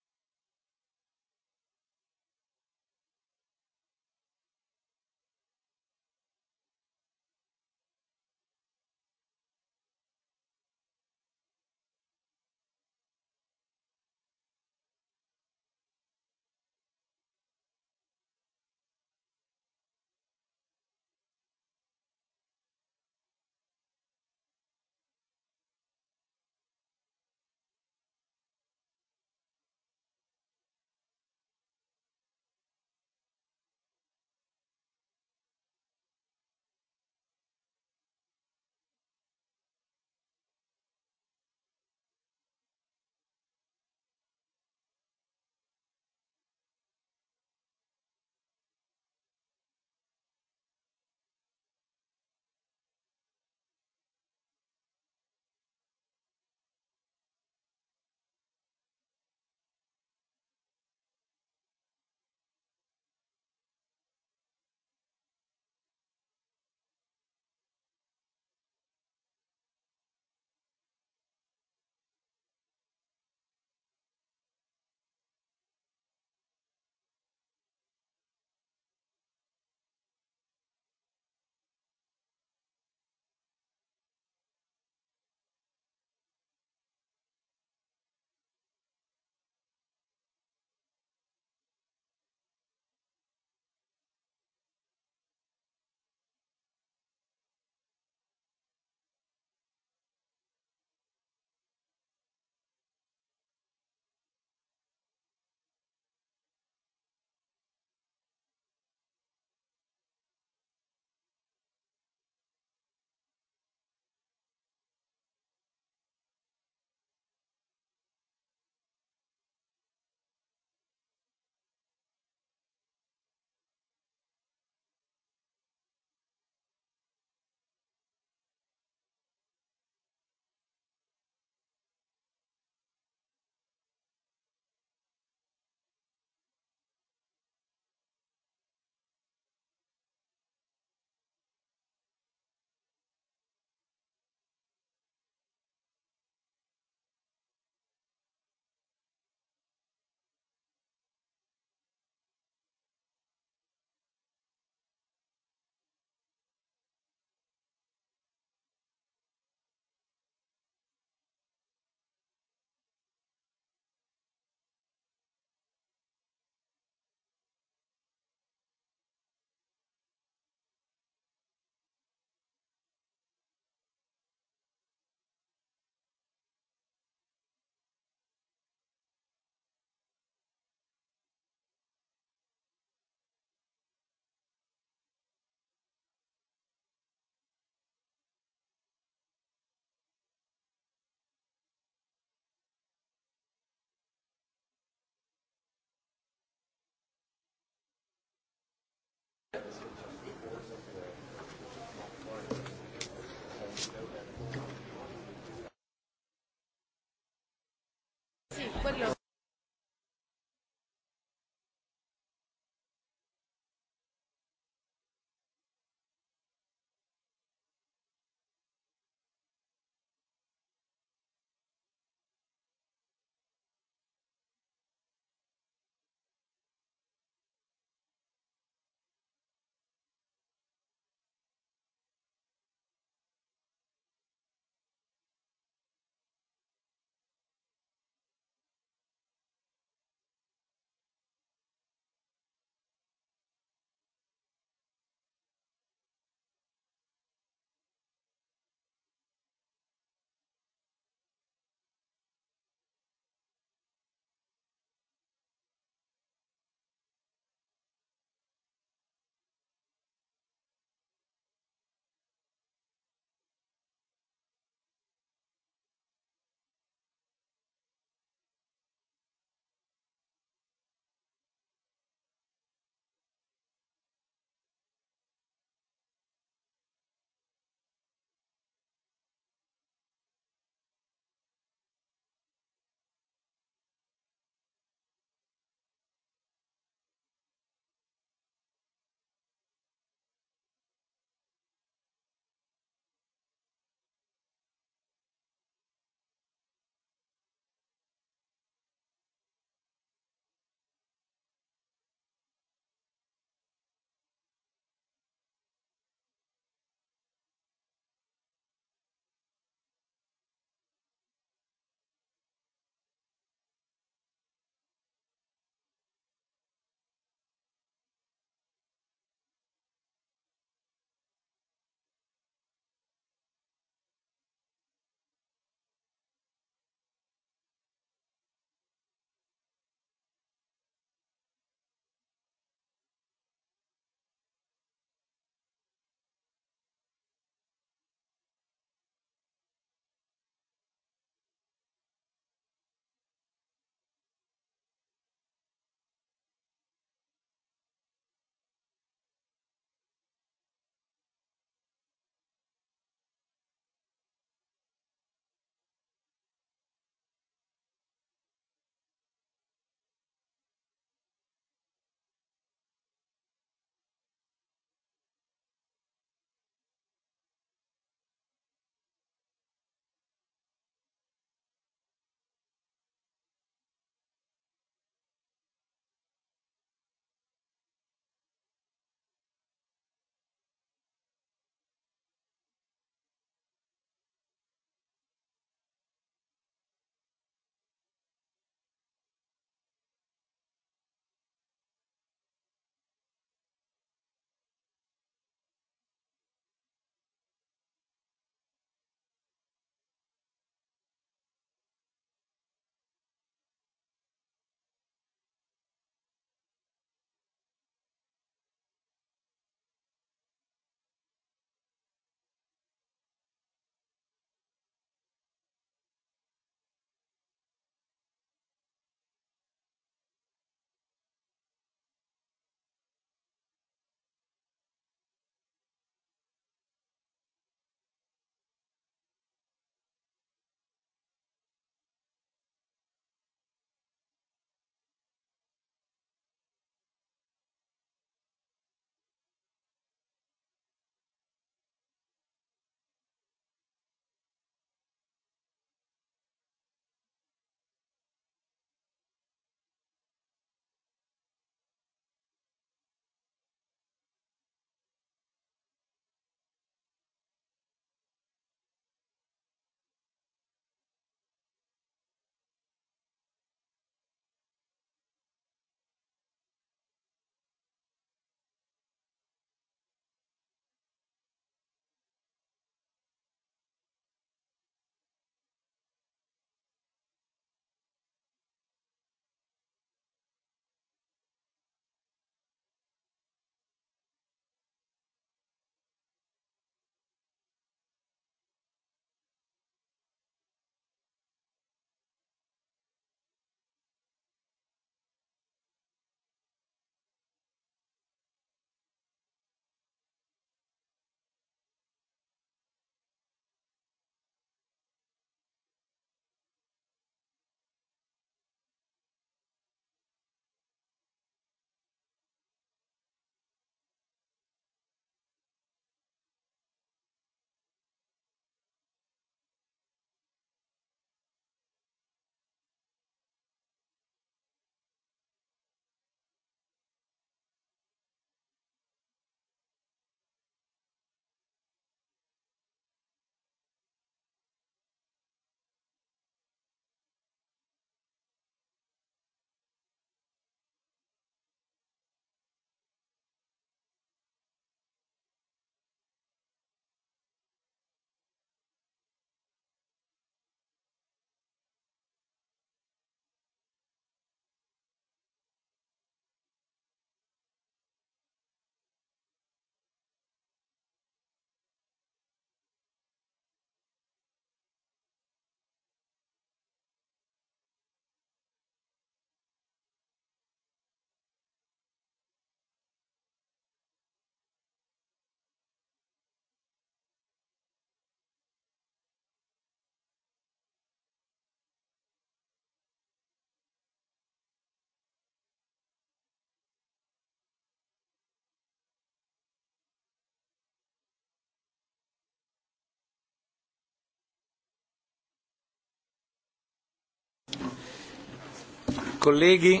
colleghi,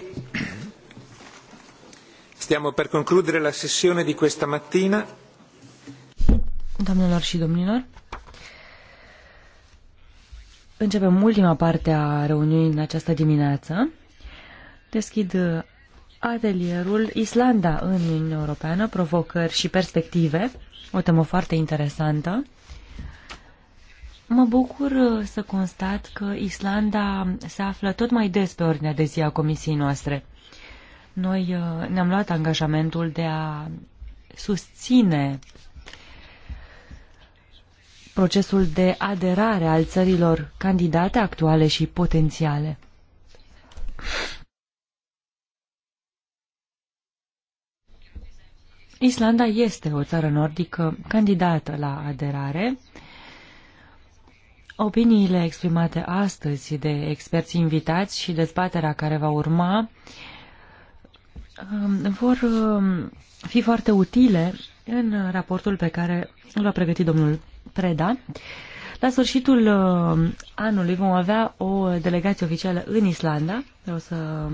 stiamo per concludere la sessione di questa mattina. Doamnelor și domnilor, începem ultima parte a reuniunii în această dimineață. Deschid uh, atelierul Islanda în Uniunea Europeană, provocări și perspective, o temă foarte interesantă. Mă bucur uh, să constat că Islanda se află tot mai des pe ordinea de zi a comisiei noastre. Noi uh, ne-am luat angajamentul de a susține procesul de aderare al țărilor candidate actuale și potențiale. Islanda este o țară nordică candidată la aderare Opiniile exprimate astăzi de experți invitați și dezbaterea care va urma um, vor um, fi foarte utile în raportul pe care l-a pregătit domnul Preda. La sfârșitul um, anului vom avea o delegație oficială în Islanda. O să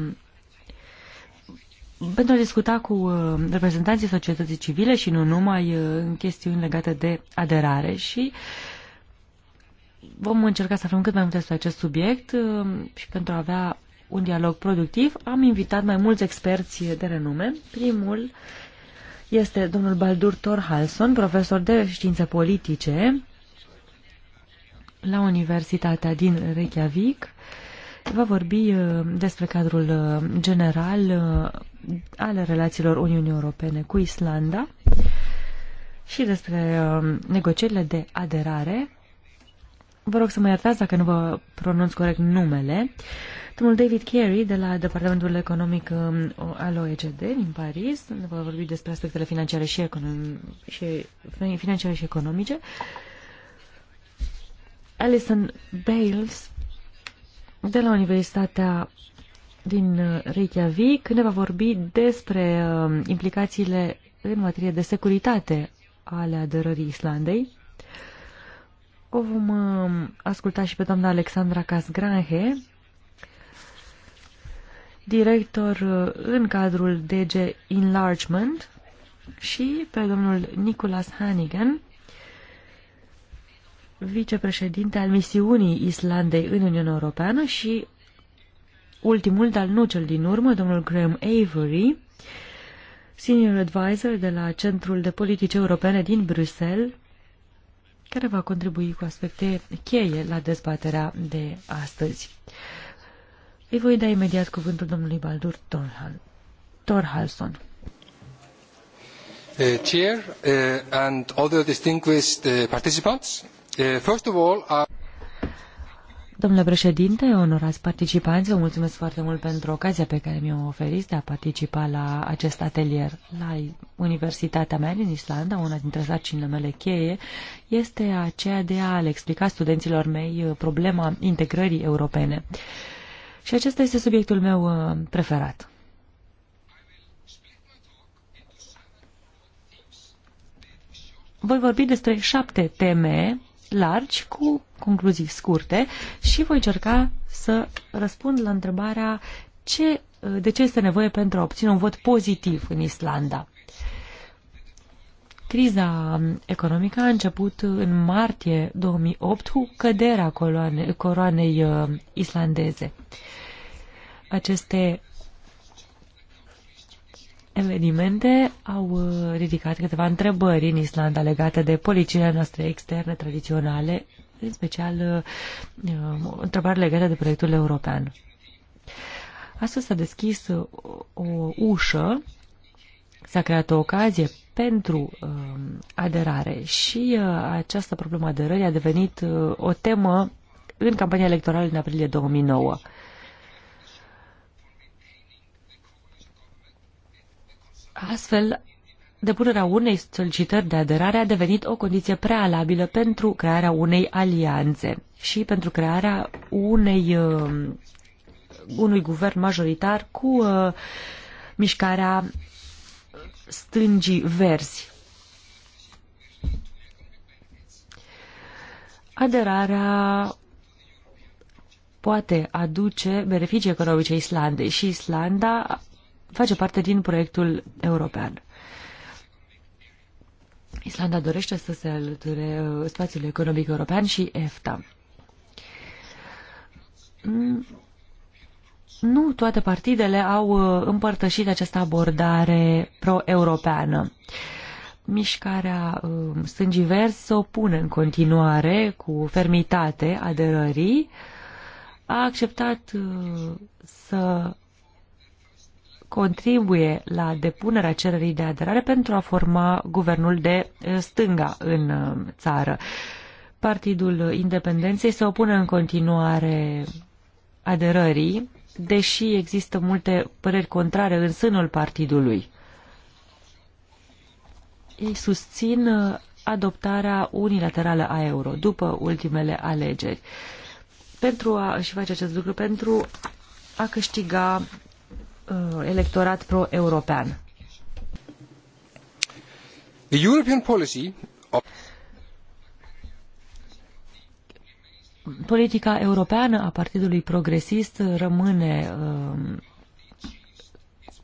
pentru a discuta cu reprezentanții societății civile și nu numai uh, în chestiuni legate de aderare și vom încerca să aflăm cât mai multe despre acest subiect uh, și pentru a avea un dialog productiv, am invitat mai mulți experți de renume. Primul este domnul Baldur Thorhalson, profesor de științe politice la Universitatea din Reykjavik. Va vorbi uh, despre cadrul uh, general al relațiilor Uniunii Europene cu Islanda și despre negocierile de aderare Vă rog să mă iertați dacă nu vă pronunț corect numele. Domnul David Carey de la Departamentul Economic um, al OECD din Paris va vorbi despre aspectele financiare și, econom- și, financiare și economice. Alison Bales de la Universitatea din uh, Reykjavik ne va vorbi despre um, implicațiile în materie de securitate ale aderării Islandei. O vom uh, asculta și pe doamna Alexandra Casgrahe, director uh, în cadrul DG Enlargement și pe domnul Nicolas Hannigan, vicepreședinte al misiunii Islandei în Uniunea Europeană și ultimul, dar nu cel din urmă, domnul Graham Avery, senior advisor de la Centrul de Politici Europene din Bruxelles, care va contribui cu aspecte cheie la dezbaterea de astăzi. Îi voi da imediat cuvântul domnului Baldur Thorhalson. Uh, chair uh, and other distinguished uh, participants, uh, first of all, uh... Domnule președinte, onorați participanți, vă mulțumesc foarte mult pentru ocazia pe care mi-o oferiți de a participa la acest atelier. La universitatea mea din Islanda, una dintre sarcinile mele cheie este aceea de a le explica studenților mei uh, problema integrării europene. Și acesta este subiectul meu uh, preferat. Voi vorbi despre șapte teme largi cu concluzii scurte și voi încerca să răspund la întrebarea ce, de ce este nevoie pentru a obține un vot pozitiv în Islanda. Criza economică a început în martie 2008 cu căderea coloane, coroanei uh, islandeze. Aceste evenimente au uh, ridicat câteva întrebări în Islanda legate de politicile noastre externe tradiționale, în special uh, uh, întrebări legate de proiectul european. Astăzi s-a deschis o ușă, s-a creat o ocazie pentru uh, aderare și uh, această problemă aderării a devenit uh, o temă în campania electorală din aprilie 2009. Astfel, depunerea unei solicitări de aderare a devenit o condiție prealabilă pentru crearea unei alianțe și pentru crearea unei, uh, unui guvern majoritar cu uh, mișcarea stângii verzi. Aderarea poate aduce beneficii economice Islandei și Islanda face parte din proiectul european. Islanda dorește să se alăture uh, spațiul economic european și EFTA. Mm, nu toate partidele au uh, împărtășit această abordare pro-europeană. Mișcarea uh, Sângii Verzi se opune în continuare cu fermitate aderării. A acceptat să contribuie la depunerea cererii de aderare pentru a forma guvernul de eh, stânga în eh, țară. Partidul Independenței se opune în continuare aderării, deși există multe păreri contrare în sânul partidului. Ei susțin eh, adoptarea unilaterală a euro după ultimele alegeri. Pentru a și face acest lucru pentru a câștiga Uh, electorat pro-european. of... Politica europeană a Partidului Progresist rămâne um,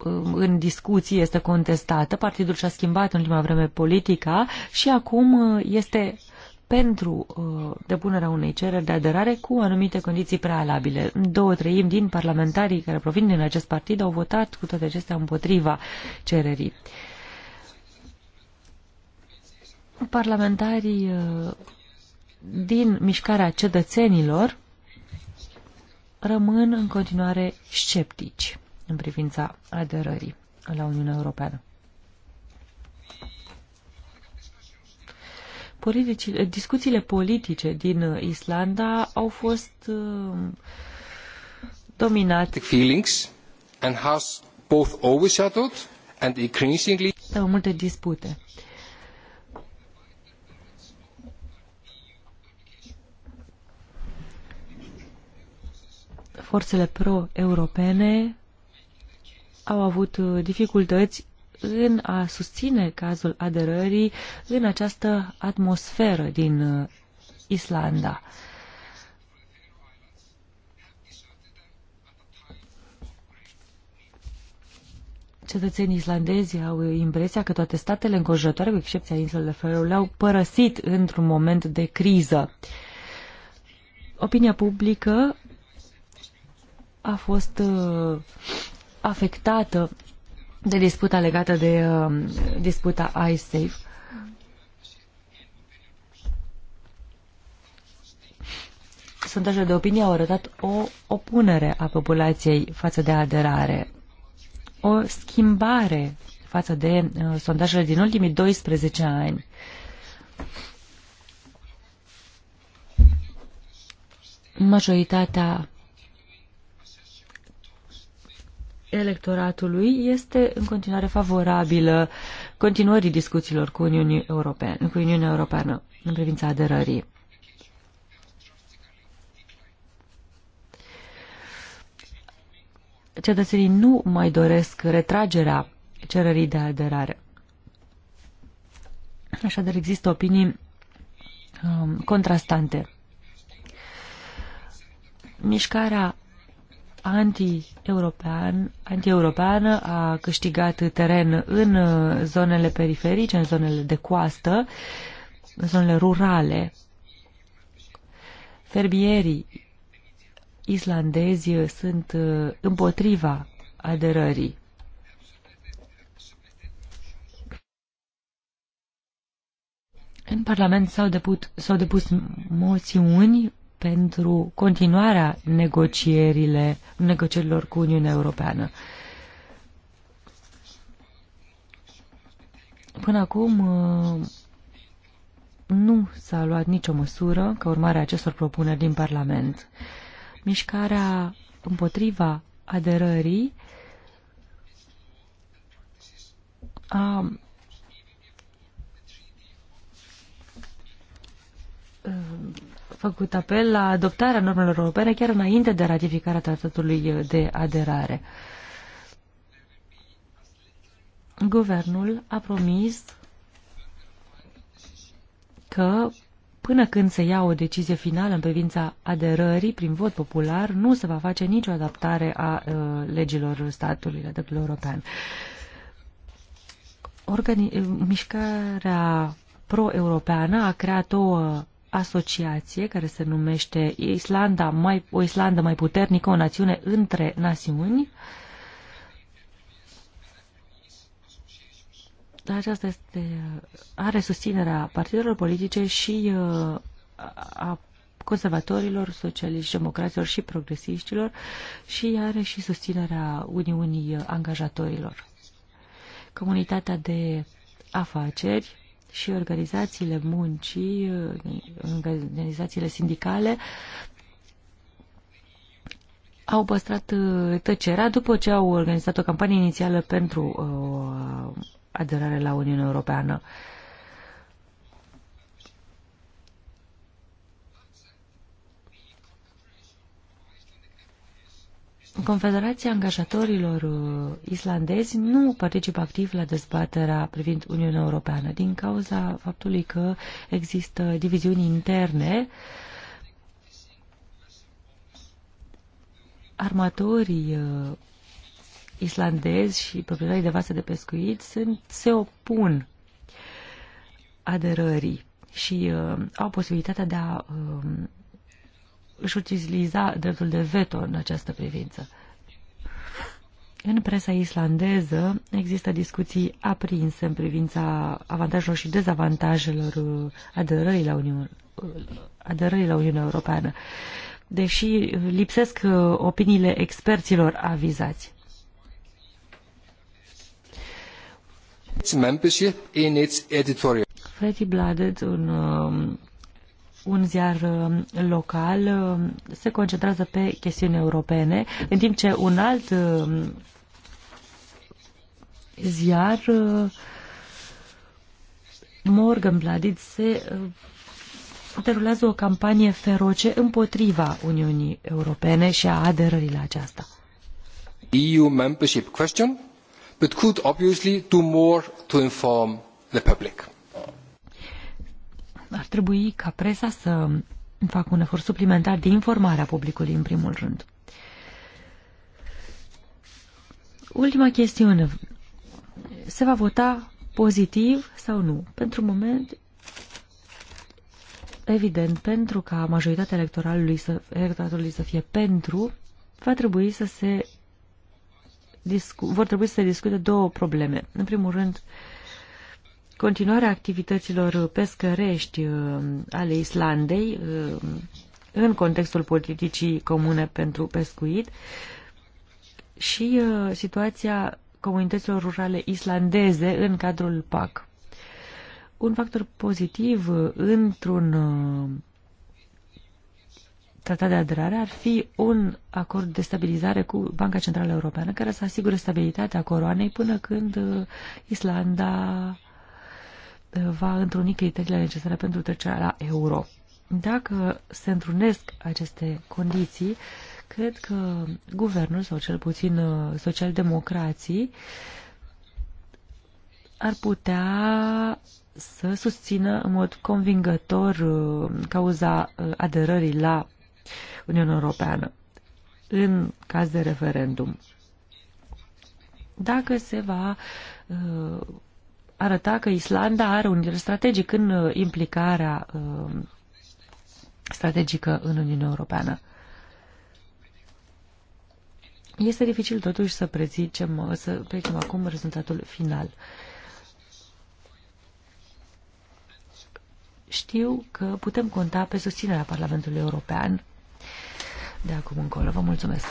um, în discuții, este contestată. Partidul și-a schimbat în ultima vreme politica și acum uh, este pentru uh, depunerea unei cereri de aderare cu anumite condiții prealabile. Două treimi din parlamentarii care provin din acest partid au votat cu toate acestea împotriva cererii. Parlamentarii uh, din mișcarea cetățenilor rămân în continuare sceptici în privința aderării la Uniunea Europeană. politici, discuțiile politice din uh, Islanda au fost uh, dominate feelings and has both overshadowed and increasingly au multe dispute. Forțele pro-europene au avut uh, dificultăți în a susține cazul aderării în această atmosferă din uh, Islanda. cetățenii islandezi au impresia că toate statele înconjurătoare, cu excepția insulelor Feroe, le-au părăsit într-un moment de criză. Opinia publică a fost uh, afectată de disputa legată de uh, disputa iSafe. Sondajele de opinie au arătat o opunere a populației față de aderare, o schimbare față de uh, sondajele din ultimii 12 ani. Majoritatea electoratului este în continuare favorabilă continuării discuțiilor cu, Uniunea Europeană, cu Uniunea Europeană în privința aderării. Cetățenii nu mai doresc retragerea cererii de aderare. Așadar, există opinii um, contrastante. Mișcarea anti-european, anti-europeană a câștigat teren în uh, zonele periferice, în zonele de coastă, în zonele rurale. Ferbierii islandezi sunt uh, împotriva aderării. În Parlament s-au depus moțiuni pentru continuarea negocierile, negocierilor cu Uniunea Europeană. Până acum uh, nu s-a luat nicio măsură ca urmare a acestor propuneri din Parlament. Mișcarea împotriva aderării a făcut apel la adoptarea normelor europene chiar înainte de ratificarea tratatului de aderare. Guvernul a promis că până când se ia o decizie finală în privința aderării prin vot popular, nu se va face nicio adaptare a uh, legilor statului, a dreptului european. Organi mișcarea pro-europeană a creat o asociație care se numește Islanda mai, o Islandă mai puternică, o națiune între națiuni. Aceasta este, are susținerea partidelor politice și uh, a conservatorilor, socialiști, democraților și progresiștilor și are și susținerea Uniunii Angajatorilor. Comunitatea de afaceri și organizațiile muncii, organizațiile sindicale au păstrat uh, tăcerea după ce au organizat o campanie inițială pentru uh, aderare la Uniunea Europeană. Uh, Confederația Angajatorilor uh, Islandezi nu participă activ la dezbaterea privind Uniunea Europeană din cauza faptului că există diviziuni interne. Armatorii uh, islandezi și proprietarii de vase de pescuit sunt, se opun aderării și uh, au posibilitatea de a uh, își utiliza dreptul de veto în această privință. În presa islandeză există discuții aprinse în privința avantajelor și dezavantajelor uh, aderării la, Uniune, uh, aderării la Uniunea Europeană, deși lipsesc uh, opiniile experților avizați. Membership in its editorial. Freddy Bladet, un um, un ziar uh, local uh, se concentrează pe chestiuni europene, în timp ce un alt uh, ziar Morgan Bladid se derulează o campanie feroce împotriva Uniunii Europene și a aderării la aceasta. EU membership question, but could obviously do more to inform the public ar trebui ca presa să facă un efort suplimentar de informare a publicului, în primul rând. Ultima chestiune. Se va vota pozitiv sau nu? Pentru moment, evident, pentru ca majoritatea electoralului să, electoratului să fie pentru, va trebui să se discu- vor trebui să se discute două probleme. În primul rând, uh, continuarea activităților pescărești uh, ale Islandei uh, în contextul politicii comune pentru pescuit și uh, situația comunităților rurale islandeze în cadrul PAC. Un factor pozitiv într-un tratat de aderare ar fi un acord de stabilizare cu Banca Centrală Europeană care să asigure stabilitatea coroanei până când Islanda va întruni criteriile necesare pentru trecerea la euro. Dacă se întrunesc aceste condiții, cred că guvernul, sau cel puțin uh, socialdemocrații, ar putea să susțină în mod convingător uh, cauza uh, aderării la Uniunea Europeană în caz de referendum. Dacă se va arăta că Islanda are un nivel strategic în uh, implicarea uh, strategică în Uniunea Europeană. Este dificil totuși să prezicem, uh, să prezicem acum rezultatul final. Știu că putem conta pe susținerea Parlamentului European de acum încolo. Vă mulțumesc!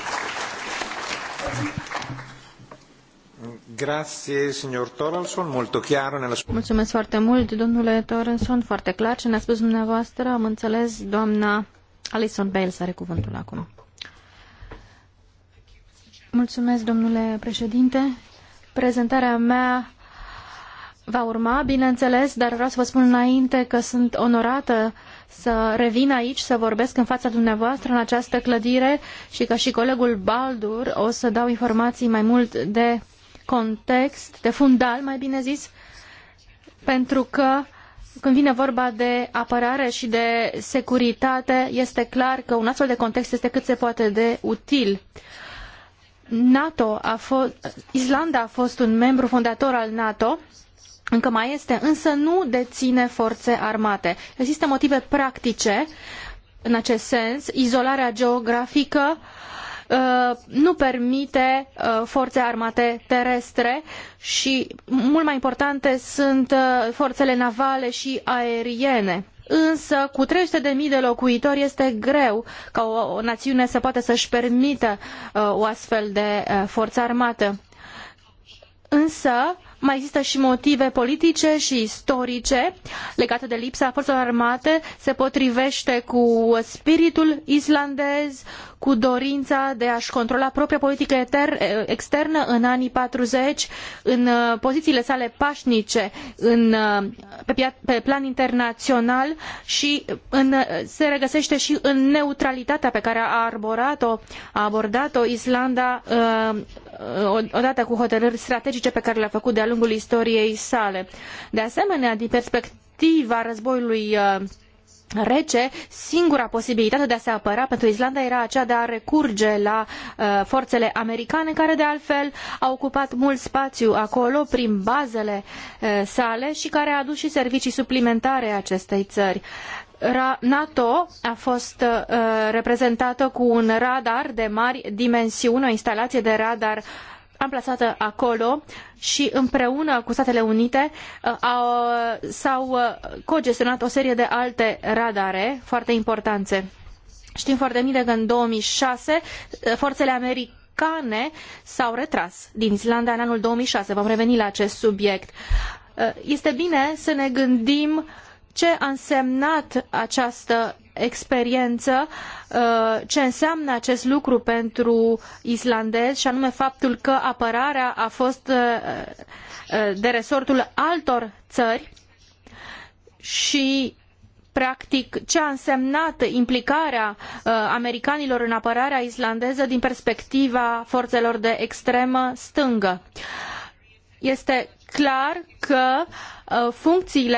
Mulțumesc foarte mult, domnule Toralson, foarte clar ce ne-a spus dumneavoastră. Am înțeles, doamna Alison Bales are cuvântul acum. Mulțumesc, domnule președinte. Prezentarea mea va urma, bineînțeles, dar vreau să vă spun înainte că sunt onorată să revin aici, să vorbesc în fața dumneavoastră în această clădire și că și colegul Baldur o să dau informații mai mult de context, de fundal, mai bine zis, pentru că când vine vorba de apărare și de securitate, este clar că un astfel de context este cât se poate de util. NATO a fost, Islanda a fost un membru fondator al NATO, încă mai este, însă nu deține forțe armate. Există motive practice în acest sens, izolarea geografică, uh, Uh, nu permite uh, forțe armate terestre și, mult mai importante, sunt uh, forțele navale și aeriene. Însă, cu 300.000 de locuitori este greu ca o, națiune să poată să-și permită o astfel de forță armată. Însă, mai există și motive politice și istorice legate de lipsa forțelor armate, se potrivește cu spiritul islandez, cu dorința de a-și controla propria politică externă în anii 40, în uh, pozițiile sale pașnice în, uh, pe, pe plan internațional și în, uh, se regăsește și în neutralitatea pe care a arborat-o, a abordat-o Islanda odată cu hotărâri strategice pe care le-a făcut de-a lungul istoriei sale. De asemenea, din perspectiva războiului uh, rece, singura posibilitate de a se apăra pentru Islanda era aceea de a recurge la uh, forțele americane, care de altfel au ocupat mult spațiu acolo prin bazele uh, sale și care a adus și servicii suplimentare acestei țări. NATO a fost uh, reprezentată cu un radar de mari dimensiuni, o instalație de radar amplasată acolo și împreună cu Statele Unite uh, s-au uh, cogestionat o serie de alte radare foarte importante. Știm foarte bine că în 2006 uh, forțele americane americane s-au retras din Islanda în anul 2006. Vom reveni la acest subiect. Uh, este bine să ne gândim uh, ce a însemnat această experiență, uh, ce înseamnă acest lucru pentru islandezi și anume faptul că apărarea a fost uh, uh, de resortul altor țări și practic ce a însemnat implicarea americanilor în apărarea islandeză din perspectiva forțelor de extremă stângă. Este clar că uh, funcțiile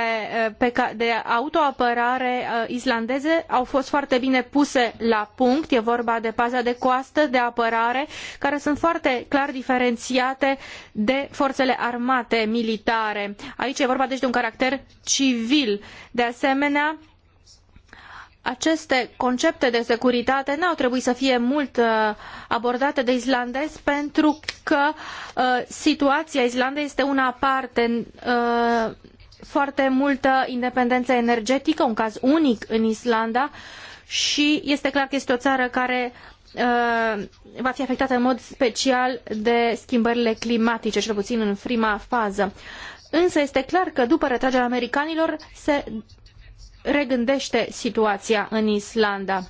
uh, de autoapărare uh, islandeze au fost foarte bine puse la punct. E vorba de paza de coastă, de apărare, care sunt foarte clar diferențiate de forțele armate militare. Aici e vorba deci de un caracter civil. De asemenea, aceste concepte de securitate nu au trebuit să fie mult uh, abordate de islandezi pentru că uh, situația Islandei este una aparte uh, foarte multă independență energetică, un caz unic în Islanda și este clar că este o țară care va fi afectată în mod special de schimbările climatice, cel puțin în prima fază. Însă este clar că după retragerea americanilor se regândește situația în Islanda.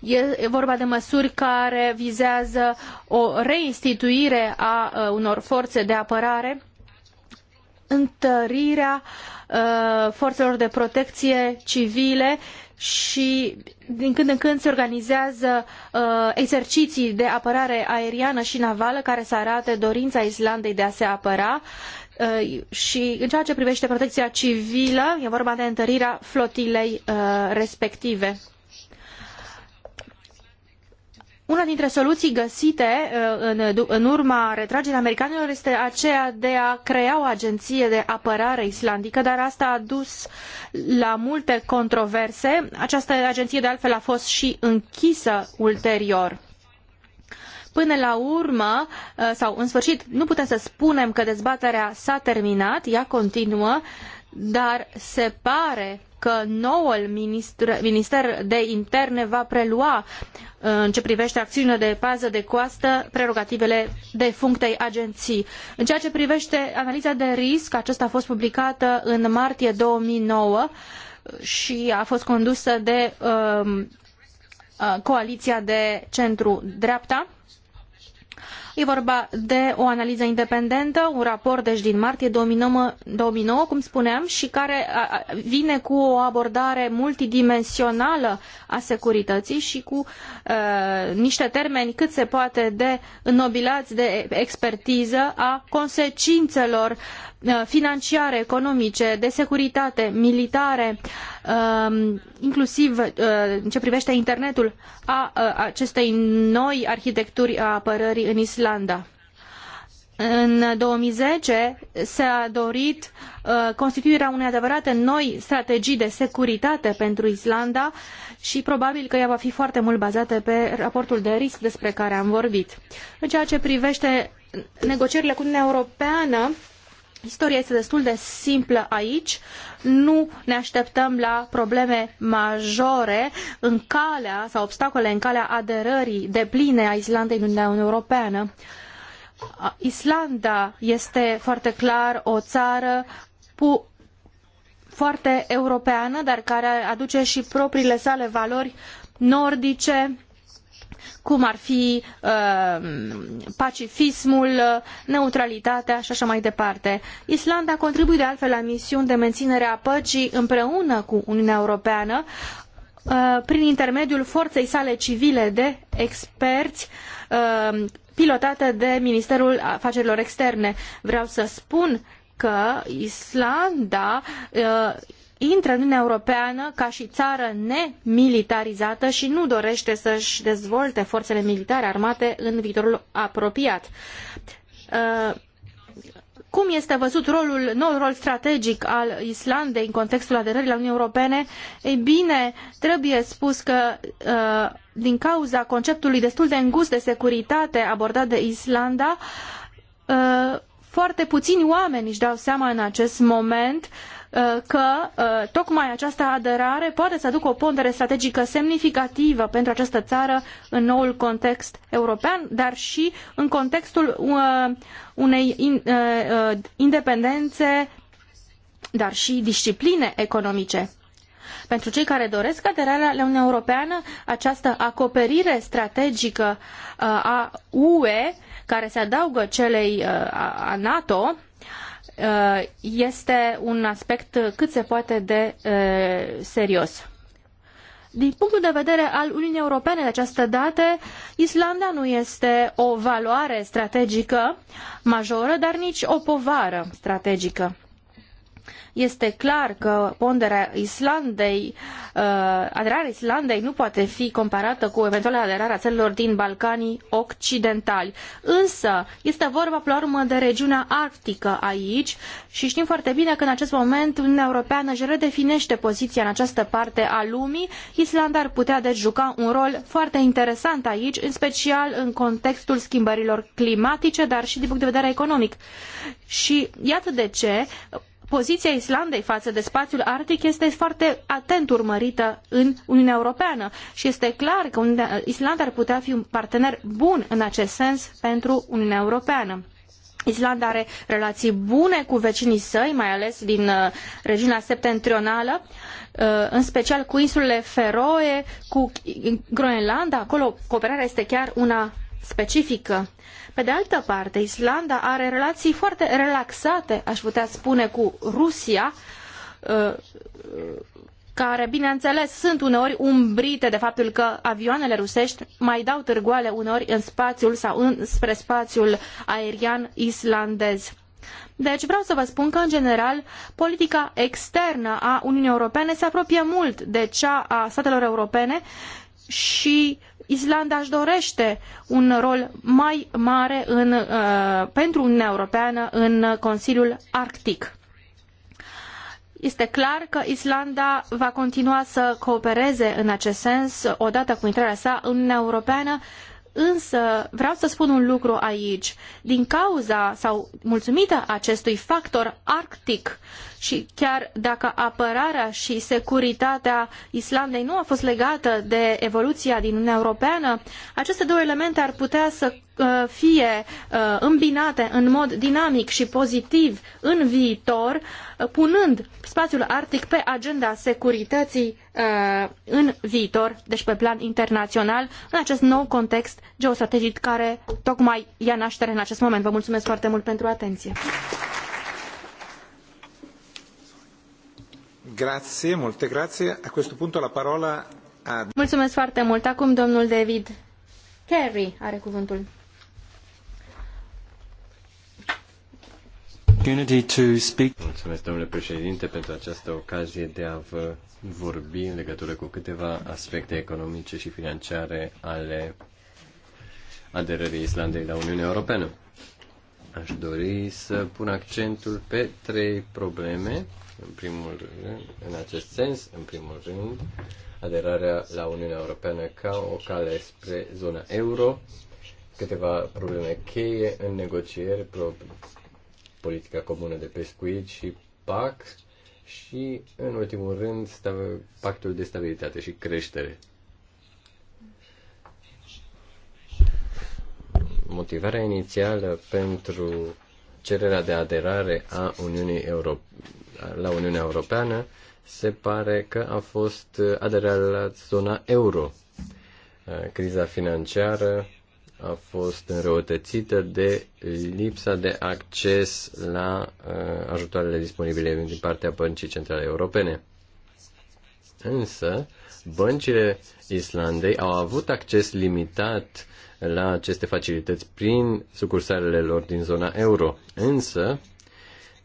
E vorba de măsuri care vizează o reinstituire a unor forțe de apărare, întărirea forțelor de protecție civile și din când în când se organizează uh, exerciții de apărare aeriană și navală care să arate dorința Islandei de a se apăra Uh, și în ceea ce privește protecția civilă, e vorba de întărirea flotilei uh, respective. Una dintre soluții găsite uh, în, urma retragerii americanilor este aceea de a crea o agenție de apărare islandică, dar asta a dus la multe controverse. Această agenție, de altfel, a fost și închisă ulterior. Până la urmă, uh, sau în sfârșit, nu putem să spunem că dezbaterea s-a terminat, ea continuă, dar se pare că noul minister, minister de interne va prelua uh, în ce privește acțiunile de pază de coastă prerogativele de functei agenții. În ceea ce privește analiza de risc, aceasta a fost publicată în martie 2009 uh, și a fost condusă de um, coaliția de centru-dreapta E vorba de o analiză independentă, un raport deci din martie 2009, 2009 cum spuneam, și care vine cu o abordare multidimensională a securității și cu uh, niște termeni cât se poate de înnobilați de expertiză a consecințelor Uh, financiare, economice, de securitate, militare, um, inclusiv uh, în ce privește internetul, a uh, acestei noi arhitecturi a apărării în Islanda. În 2010 s-a dorit constituirea unei adevărate noi strategii de securitate pentru Islanda și probabil că ea va fi foarte mult bazată pe raportul de risc despre care am vorbit. În ceea ce privește negocierile cu Uniunea Europeană, Istoria este destul de simplă aici, nu ne așteptăm la probleme majore în calea sau obstacole în calea aderării depline a Islandei în Uniunea Europeană. Islanda este foarte clar o țară pu- foarte europeană, dar care aduce și propriile sale valori nordice, cum ar fi uh, pacifismul, neutralitatea și așa mai departe. Islanda contribuie de altfel la misiuni de menținere a păcii împreună cu Uniunea Europeană uh, prin intermediul forței sale civile de experți uh, pilotată de Ministerul Afacerilor Externe. Vreau să spun că Islanda intră în Uniunea Europeană ca și țară nemilitarizată și nu dorește să-și dezvolte forțele militare armate în viitorul apropiat. Uh, cum este văzut rolul, noul rol strategic al Islandei în contextul aderării la Uniunea Europeană? Ei bine, trebuie spus că uh, din cauza conceptului destul de îngust de securitate abordat de Islanda, uh, foarte puțini oameni își dau seama în acest moment uh, Uh, că uh, tocmai această aderare poate să aducă o pondere strategică semnificativă pentru această țară în noul context european, dar și în contextul uh, unei independențe, dar și discipline economice. Pentru cei care doresc aderarea la Uniunea Europeană, această acoperire strategică a UE, care se adaugă celei a NATO, Uh, este un aspect cât se poate de uh, serios. Din punctul de vedere al Uniunii Europene de această dată, Islanda nu este o valoare strategică majoră, dar nici o povară strategică. Este clar că ponderea Islandei, uh, aderarea Islandei nu poate fi comparată cu eventuala aderarea țărilor din Balcanii Occidentali. Însă, este vorba, până la urmă, de regiunea arctică aici și știm foarte bine că în acest moment Uniunea Europeană își redefinește poziția în această parte a lumii. Islanda ar putea deci juca un rol foarte interesant aici, în special în contextul schimbărilor climatice, dar și din punct de vedere economic. Și iată de ce poziția Islandei față de spațiul arctic este foarte atent urmărită în Uniunea Europeană și este clar că Islanda ar putea fi un partener bun în acest sens pentru Uniunea Europeană. Islanda are relații bune cu vecinii săi, mai ales din uh, regiunea septentrională, uh, în special cu insulele Feroe, cu Groenlanda. Acolo cooperarea este chiar una specifică. Pe de altă parte, Islanda are relații foarte relaxate, aș putea spune, cu Rusia, uh, care, bineînțeles, sunt uneori umbrite de faptul că avioanele rusești mai dau târgoale uneori în spațiul sau spre spațiul aerian islandez. Deci vreau să vă spun că, în general, politica externă a Uniunii Europene se apropie mult de cea a statelor europene și Islanda își dorește un rol mai mare în, uh, pentru Uniunea Europeană în Consiliul Arctic. Este clar că Islanda va continua să coopereze în acest sens odată cu intrarea sa în Uniunea Europeană, însă vreau să spun un lucru aici. Din cauza sau mulțumită acestui factor arctic și chiar dacă apărarea și securitatea Islandei nu a fost legată de evoluția din Uniunea Europeană, aceste două elemente ar putea să uh, fie uh, îmbinate în mod dinamic și pozitiv în viitor, uh, punând spațiul arctic pe agenda securității în viitor, deci pe plan internațional, în acest nou context geostrategic care tocmai ia naștere în acest moment. Vă mulțumesc foarte mult pentru atenție. Grazie, molte grazie. A questo punto la parola a... Mulțumesc foarte mult. Acum domnul David Kerry are cuvântul. Mulțumesc, domnule președinte, pentru această ocazie de a vă vorbi în legătură cu câteva aspecte economice și financiare ale aderării Islandei la Uniunea Europeană. Aș dori să pun accentul pe trei probleme, în primul rând, în acest sens, în primul rând, aderarea la Uniunea Europeană ca o cale spre zona euro, câteva probleme cheie în negocieri, pro, politica comună de pescuit și PAC și, în ultimul rând, pactul de stabilitate și creștere. motivarea inițială pentru cererea de aderare a Uniunii Euro- la Uniunea Europeană se pare că a fost aderarea la zona euro. Eh, criza financiară a fost înrăutățită de lipsa de acces la eh, ajutoarele disponibile din partea Băncii Centrale Europene. Însă, băncile Islandei au avut acces limitat la aceste facilități prin sucursalele lor din zona euro. Însă,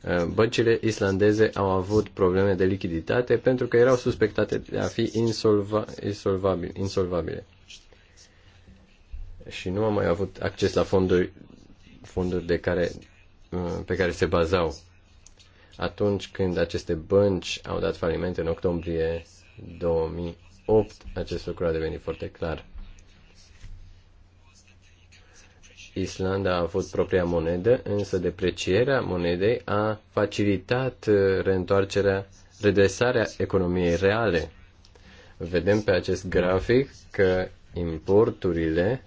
uh, băncile islandeze au avut probleme de lichiditate pentru că erau suspectate de a fi insolva, insolvabil, insolvabile. Și nu au mai avut acces la fonduri, fonduri de care, uh, pe care se bazau. Atunci când aceste bănci au dat faliment în octombrie 2008, acest lucru a devenit foarte clar. Islanda a avut propria monedă, însă deprecierea monedei a facilitat uh, reîntoarcerea, redresarea economiei reale. Vedem pe acest grafic că importurile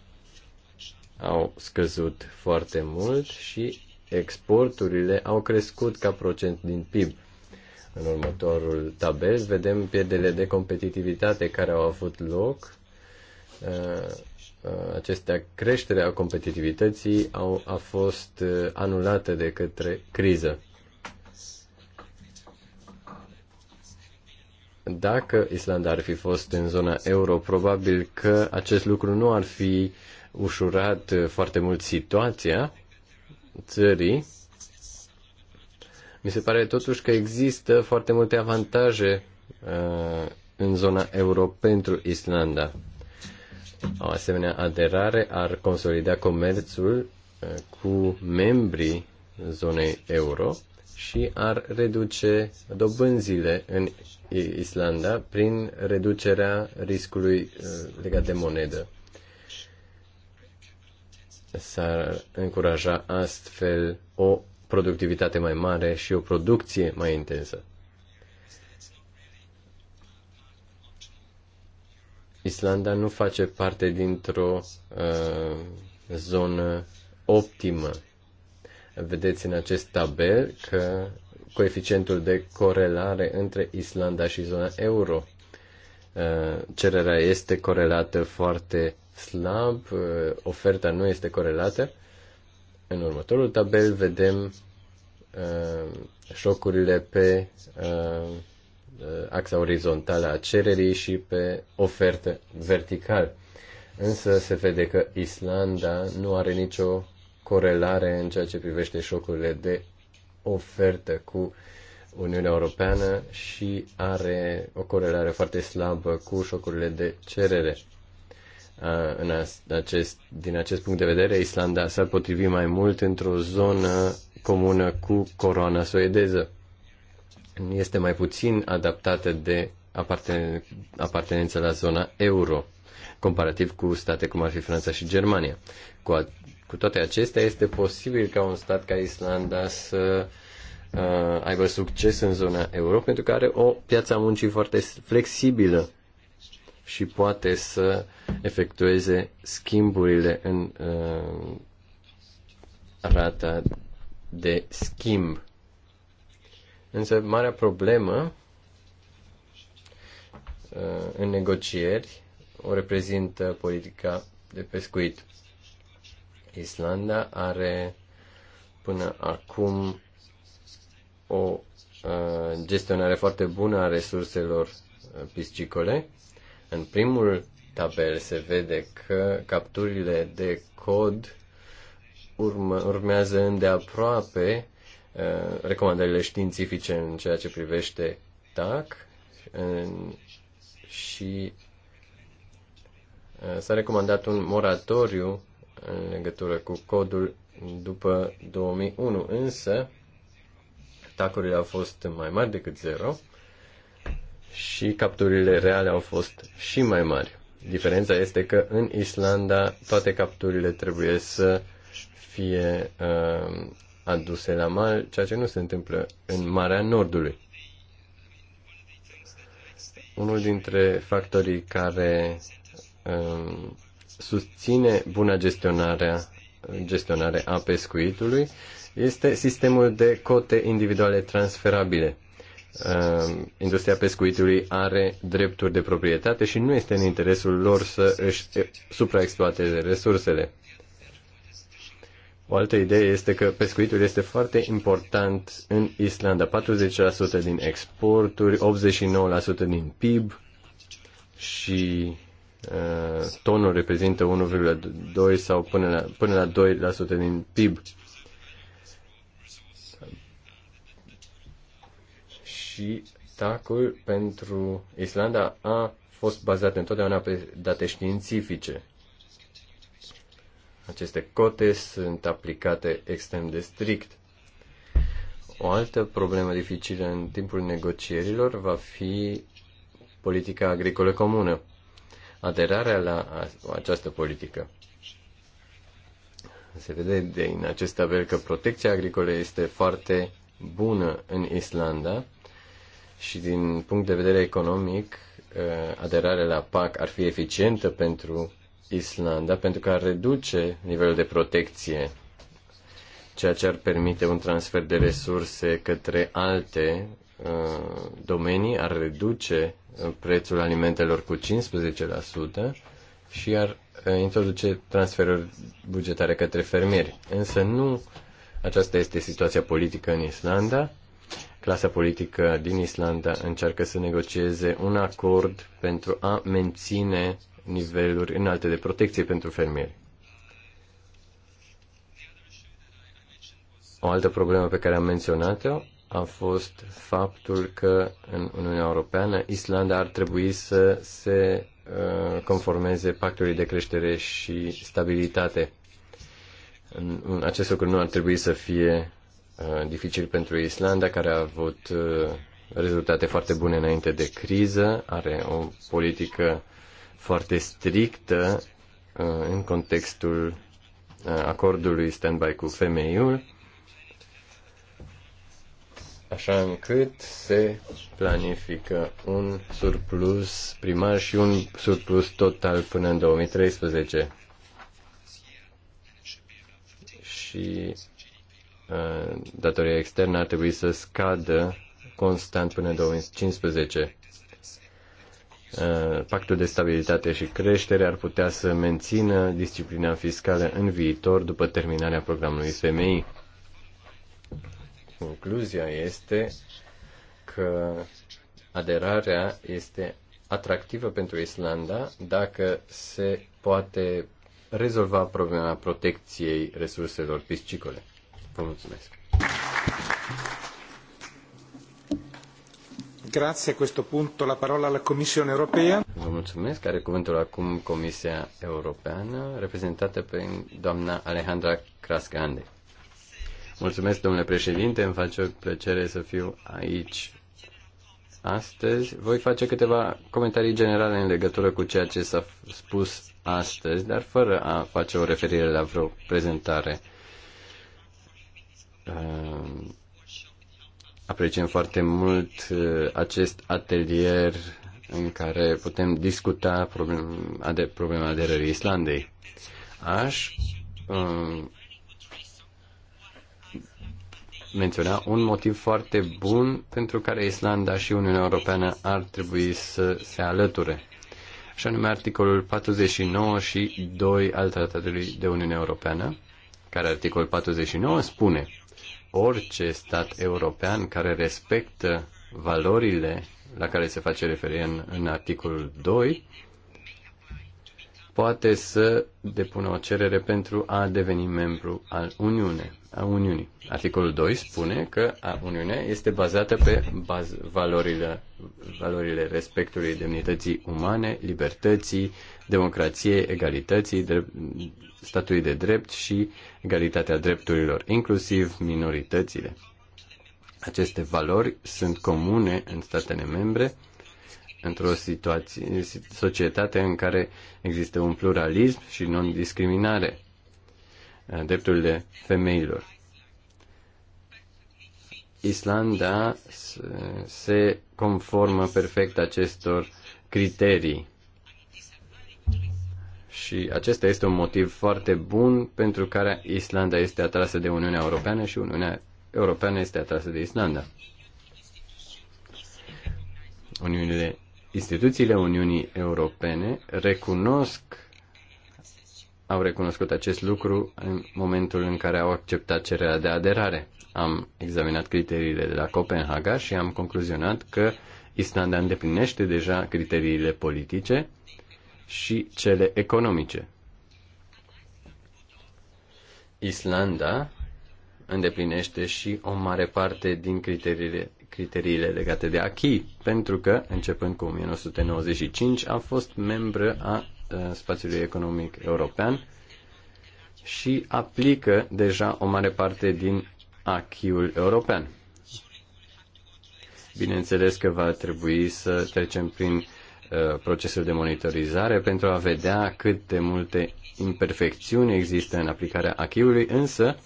au scăzut foarte mult și exporturile au crescut ca procent din PIB. În următorul tabel vedem pierderile de competitivitate care au avut loc uh, Uh, acestea, creșterea competitivității au, a fost uh, anulată de către criză. Dacă Islanda ar fi fost în zona euro, probabil că acest lucru nu ar fi ușurat uh, foarte mult situația țării. Mi se pare totuși că există foarte multe avantaje uh, în zona euro pentru Islanda o asemenea aderare ar consolida comerțul eh, cu membrii zonei euro și ar reduce dobânzile în Islanda prin reducerea riscului eh, legat de monedă. S-ar încuraja astfel o productivitate mai mare și o producție mai intensă. Islanda nu face parte dintr-o uh, zonă optimă. Vedeți în acest tabel că coeficientul de corelare între Islanda și zona euro. Uh, cererea este corelată foarte slab, uh, oferta nu este corelată. În următorul tabel vedem uh, șocurile pe uh, Uh, axa orizontală a cererii și pe ofertă vertical. Însă se vede că Islanda nu are nicio corelare în ceea ce privește șocurile de ofertă cu Uniunea Europeană și are o corelare foarte slabă cu șocurile de cerere. În acest, din acest punct de vedere, Islanda s-ar potrivi mai mult într-o zonă comună cu coroana suedeză este mai puțin adaptată de aparten- apartenență la zona euro, comparativ cu state cum ar fi Franța și Germania. Cu, a, cu toate acestea, este posibil ca un stat ca Islanda să uh, aibă succes în zona euro, pentru că are o piață a muncii foarte flexibilă și poate să efectueze schimburile în uh, rata de schimb Însă marea problemă uh, în negocieri o reprezintă politica de pescuit. Islanda are până acum o uh, gestionare foarte bună a resurselor uh, piscicole. În primul tabel se vede că capturile de cod urmează îndeaproape Uh, recomandările științifice în ceea ce privește TAC în, și uh, s-a recomandat un moratoriu în legătură cu codul după 2001, însă tacurile au fost mai mari decât zero și capturile reale au fost și mai mari. Diferența este că în Islanda toate capturile trebuie să fie uh, aduse la mal, ceea ce nu se întâmplă în Marea Nordului. Unul dintre factorii care um, susține buna gestionare, gestionare a pescuitului este sistemul de cote individuale transferabile. Uh, industria pescuitului are drepturi de proprietate și nu este în interesul lor să își eh, supraexploateze resursele. O altă idee este că pescuitul este foarte important în Islanda. 40% din exporturi, 89% din PIB și uh, tonul reprezintă 1,2 sau până la, până la 2% din PIB. Și tacul pentru Islanda a fost bazat întotdeauna pe date științifice aceste cote sunt aplicate extrem de strict. O altă problemă dificilă în timpul negocierilor va fi politica agricolă comună, aderarea la această politică. Se vede din acest tabel că protecția agricolă este foarte bună în Islanda și din punct de vedere economic, eh, aderarea la PAC ar fi eficientă pentru Islanda pentru că ar reduce nivelul de protecție, ceea ce ar permite un transfer de resurse către alte uh, domenii, ar reduce uh, prețul alimentelor cu 15% și ar uh, introduce transferuri bugetare către fermieri. Însă nu aceasta este situația politică în Islanda. Clasa politică din Islanda încearcă să negocieze un acord pentru a menține niveluri înalte de protecție pentru fermieri. O altă problemă pe care am menționat-o a fost faptul că în Uniunea Europeană Islanda ar trebui să se uh, conformeze pactului de creștere și stabilitate. Acest lucru nu ar trebui să fie uh, dificil pentru Islanda, care a avut uh, rezultate foarte bune înainte de criză, are o politică foarte strictă uh, în contextul uh, acordului standby cu femeiul, așa încât se planifică un surplus primar și un surplus total până în 2013. Și uh, datoria externă ar trebui să scadă constant până în 2015. Uh, pactul de stabilitate și creștere ar putea să mențină disciplina fiscală în viitor după terminarea programului FMI. Concluzia este că aderarea este atractivă pentru Islanda dacă se poate rezolva problema protecției resurselor piscicole. Vă mulțumesc! Grazie, a questo punto la parola alla Commissione Europea. Vă mulțumesc. Are cuvântul acum Comisia Europeană, reprezentată pe doamna Alejandra Crascande. Mulțumesc, domnule președinte, îmi face o plăcere să fiu aici astăzi. Voi face câteva comentarii generale în legătură cu ceea ce s-a spus astăzi, dar fără a face o referire la vreo prezentare. Uh Apreciem foarte mult uh, acest atelier în care putem discuta problema, de problema aderării Islandei. Aș uh, menționa un motiv foarte bun pentru care Islanda și Uniunea Europeană ar trebui să se alăture, și anume articolul 49 și 2 al Tratatului de Uniunea Europeană, care articolul 49 spune orice stat european care respectă valorile la care se face referire în, în articolul 2 poate să depună o cerere pentru a deveni membru al Uniune, a Uniunii. Articolul 2 spune că a Uniunea este bazată pe baz, valorile, valorile respectului demnității umane, libertății, democrației, egalității, drept, statului de drept și egalitatea drepturilor, inclusiv minoritățile. Aceste valori sunt comune în statele membre, într-o societate în care există un pluralism și non-discriminare eh, drepturile femeilor. Islanda se conformă perfect acestor criterii și acesta este un motiv foarte bun pentru care Islanda este atrasă de Uniunea Europeană și Uniunea Europeană este atrasă de Islanda. Uniunile, instituțiile Uniunii Europene recunosc, au recunoscut acest lucru în momentul în care au acceptat cererea de aderare. Am examinat criteriile de la Copenhaga și am concluzionat că Islanda îndeplinește deja criteriile politice și cele economice. Islanda îndeplinește și o mare parte din criteriile, criteriile legate de achi, pentru că, începând cu 1995, a fost membră a spațiului economic european și aplică deja o mare parte din achiul european. Bineînțeles că va trebui să trecem prin Uh, procesul de monitorizare pentru a vedea cât de multe imperfecțiuni există în aplicarea achiului, însă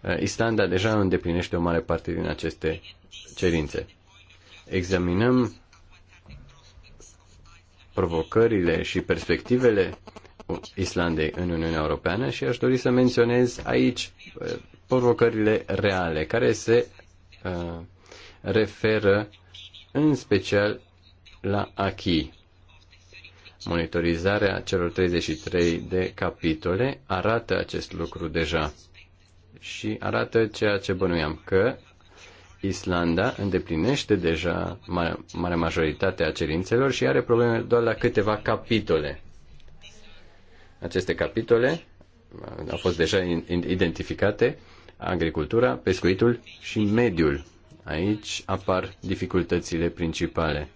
uh, Islanda deja îndeplinește o mare parte din aceste cerințe. Examinăm provocările și perspectivele Islandei în Uniunea Europeană și aș dori să menționez aici uh, provocările reale, care se uh, referă în special la Achi. Monitorizarea celor 33 de capitole arată acest lucru deja și arată ceea ce bănuiam, că Islanda îndeplinește deja mare, majoritate majoritatea cerințelor și are probleme doar la câteva capitole. Aceste capitole uh, au fost deja identificate, agricultura, pescuitul și mediul. Aici apar dificultățile principale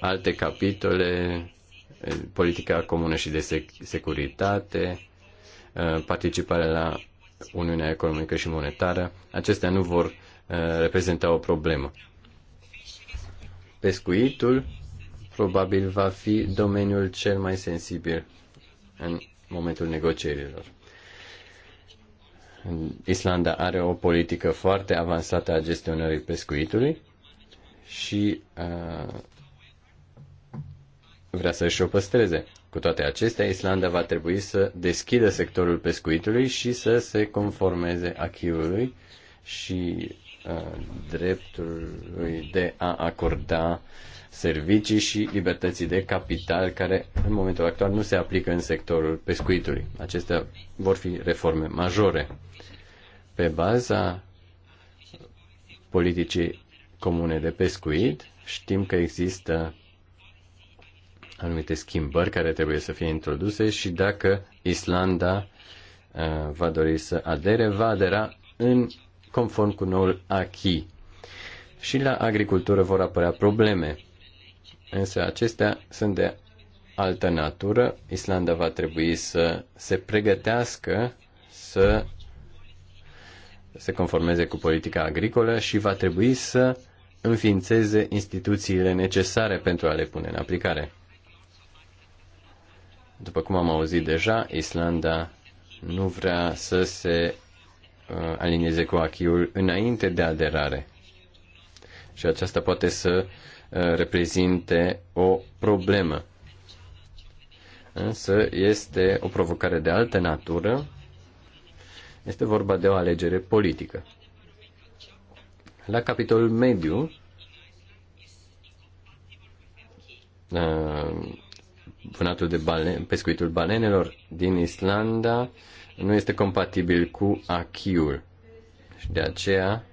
alte capitole, eh, politica comună și de securitate, eh, participarea la Uniunea Economică și Monetară, acestea nu vor eh, reprezenta o problemă. Pescuitul probabil va fi domeniul cel mai sensibil în momentul negocierilor. Islanda are o politică foarte avansată a gestionării pescuitului și vrea să și o păstreze. Cu toate acestea, Islanda va trebui să deschidă sectorul pescuitului și să se conformeze achiului și uh, dreptului de a acorda servicii și libertății de capital care în momentul actual nu se aplică în sectorul pescuitului. Acestea vor fi reforme majore. Pe baza politicii comune de pescuit, știm că există anumite schimbări care trebuie să fie introduse și dacă Islanda uh, va dori să adere, va adera în conform cu noul achi. Și la agricultură vor apărea probleme, însă acestea sunt de altă natură. Islanda va trebui să se pregătească să se conformeze cu politica agricolă și va trebui să înființeze instituțiile necesare pentru a le pune în aplicare. După cum am auzit deja, Islanda nu vrea să se uh, alinieze cu Achiul înainte de aderare. Și aceasta poate să uh, reprezinte o problemă. Însă este o provocare de altă natură. Este vorba de o alegere politică. La capitolul mediu, uh, vânatul de balen, pescuitul balenelor din Islanda nu este compatibil cu achiul. Și de aceea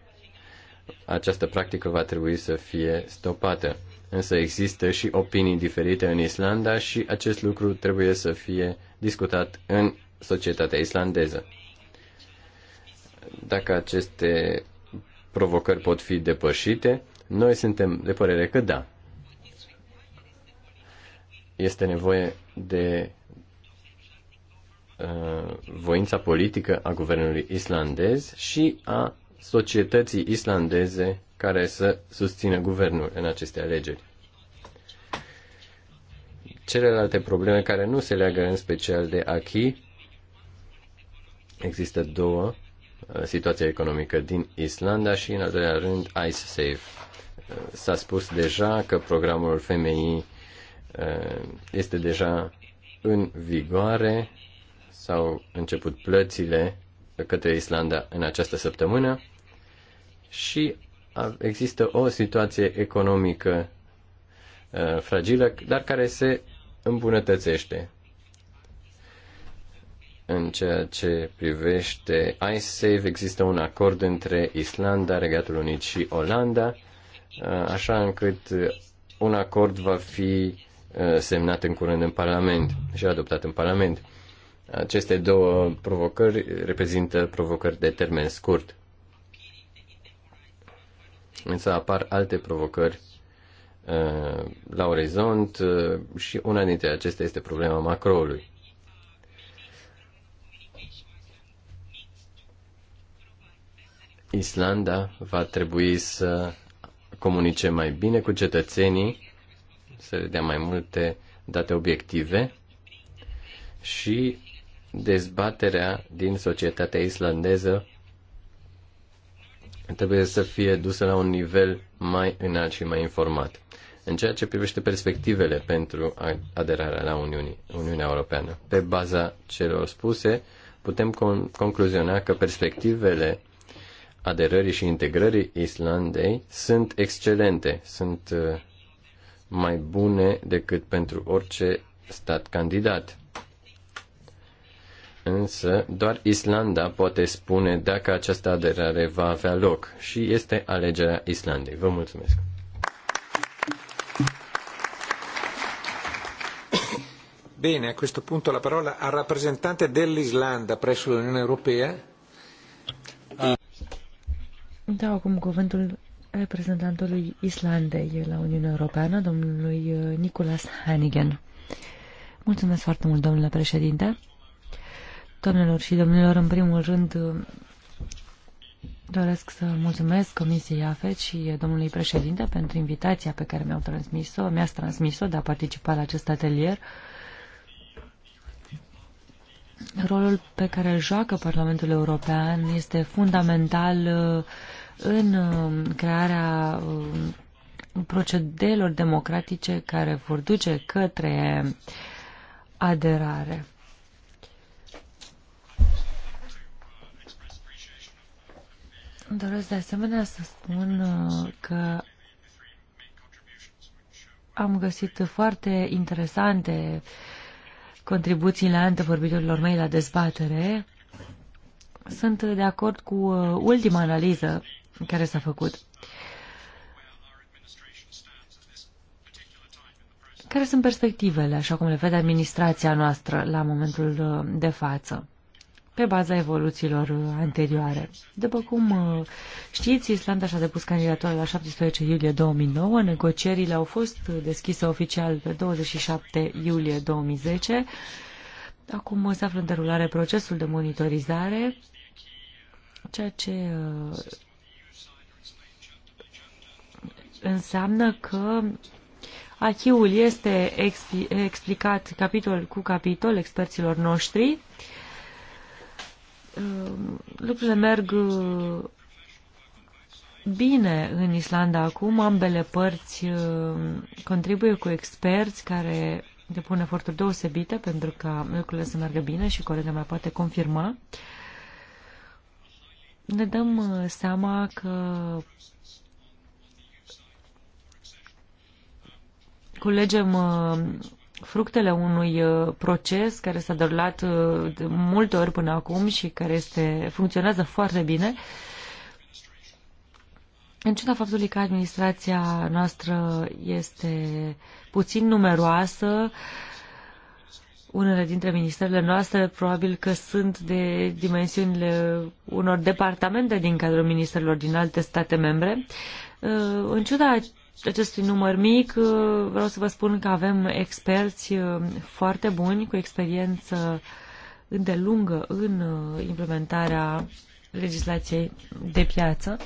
această practică va trebui să fie stopată. Însă există și opinii diferite în Islanda și acest lucru trebuie să fie discutat în societatea islandeză. Dacă aceste provocări pot fi depășite, noi suntem de părere că da este nevoie de uh, voința politică a guvernului islandez și a societății islandeze care să susțină guvernul în aceste alegeri. Celelalte probleme care nu se leagă în special de aki există două, uh, situația economică din Islanda și, în al doilea rând, Ice Safe. S-a spus deja că programul femeii Eh, este deja în vigoare, s-au început plățile către Islanda în această săptămână și există o situație economică eh, fragilă, dar care se îmbunătățește. În ceea ce privește IceSave, există un acord între Islanda, Regatul Unit și Olanda, eh, așa încât un acord va fi Uh, semnat în curând în Parlament și adoptat în Parlament. Aceste două provocări reprezintă provocări de termen scurt. Însă apar alte provocări uh, la orizont uh, și una dintre acestea este problema macroului. Islanda va trebui să comunice mai bine cu cetățenii să le dea mai multe date obiective și dezbaterea din societatea islandeză trebuie să fie dusă la un nivel mai înalt și mai informat. În ceea ce privește perspectivele pentru aderarea la Uniunii, Uniunea Europeană, pe baza celor spuse, putem con- concluziona că perspectivele aderării și integrării Islandei sunt excelente, sunt uh, mai bune decât pentru orice stat candidat. Însă, doar Islanda poate spune dacă această aderare va avea loc și este alegerea Islandei. Vă mulțumesc! Bine, a questo punto la parola al rappresentante dell'Islanda presso l'Unione Europea. Da, acum cuvântul reprezentantului Islandei la Uniunea Europeană, domnului uh, Nicolas Hannigan. Mulțumesc foarte mult, domnule președinte. Doamnelor și domnilor, în primul rând uh, doresc să mulțumesc Comisiei AFET și domnului președinte pentru invitația pe care mi-au transmis-o, mi a transmis-o de a participa la acest atelier. Rolul pe care îl joacă Parlamentul European este fundamental uh, în um, crearea um, procedelor democratice care vor duce către aderare. Doresc de asemenea să spun uh, că am găsit foarte interesante contribuțiile antevorbitorilor mei la dezbatere. Sunt de acord cu uh, ultima analiză care s-a făcut. Care sunt perspectivele, așa cum le vede administrația noastră la momentul uh, de față? pe baza evoluțiilor uh, anterioare. După cum uh, știți, Islanda și-a depus candidatura la 17 iulie 2009, negocierile au fost deschise oficial pe 27 iulie 2010. Acum se află în derulare procesul de monitorizare, ceea ce înseamnă că achiul este explicat capitol cu capitol experților noștri. Um, lucrurile merg bine în Islanda acum. Ambele părți um, contribuie cu experți care depun eforturi deosebite pentru ca lucrurile să meargă bine și colega mea poate confirma. Ne dăm uh, seama că culegem uh, fructele unui uh, proces care s-a derulat uh, de multe ori până acum și care este, funcționează foarte bine. În ciuda faptului că administrația noastră este puțin numeroasă, unele dintre ministerele noastre probabil că sunt de dimensiunile unor departamente din cadrul ministerilor din alte state membre. În ciuda acestui număr mic, uh, vreau să vă spun că avem experți uh, foarte buni, cu experiență îndelungă în uh, implementarea legislației de piață.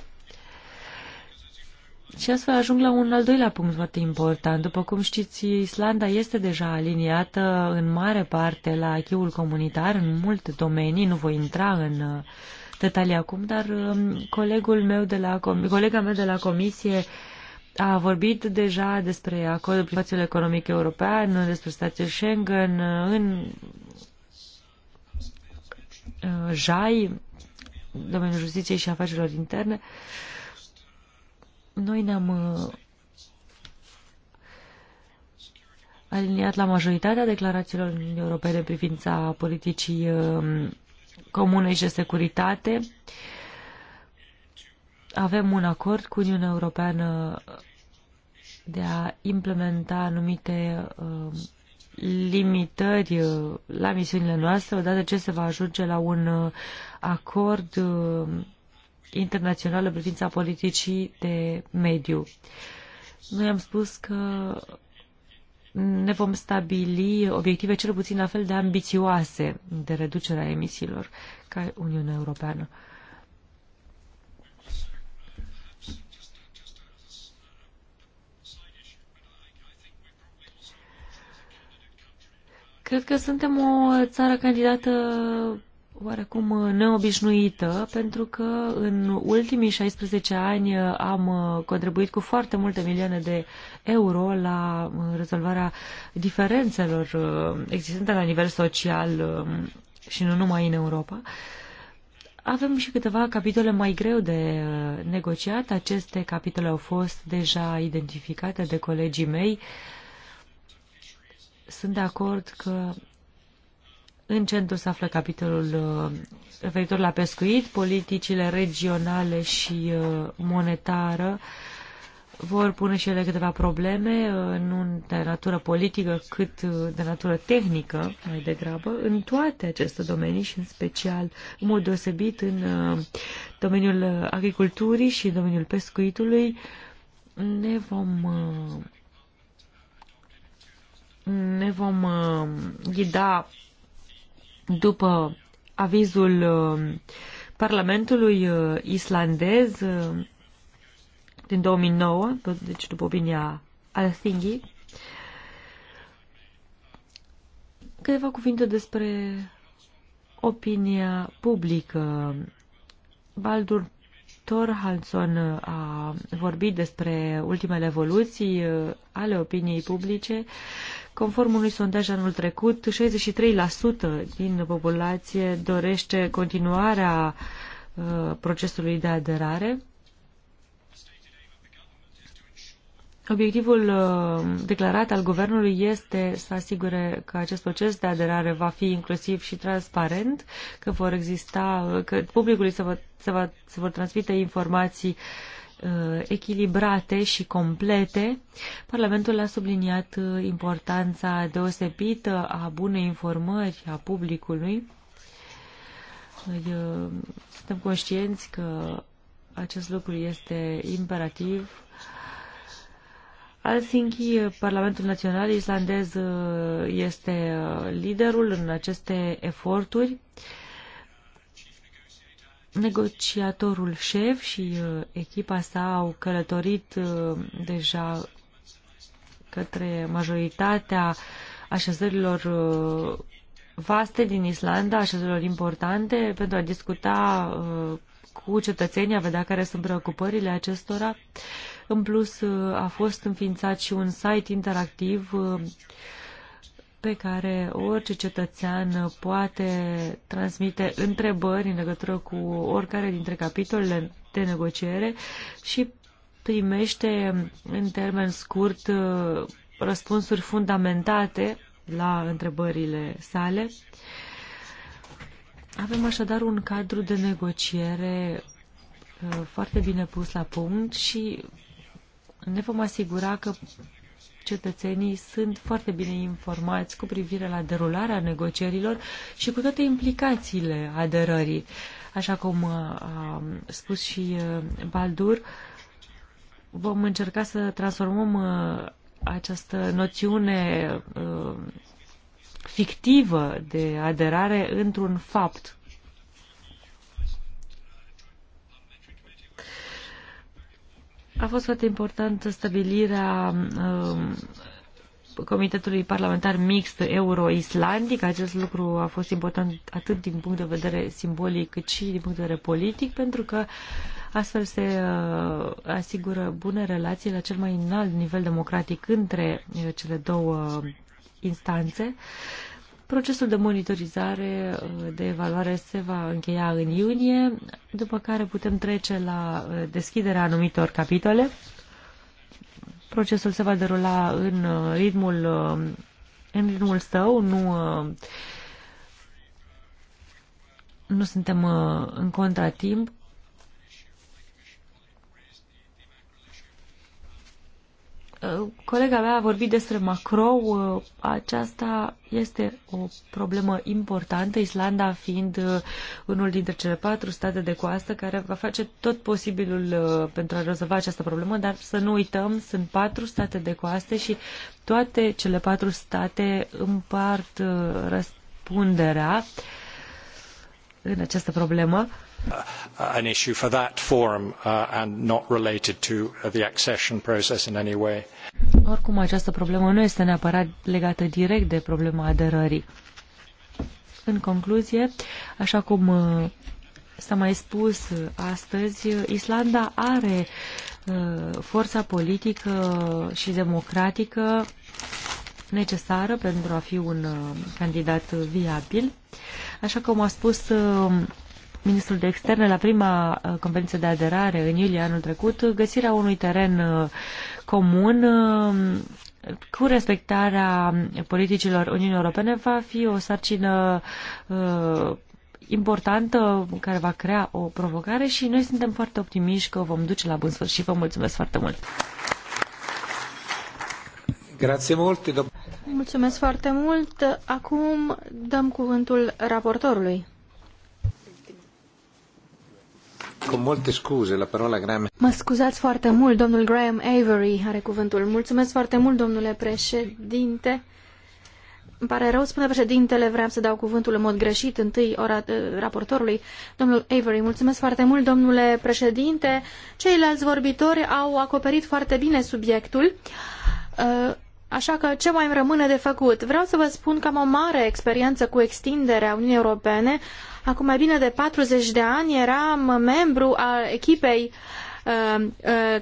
Și astfel ajung la un al doilea punct foarte important. După cum știți, Islanda este deja aliniată în mare parte la acheul comunitar, în multe domenii, nu voi intra în detalii acum, dar um, colegul meu de la, colega mea de la comisie a vorbit deja despre acordul prin spațiul economic european, despre stațiul Schengen, în uh, JAI, domeniul justiției și afacerilor interne. Noi ne-am uh, aliniat la majoritatea declarațiilor Europene privința politicii uh, comune și de securitate. Uh, avem un acord cu Uniunea Europeană de a implementa anumite uh, limitări uh, la misiunile noastre, odată ce se va ajunge la un uh, acord internațional în privința politicii de mediu. Noi am spus că ne vom stabili obiective cel puțin la fel de ambițioase de reducerea emisiilor ca Uniunea Europeană. Cred că suntem o țară candidată oarecum neobișnuită, pentru că în ultimii 16 ani am contribuit cu foarte multe milioane de euro la rezolvarea diferențelor existente la nivel social um, și nu numai în Europa. Avem și câteva capitole mai greu de negociat. Aceste capitole au fost deja identificate de colegii mei. Uh, sunt de acord că în centru se află capitolul uh, referitor la pescuit, politicile regionale și uh, monetară vor pune și ele câteva probleme, uh, nu de natură politică, cât de natură tehnică, mai degrabă, în toate aceste domenii și în special, în mod deosebit, în domeniul agriculturii și în domeniul pescuitului, ne vom ne vom uh, ghida după avizul uh, Parlamentului uh, islandez din 2009, deci după opinia Althinghi. Câteva cuvinte despre opinia publică. Baldur Hanson a vorbit despre ultimele evoluții ale opiniei publice Conform unui sondaj anul trecut, 63% din populație dorește continuarea uh, procesului de aderare. Obiectivul uh, declarat al guvernului este să asigure că acest proces de aderare va fi inclusiv și transparent, că vor exista, că publicului se, va, se, va, se vor transmite informații uh, Uh, echilibrate și complete, Parlamentul a subliniat uh, importanța deosebită a bunei informări a publicului. Noi uh, suntem conștienți că acest lucru este imperativ. Helsinki, Parlamentul Național Islandez este liderul în aceste eforturi. Uh, Negociatorul șef și uh, echipa sa au călătorit uh, deja către majoritatea așezărilor uh, vaste din Islanda, așezărilor importante, pentru a discuta cu cetățenii, a vedea care sunt preocupările acestora. În plus, a fost înființat și un site interactiv pe care orice cetățean poate transmite întrebări în legătură cu oricare dintre capitolele de negociere și primește în termen scurt răspunsuri fundamentate la întrebările sale. Avem așadar un cadru de negociere uh, foarte bine pus la punct și ne vom asigura că cetățenii sunt foarte bine informați cu privire la derularea negocierilor și cu toate implicațiile aderării. Așa cum uh, a spus și uh, Baldur, vom încerca să transformăm uh, această noțiune fictivă de aderare într-un fapt A fost foarte important stabilirea um, Comitetului Parlamentar Mixt Euro-Islandic. Acest lucru a fost important atât din punct de vedere simbolic cât și din punct de vedere politic, pentru că astfel se uh, asigură bune relații la cel mai înalt nivel democratic între uh, cele două instanțe. Procesul de monitorizare, uh, de evaluare se va încheia în iunie, după care putem trece la uh, deschiderea anumitor capitole. Procesul se va derula în uh, ritmul, în ritmul său, nu, nu suntem în contratimp Colega mea a vorbit despre Macro. Uh, aceasta este o problemă importantă, Islanda fiind uh, unul dintre cele patru state de coastă care va face tot posibilul uh, pentru a rezolva această problemă, dar să nu uităm, sunt patru state de coastă și toate cele patru state împart răspunderea în această problemă. Uh, an issue for that forum uh, and not related to uh, the accession process in any way. Oricum, această problemă nu este neapărat legată direct de problema aderării. În concluzie, așa cum s-a mai spus astăzi, Islanda are forța politică și democratică necesară pentru a fi un candidat viabil. Așa cum a spus ministrul de externe la prima uh, conferință de aderare în iulie anul trecut găsirea unui teren uh, comun uh, cu respectarea politicilor Uniunii Europene va fi o sarcină importantă care va crea o provocare și noi suntem foarte optimiști că o vom duce la bun sfârșit. Vă mulțumesc foarte mult! Grazie Mulțumesc foarte mult. Acum dăm cuvântul raportorului. Cu multe scuze, la parola Graham. Mă scuzați foarte mult, domnul Graham Avery are cuvântul. Mulțumesc foarte mult, domnule președinte. Îmi pare rău, spune președintele, vreau să dau cuvântul în mod greșit întâi ora, ă, raportorului, domnul Avery. Mulțumesc foarte mult, domnule președinte. Ceilalți vorbitori au acoperit foarte bine subiectul. Ă, așa că ce mai îmi rămâne de făcut? Vreau să vă spun că am o mare experiență cu extinderea Uniunii Europene. Acum mai bine de 40 de ani eram membru al echipei uh, uh,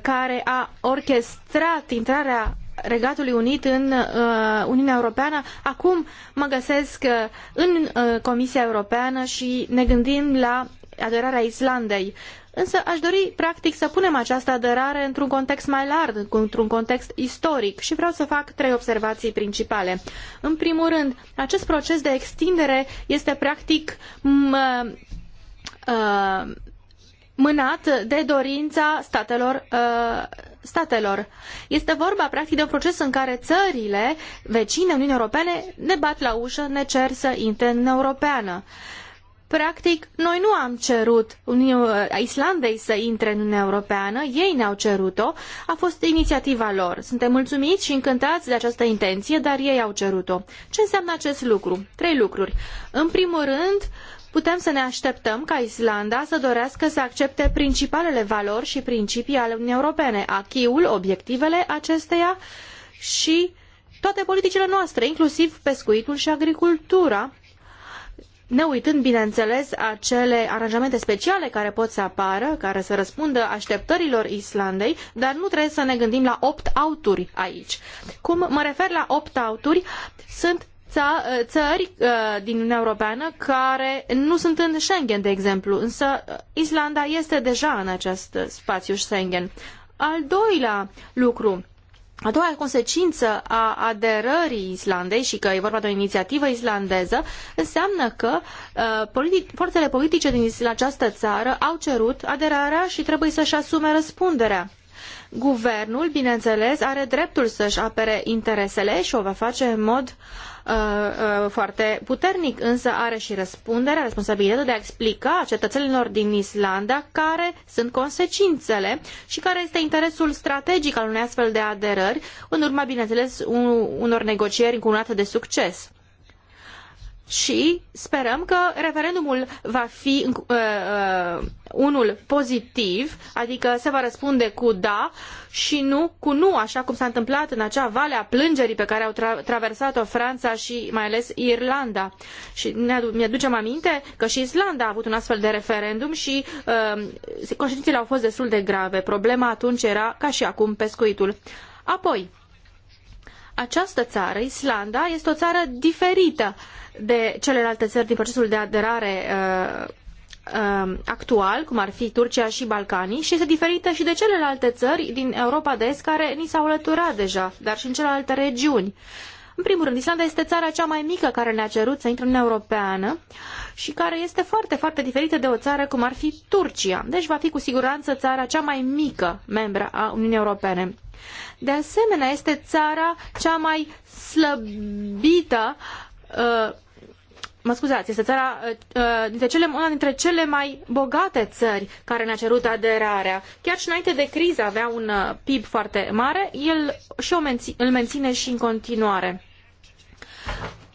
care a orchestrat intrarea Regatului Unit în uh, Uniunea Europeană. Acum mă găsesc uh, în Comisia Europeană și ne gândim la aderarea Islandei. Însă aș dori, practic, să punem această aderare într-un context mai larg, într-un context istoric și vreau să fac trei observații principale. În primul rând, acest proces de extindere este, practic, uh, uh, mânat de dorința statelor, uh, statelor. Este vorba, practic, de un proces în care țările vecine Uniunii Europene ne bat la ușă, ne cer să intre în Europeană. Uh, Practic, noi nu am cerut Islandei să intre în Uniunea Europeană, ei ne-au cerut-o, a fost inițiativa lor. Suntem mulțumiți și încântați de această intenție, dar ei au cerut-o. Ce înseamnă acest lucru? Trei lucruri. În primul rând, putem să ne așteptăm ca Islanda să dorească să accepte principalele valori și principii ale Uniunii Europene, achiul, obiectivele acesteia și toate politicile noastre, inclusiv pescuitul și agricultura, ne uitând, bineînțeles, acele aranjamente speciale care pot să apară, care să răspundă așteptărilor Islandei, dar nu trebuie să ne gândim la opt-out-uri aici. Cum mă refer la opt-out-uri, sunt țări uh, din Uniunea Europeană care nu sunt în Schengen, de exemplu, însă Islanda este deja în acest spațiu Schengen. Al doilea lucru, a doua consecință a aderării Islandei și că e vorba de o inițiativă islandeză înseamnă că uh, politi forțele politice din această țară au cerut aderarea și trebuie să-și asume răspunderea. Guvernul, bineînțeles, are dreptul să-și apere interesele și o va face în mod uh, Uh, uh, foarte puternic, însă are și răspunderea, responsabilitatea de a explica cetățenilor din Islanda care sunt consecințele și care este interesul strategic al unei astfel de aderări, în urma, bineînțeles, un, unor negocieri încununate de succes și sperăm că referendumul va fi uh, uh, unul pozitiv, adică se va răspunde cu da și nu cu nu, așa cum s-a întâmplat în acea vale a plângerii pe care au tra traversat-o Franța și mai ales Irlanda. Și mi-aducem aminte că și Islanda a avut un astfel de referendum și uh, au fost destul de grave. Problema atunci era, ca și acum, pescuitul. Apoi, această țară, Islanda, este o țară diferită de celelalte țări din procesul de aderare uh, uh, actual, cum ar fi Turcia și Balcanii, și este diferită și de celelalte țări din Europa de Est care ni s-au alăturat deja, dar și în celelalte regiuni. În primul rând, Islanda este țara cea mai mică care ne-a cerut să intre în Uniunea Europeană și care este foarte, foarte diferită de o țară cum ar fi Turcia. Deci va fi cu siguranță țara cea mai mică membră a Uniunii Europene. De asemenea, este țara cea mai slăbită uh, mă scuzați, este țara, uh, uh, dintre cele, una dintre cele mai bogate țări care ne-a cerut aderarea. Chiar și înainte de criză avea un PIB foarte mare, el și o menține, îl menține și în continuare.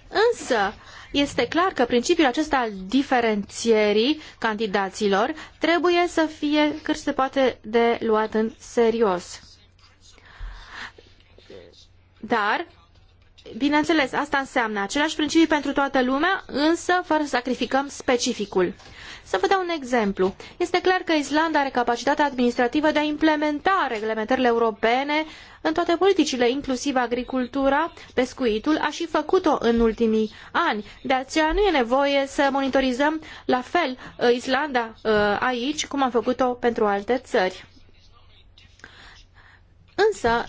Însă, este clar că principiul acesta al diferențierii candidaților trebuie să fie cât se poate de luat în serios. Dar, bineînțeles, asta înseamnă același principiu pentru toată lumea, însă fără să sacrificăm specificul. Să vă dau un exemplu. Este clar că Islanda are capacitatea administrativă de a implementa reglementările europene în toate politicile, inclusiv agricultura, pescuitul, a și făcut-o în ultimii ani. De aceea nu e nevoie să monitorizăm la fel uh, Islanda uh, aici, cum am făcut-o pentru alte țări. Însă,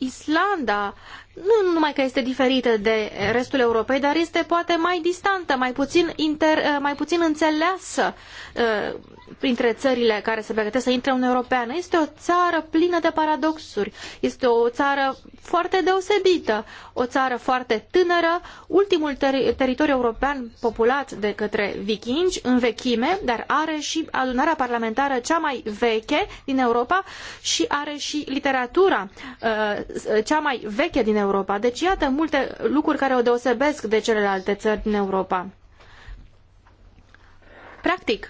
Islanda nu numai că este diferită de restul Europei, dar este poate mai distantă, mai puțin, inter, eh, mai puțin înțeleasă eh, printre țările care se pregătesc să intre în Europeană. Este o țară plină de paradoxuri, este o țară foarte deosebită, o țară foarte tânără, ultimul teritoriu european populat de către vikingi în vechime, dar are și adunarea parlamentară cea mai veche din Europa și are și literatura eh, cea mai veche din Europa Europa. Deci iată multe lucruri care o deosebesc de celelalte țări din Europa. Practic,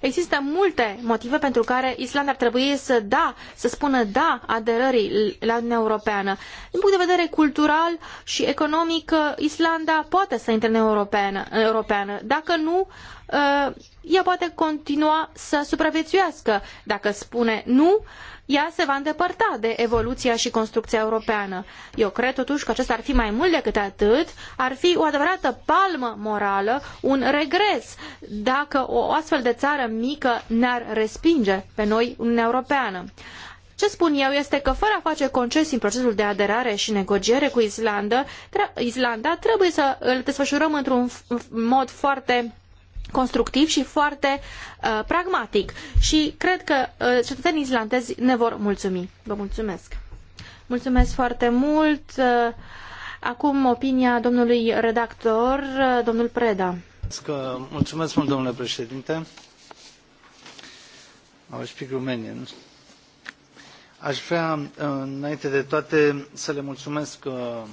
există multe motive pentru care Islanda ar trebui să da, să spună da aderării la Uniunea Europeană. Din punct de vedere cultural și economic, Islanda poate să intre în Europeană, Europeană. Dacă nu, Uh, ea poate continua să supraviețuiască. Dacă spune nu, ea se va îndepărta de evoluția și construcția europeană. Eu cred totuși că acesta ar fi mai mult decât atât, ar fi o adevărată palmă morală, un regres, dacă o astfel de țară mică ne-ar respinge pe noi, Uniunea Europeană. Ce spun eu este că fără a face concesii în procesul de aderare și negociere cu Islanda, Islanda trebuie să îl desfășurăm într-un mod foarte constructiv și foarte uh, pragmatic și cred că uh, cetățenii islandezi ne vor mulțumi. Vă mulțumesc! Mulțumesc foarte mult! Uh, acum opinia domnului redactor, uh, domnul Preda. Mulțumesc mult, domnule președinte. Aș vrea, uh, înainte de toate, să le mulțumesc uh, uh,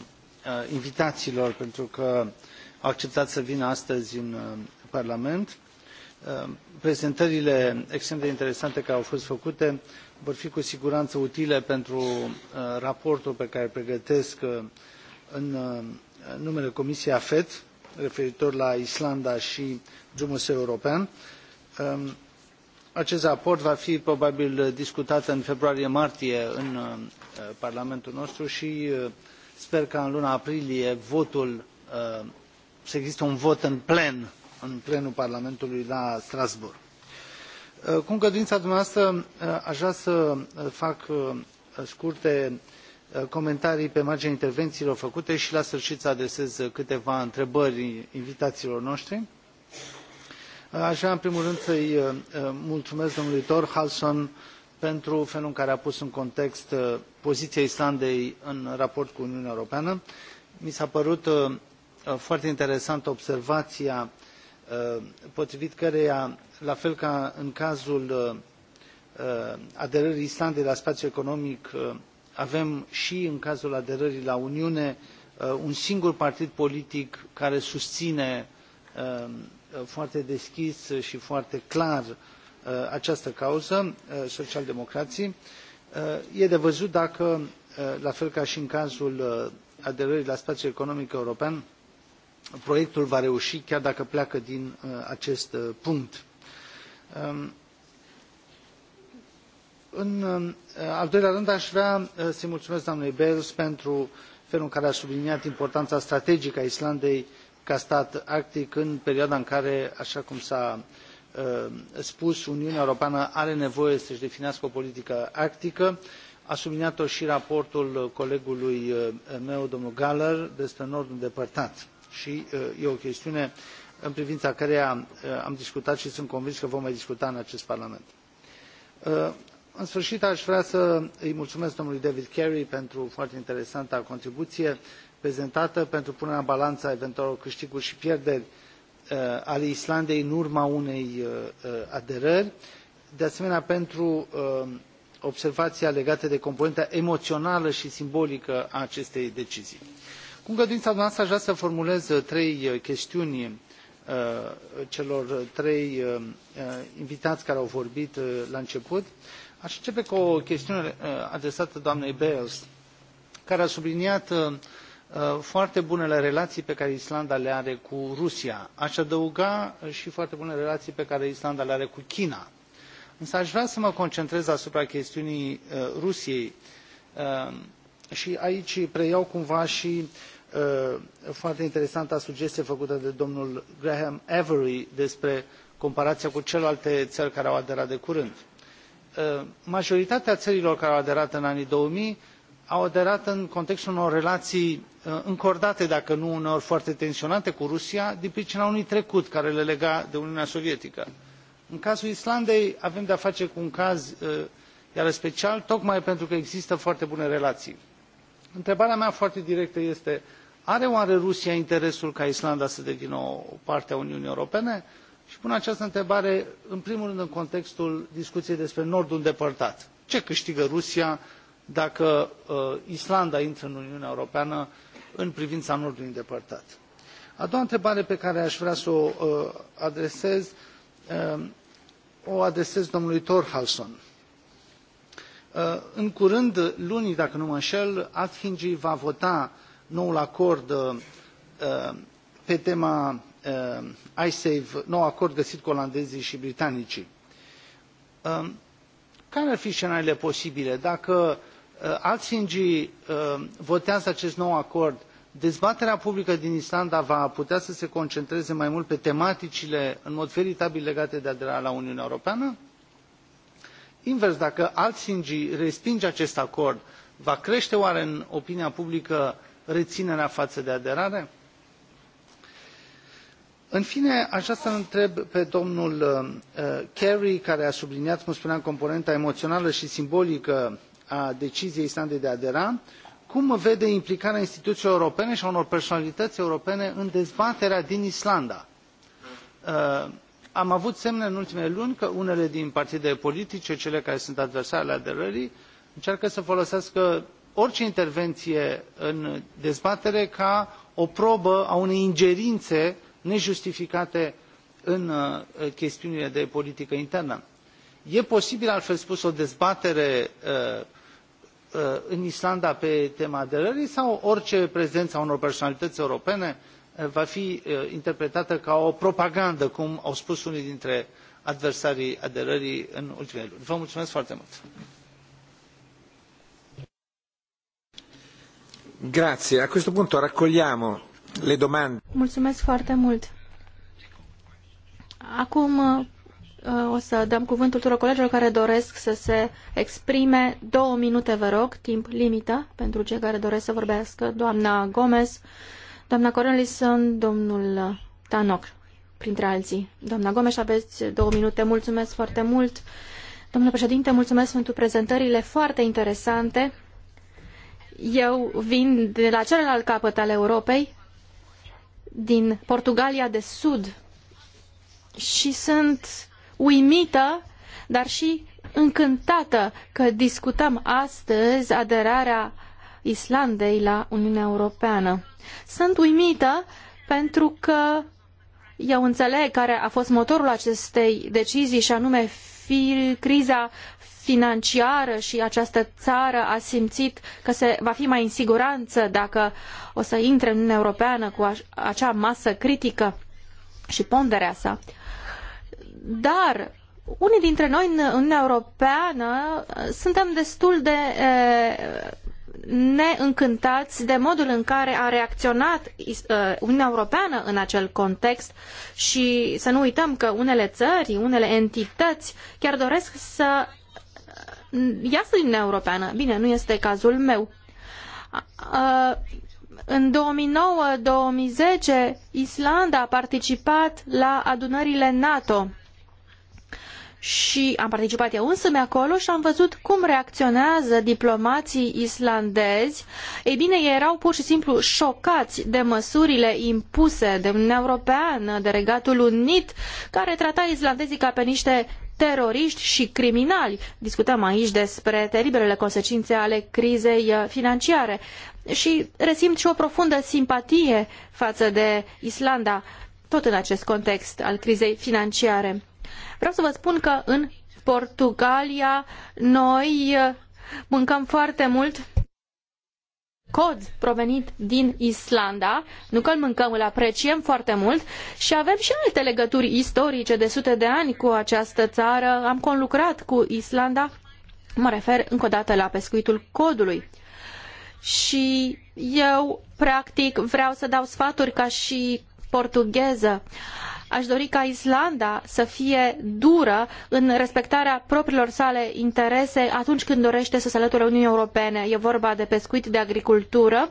invitațiilor pentru că au acceptat să vină astăzi în Parlament. Uh, prezentările extrem de interesante care au fost făcute vor fi cu siguranță utile pentru uh, raportul pe care îl pregătesc uh, în numele Comisiei AFET referitor la Islanda și drumul european. Um, acest raport va fi probabil discutat în februarie-martie în Parlamentul nostru și sper ca în luna aprilie votul să existe un vot în plen în plenul Parlamentului la Strasbourg. Uh, cu încăduința dumneavoastră, uh, aș vrea să uh, fac scurte comentarii pe marginea intervențiilor făcute și la sfârșit să adresez câteva întrebări invitațiilor noștri. Aș vrea, în primul rând, să-i mulțumesc domnului Thor Halson pentru felul în care a pus în context poziția Islandei în raport cu Uniunea Europeană. Mi s-a părut foarte interesantă observația uh, Uh, potrivit căreia la fel ca în cazul uh, uh, aderării islandei la spaiul economic avem și în cazul aderării la uniune un singur partid politic care susține foarte deschis și foarte clar această cauză social democrații. e de văzut dacă la fel ca și în cazul aderării la spaiul economic european proiectul va reuși, chiar dacă pleacă din uh, acest uh, punct. Um, în um, al doilea rând, aș vrea uh, să-i mulțumesc doamnei Bers pentru felul în care a subliniat importanța strategică a Islandei ca stat arctic în perioada în care, așa cum s-a spus, Uniunea Europeană are nevoie să-și definească o politică arctică. A subliniat-o și raportul colegului meu, domnul Galler, despre Nordul Îndepărtat și uh, e o chestiune în privința căreia uh, am discutat și sunt convins că vom mai discuta în acest parlament. Uh, în sfârșit, aș vrea să îi mulțumesc domnului David Carey pentru foarte interesanta contribuție prezentată, pentru punerea în balanță a eventualelor câștiguri și pierderi ale Islandei în urma unei aderări, de asemenea pentru observația legată de componenta emoțională și simbolică a acestei decizii cu îngăduința dumneavoastră aș vrea să formulez uh, trei uh, chestiuni uh, celor trei invitați care au vorbit la început. Aș începe cu o chestiune adresată doamnei Bales, care a subliniat foarte bunele relații pe care Islanda le are cu Rusia. Aș adăuga și foarte bune relații pe care Islanda le are cu China. Însă aș vrea să mă concentrez asupra chestiunii Rusiei și aici preiau cumva și Uh, foarte interesanta sugestie făcută de domnul graham avery despre comparația cu celelalte țări care au aderat de curând. Uh, majoritatea țărilor care au aderat în anii două mii au aderat în contextul unor relații uh, încordate dacă nu uneori foarte tensionate cu rusia din pricina unui trecut care le lega de uniunea sovietică. în cazul islandei avem de a face cu un caz iarăși special tocmai pentru că există foarte bune relații. întrebarea mea foarte directă este are oare Rusia interesul ca Islanda să devină o parte a Uniunii Europene? Și pun această întrebare, în primul rând, în contextul discuției despre Nordul îndepărtat. Ce câștigă Rusia dacă uh, Islanda intră în Uniunea Europeană în privința Nordului îndepărtat? A doua întrebare pe care aș vrea să o uh, adresez, uh, o adresez domnului Thorhalson. Uh, în curând, luni, dacă nu mă înșel, Athingi va vota noul acord uh, uh, pe tema uh, icesave nou acord găsit cu olandezii și britanicii. Um, care ar fi scenariile posibile dacă helsinki votează acest nou acord dezbaterea publică din islanda va putea să se concentreze mai mult pe tematicile în mod veritabil legate de aderarea la uniunea europeană? invers dacă helsinki respinge acest acord va crește oare în opinia publică reinerea faă de aderare? în fine a vrea să îl întreb pe domnul kerry uh, uh, care a subliniat cum spuneam componenta emoțională și simbolică a deciziei islandei de a adera cum vede implicarea instituțiilor europene și a unor personalități europene în dezbaterea din islanda? Uh, am avut semne în ultimele luni că unele din partidele politice cele care sunt adversare ale aderării încearcă să folosească orice intervenție în dezbatere ca o probă a unei ingerințe nejustificate în uh, chestiunile de politică internă. e posibil altfel spus o dezbatere uh, uh, în islanda pe tema aderării sau orice prezență a unor personalități europene va fi interpretată ca o propagandă cum au spus unii dintre adversarii aderării în ultimele luni. vă mulțumesc foarte mult. Grazie. A questo punto raccogliamo le domande. Mulțumesc foarte mult. Acum uh, o să dăm cuvântul tuturor colegilor care doresc să se exprime. Două minute, vă rog, timp limită pentru cei care doresc să vorbească. Doamna Gomez, doamna Cornelison, domnul Tanoc, printre alții. Doamna Gomes, aveți două minute. Mulțumesc foarte mult. Domnule președinte, mulțumesc pentru prezentările foarte interesante. Eu vin de la celălalt capăt al Europei, din Portugalia de Sud și sunt uimită, dar și încântată că discutăm astăzi aderarea Islandei la Uniunea Europeană. Sunt uimită pentru că eu înțeleg care a fost motorul acestei decizii și anume fi criza financiară și această țară a simțit că se va fi mai în siguranță dacă o să intre în Uniunea Europeană cu acea masă critică și ponderea sa. Dar unii dintre noi în Uniunea Europeană uh, suntem destul de uh, neîncântați de modul în care a reacționat uh, Uniunea Europeană în acel context și să nu uităm că unele țări, unele entități chiar doresc să uh, iasă din Uniunea Europeană. Bine, nu este cazul meu. Uh, în 2009-2010, Islanda a participat la adunările NATO și am participat eu însumi acolo și am văzut cum reacționează diplomații islandezi. Ei bine, ei erau pur și simplu șocați de măsurile impuse de Uniunea Europeană, de Regatul Unit, care trata islandezii ca pe niște teroriști și criminali. Discutăm aici despre teribilele consecințe ale crizei uh, financiare și resimt și o profundă simpatie față de Islanda, tot în acest context al crizei financiare. Vreau să vă spun că în Portugalia noi uh, mâncăm foarte mult cod provenit din Islanda, nu că îl mâncăm, îl apreciem foarte mult și avem și alte legături istorice de sute de ani cu această țară. Am conlucrat cu Islanda, mă refer încă o dată la pescuitul codului. Și eu, practic, vreau să dau sfaturi ca și portugheză. Aș dori ca Islanda să fie dură în respectarea propriilor sale interese atunci când dorește să se alăture Uniunii Europene. E vorba de pescuit, de agricultură.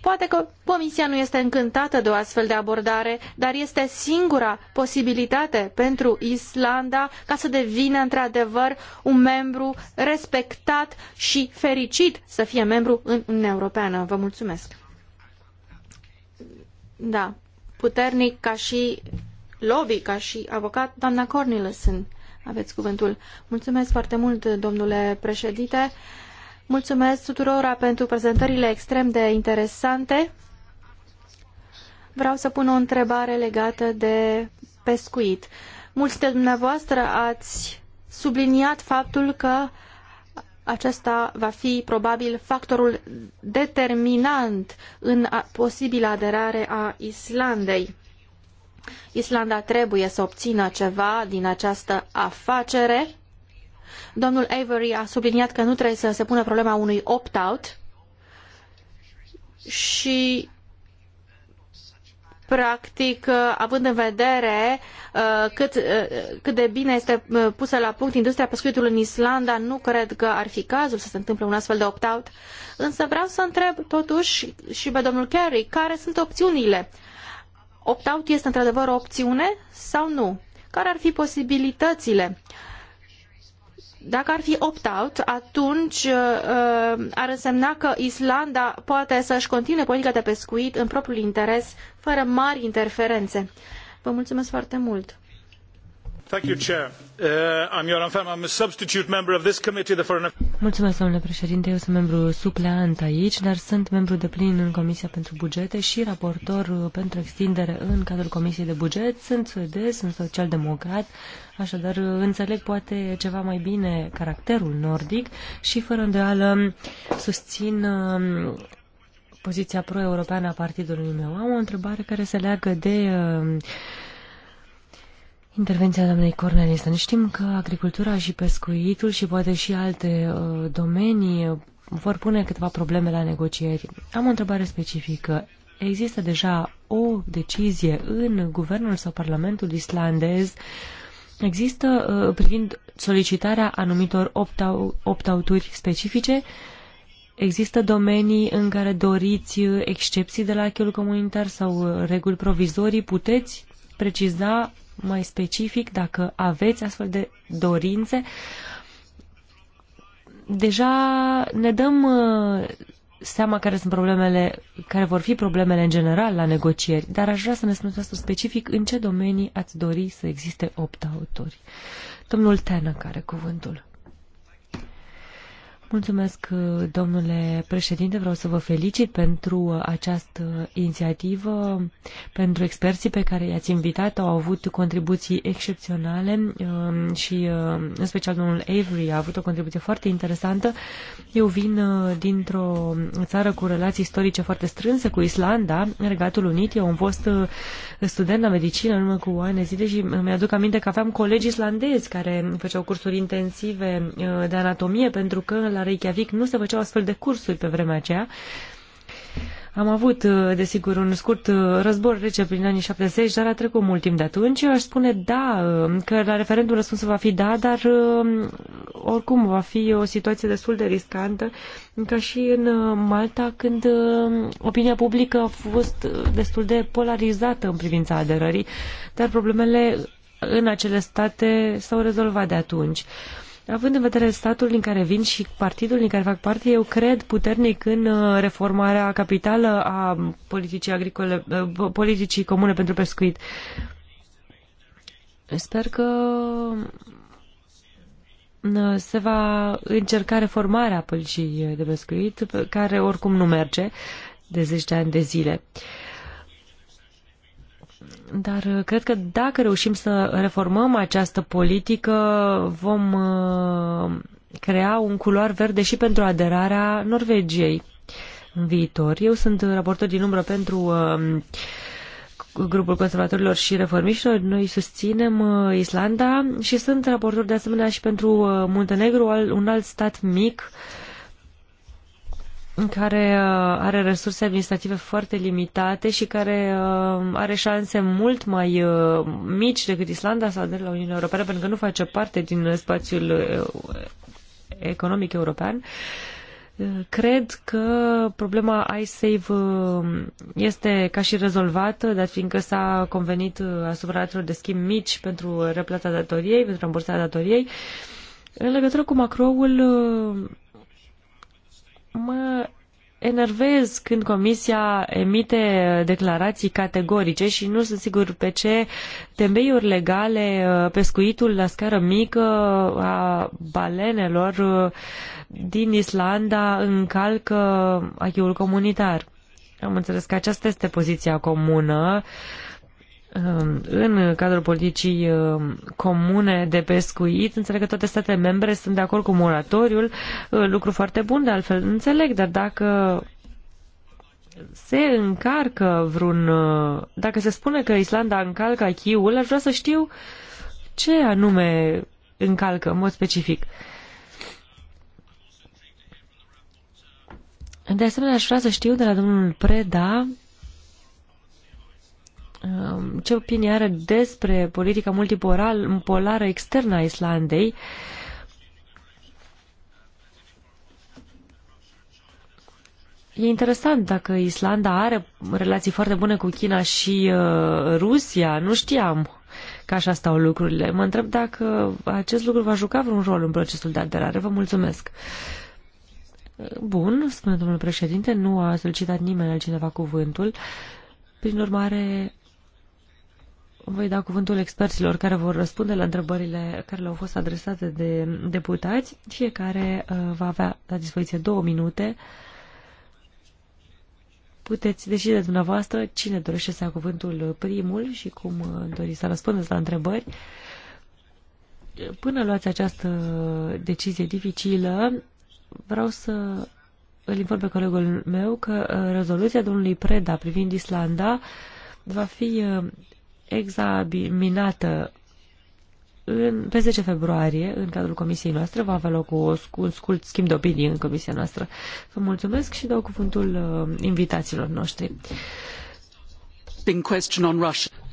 Poate că Comisia nu este încântată de o astfel de abordare, dar este singura posibilitate pentru Islanda ca să devină într-adevăr un membru respectat și fericit să fie membru în Uniunea Europeană. Vă mulțumesc! Da puternic ca și lobby, ca și avocat. Doamna Cornelison, aveți cuvântul. Mulțumesc foarte mult, domnule președinte. Mulțumesc tuturora pentru prezentările extrem de interesante. Vreau să pun o întrebare legată de pescuit. Mulți de dumneavoastră ați subliniat faptul că acesta va fi probabil factorul determinant în posibilă aderare a Islandei. Islanda trebuie să obțină ceva din această afacere. Domnul Avery a subliniat că nu trebuie să se pună problema unui opt-out și practic, uh, având în vedere uh, cât, uh, cât de bine este pusă la punct industria pescuitului în Islanda, nu cred că ar fi cazul să se întâmple un astfel de opt-out. Însă vreau să întreb totuși și pe domnul Kerry, care sunt opțiunile? Opt-out este într-adevăr o opțiune sau nu? Care ar fi posibilitățile? Dacă ar fi opt-out, atunci uh, uh, ar însemna că Islanda poate să-și continue politica de pescuit în propriul interes, fără mari interferențe. Vă mulțumesc foarte mult! Uh, Mulțumesc, domnule președinte. Eu sunt membru supleant aici, dar sunt membru de plin în Comisia pentru Bugete și raportor pentru extindere în cadrul Comisiei de Buget. Sunt suedez, sunt social-democrat, așadar înțeleg poate ceva mai bine caracterul nordic și fără îndoială susțin um, poziția pro-europeană a partidului meu. Am o întrebare care se leagă de uh, Intervenția doamnei Cornelis. Ne știm că agricultura și pescuitul și poate și alte uh, domenii uh, vor pune câteva probleme la negocieri. Am o întrebare specifică. Există deja o decizie în guvernul sau parlamentul islandez există uh, privind solicitarea anumitor opt out specifice Există domenii în care doriți uh, excepții de la achiul comunitar sau uh, reguli provizorii? Puteți preciza mai specific, dacă aveți astfel de dorințe, deja ne dăm uh, seama care sunt problemele, care vor fi problemele în general la negocieri, dar aș vrea să ne spuneți asta specific în ce domenii ați dori să existe opt autori. Domnul Tenă care cuvântul. Mulțumesc, domnule președinte. Vreau să vă felicit pentru această inițiativă, pentru experții pe care i-ați invitat. Au avut contribuții excepționale um, și, um, în special, domnul Avery a avut o contribuție foarte interesantă. Eu vin uh, dintr-o țară cu relații istorice foarte strânse cu Islanda, Regatul Unit. Eu am fost uh, student la medicină în urmă cu ani zile și mi-aduc aminte că aveam colegi islandezi care făceau cursuri intensive uh, de anatomie pentru că la Reykjavik nu se făceau astfel de cursuri pe vremea aceea. Am avut, uh, desigur, un scurt uh, război rece prin anii 70, dar a trecut mult timp de atunci. Eu aș spune da, uh, că la referendum răspunsul va fi da, dar oricum va fi o situație destul de riscantă, ca și în Malta, când opinia publică a fost destul de polarizată în privința aderării, dar problemele în acele state s-au rezolvat de atunci. Uh, Având în vedere statul din care vin și partidul din care fac parte, eu cred puternic în uh, reformarea capitală a politicii agricole, uh, politicii comune pentru pescuit. Sper că uh, se va încerca reformarea politicii de pescuit, care oricum nu merge de zeci de ani de zile. Uh, dar uh, cred că dacă reușim să reformăm această politică, vom uh, crea un culoar verde și pentru aderarea Norvegiei în viitor. Eu sunt raportor din umbră pentru uh, grupul conservatorilor și reformiștilor. Noi susținem Islanda și sunt raportor de asemenea și pentru Muntenegru, un alt stat mic care uh, are resurse administrative foarte limitate și care uh, are șanse mult mai uh, mici decât Islanda sau de la Uniunea Europeană, pentru că nu face parte din spațiul economic european. Cred că problema iSave este ca și rezolvată, dar fiindcă s-a convenit asupra ratelor de schimb mici pentru replata datoriei, pentru rambursarea datoriei, în legătură cu macroul mă enervez când Comisia emite declarații categorice și nu sunt sigur pe ce temeiuri legale uh, pescuitul la scară mică uh, a balenelor uh, din Islanda încalcă acquis comunitar. Am înțeles că aceasta este poziția comună uh, Um, în cadrul politicii um, comune de pescuit, înțeleg că toate statele membre sunt de acord cu moratoriul, uh, lucru foarte bun de altfel, înțeleg, dar dacă se încarcă vreun... Uh, dacă se spune că Islanda încalcă achiul, aș vrea să știu ce anume încalcă în mod specific. De asemenea, aș vrea să știu de la domnul Preda Um, ce opinie are despre politica multipolară externă a Islandei, E interesant dacă Islanda are relații foarte bune cu China și uh, Rusia. Nu știam că așa stau lucrurile. Mă întreb dacă acest lucru va juca vreun rol în procesul de aderare. Vă mulțumesc. Bun, spune domnul președinte, nu a solicitat nimeni altcineva cuvântul. Prin urmare, voi da cuvântul experților care vor răspunde la întrebările care le-au fost adresate de deputați. Fiecare uh, va avea la dispoziție două minute. Puteți decide dumneavoastră cine dorește să ia cuvântul primul și cum uh, doriți să răspundeți la întrebări. Până luați această decizie dificilă, vreau să îl inform pe colegul meu că uh, rezoluția domnului Preda privind Islanda va fi examinată în, pe 10 februarie, în cadrul comisiei noastre, va avea loc o scurt schimb de opinii în comisia noastră. Vă mulțumesc și dau cuvântul uh, invitațiilor noștri.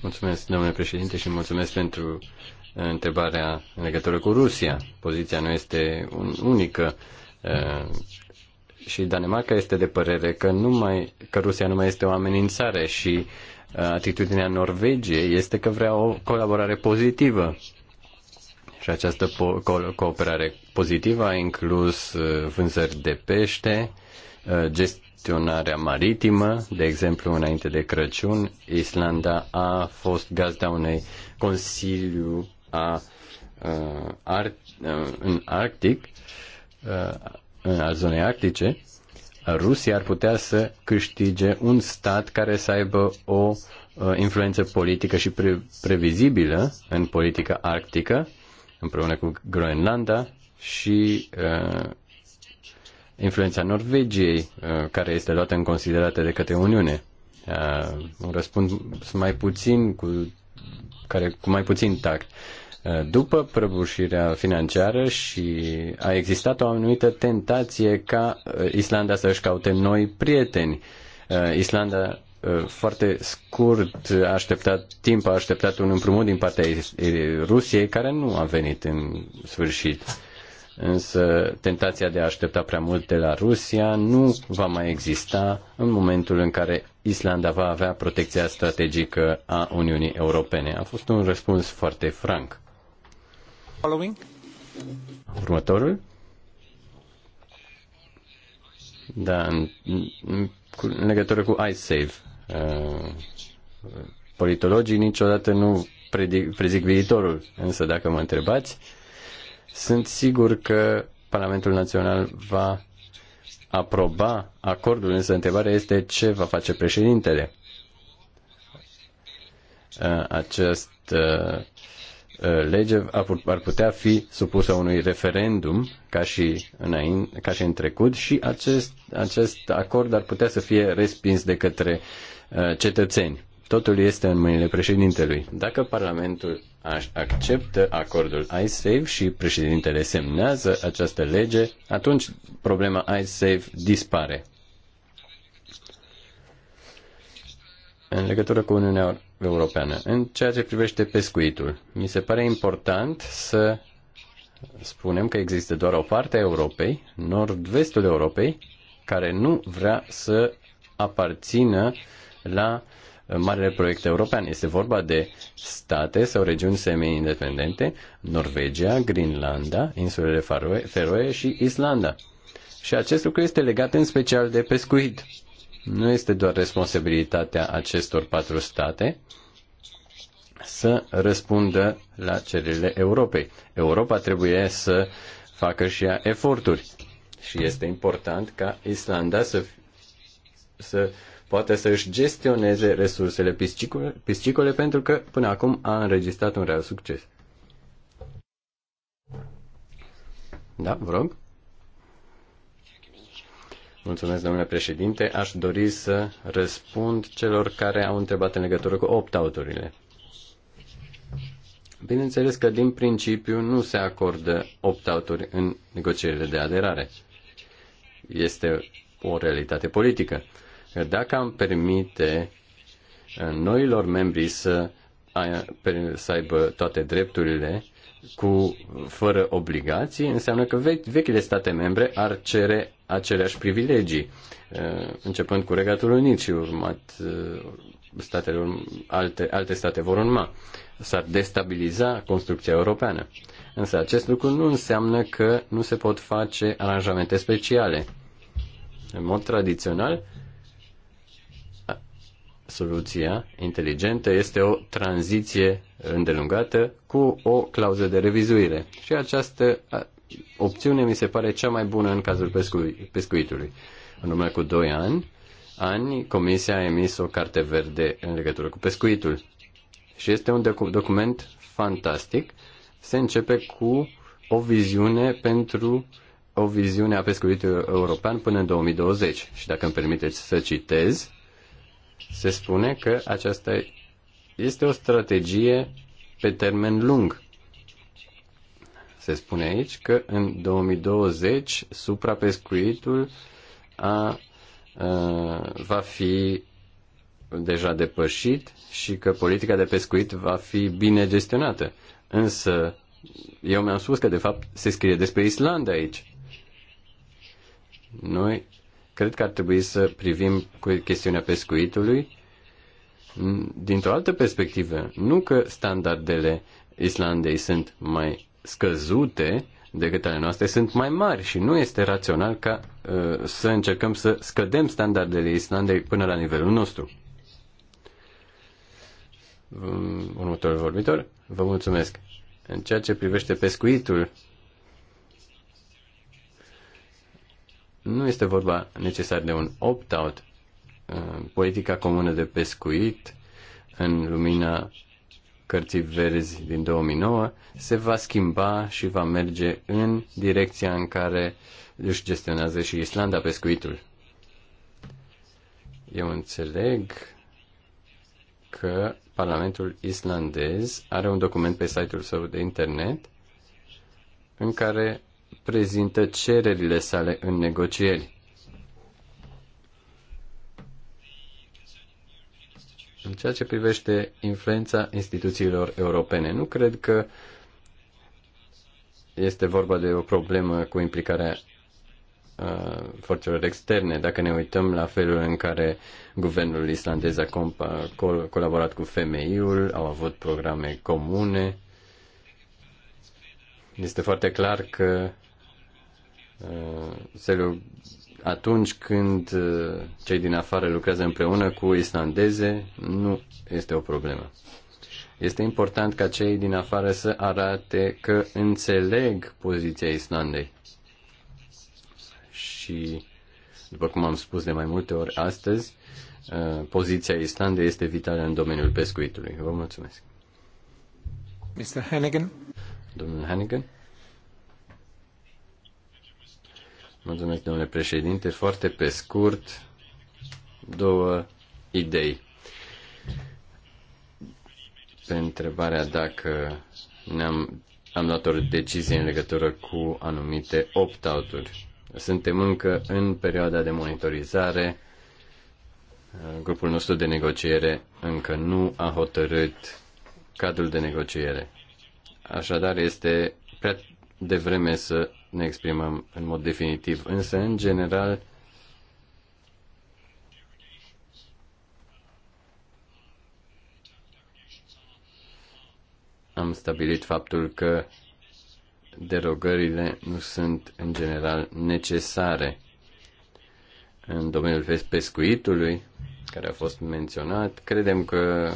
Mulțumesc, domnule președinte, și mulțumesc pentru uh, întrebarea în legătură cu Rusia. Poziția nu este un, unică uh, și Danemarca este de părere că, nu mai, că Rusia nu mai este o amenințare și uh, atitudinea Norvegiei este că vrea o colaborare pozitivă. Și această po- co- cooperare pozitivă a inclus uh, vânzări de pește, uh, gestionarea maritimă, de exemplu, înainte de Crăciun, Islanda a fost gazda unei consiliu a, a, uh, ar, a, în Arctic, a, în zonei arctice Rusia ar putea să câștige un stat care să aibă o uh, influență politică și pre- previzibilă în politica arctică, împreună cu Groenlanda și uh, influența Norvegiei, uh, care este luată în considerare de către Uniune. Uh, un răspuns mai puțin cu, care, cu mai puțin tact. Uh, după prăbușirea financiară și a existat o anumită tentație ca uh, Islanda să și caute noi prieteni. Uh, Islanda uh, foarte scurt a așteptat timp, a așteptat un împrumut din partea Rusiei care nu a venit în sfârșit. Însă tentația de a aștepta prea mult de la Rusia nu va mai exista în momentul în care Islanda va avea protecția strategică a Uniunii Europene. A fost un răspuns foarte franc. Following. Următorul. Da, în, în legătură cu iSave. Uh, politologii niciodată nu predic, prezic viitorul, însă dacă mă întrebați, sunt sigur că Parlamentul Național va aproba acordul, însă întrebarea este ce va face președintele. Uh, acest uh, lege ar putea fi supusă unui referendum, ca și, înainte, ca și în trecut, și acest, acest acord ar putea să fie respins de către uh, cetățeni. Totul este în mâinile președintelui. Dacă Parlamentul acceptă acordul iSafe și președintele semnează această lege, atunci problema iSafe dispare. În legătură cu Uniunea europeană. În ceea ce privește pescuitul, mi se pare important să spunem că există doar o parte a Europei, nord-vestul Europei, care nu vrea să aparțină la marele proiect european. Este vorba de state sau regiuni semi-independente, Norvegia, Greenlanda, insulele Feroe și Islanda. Și acest lucru este legat în special de pescuit. Nu este doar responsabilitatea acestor patru state să răspundă la cererile Europei. Europa trebuie să facă și ea eforturi. Și este important ca Islanda să, să poate să își gestioneze resursele piscicole, piscicole pentru că până acum a înregistrat un real succes. Da, vă rog. Mulțumesc, domnule președinte. Aș dori să răspund celor care au întrebat în legătură cu opt autorile. Bineînțeles că din principiu nu se acordă opt autori în negocierile de aderare. Este o realitate politică. Dacă am permite uh, noilor membri să, uh, să aibă toate drepturile cu, fără obligații, înseamnă că ve- vechile state membre ar cere aceleași privilegii, uh, începând cu Regatul Unit și urmat uh, statele, alte, alte state vor urma. S-ar destabiliza construcția europeană. Însă acest lucru nu înseamnă că nu se pot face aranjamente speciale. În mod tradițional, soluția inteligentă este o tranziție îndelungată cu o clauză de revizuire. Și această opțiune mi se pare cea mai bună în cazul pescu- pescuitului. În urmă cu doi ani, ani, Comisia a emis o carte verde în legătură cu pescuitul. Și este un docu- document fantastic. Se începe cu o viziune pentru o viziune a pescuitului european până în 2020. Și dacă îmi permiteți să citez, se spune că aceasta este o strategie pe termen lung se spune aici că în 2020 suprapescuitul a, a, va fi deja depășit și că politica de pescuit va fi bine gestionată. Însă, eu mi-am spus că, de fapt, se scrie despre Islanda aici. Noi cred că ar trebui să privim cu chestiunea pescuitului dintr-o altă perspectivă. Nu că standardele Islandei sunt mai scăzute decât ale noastre sunt mai mari și nu este rațional ca uh, să încercăm să scădem standardele Islandei până la nivelul nostru. Mm, următorul vorbitor, vă mulțumesc. În ceea ce privește pescuitul, nu este vorba necesar de un opt-out. Uh, politica comună de pescuit, în lumina cărții verzi din 2009 se va schimba și va merge în direcția în care își gestionează și Islanda pescuitul. Eu înțeleg că Parlamentul islandez are un document pe site-ul său de internet în care prezintă cererile sale în negocieri. În ceea ce privește influența instituțiilor europene, nu cred că este vorba de o problemă cu implicarea uh, forțelor externe. Dacă ne uităm la felul în care guvernul islandez a colaborat cu FMI-ul, au avut programe comune, este foarte clar că uh, se atunci când uh, cei din afară lucrează împreună cu islandeze, nu este o problemă. Este important ca cei din afară să arate că înțeleg poziția Islandei. Și, după cum am spus de mai multe ori astăzi, uh, poziția Islandei este vitală în domeniul pescuitului. Vă mulțumesc. Mr. Hannigan. Domnul Hannigan. Mulțumesc, domnule președinte. Foarte pe scurt, două idei. Pe întrebarea dacă ne-am am luat o decizie în legătură cu anumite opt-out-uri. Suntem încă în perioada de monitorizare. Grupul nostru de negociere încă nu a hotărât cadrul de negociere. Așadar, este prea devreme să ne exprimăm în mod definitiv. Însă, în general, am stabilit faptul că derogările nu sunt în general necesare. În domeniul pescuitului, care a fost menționat, credem că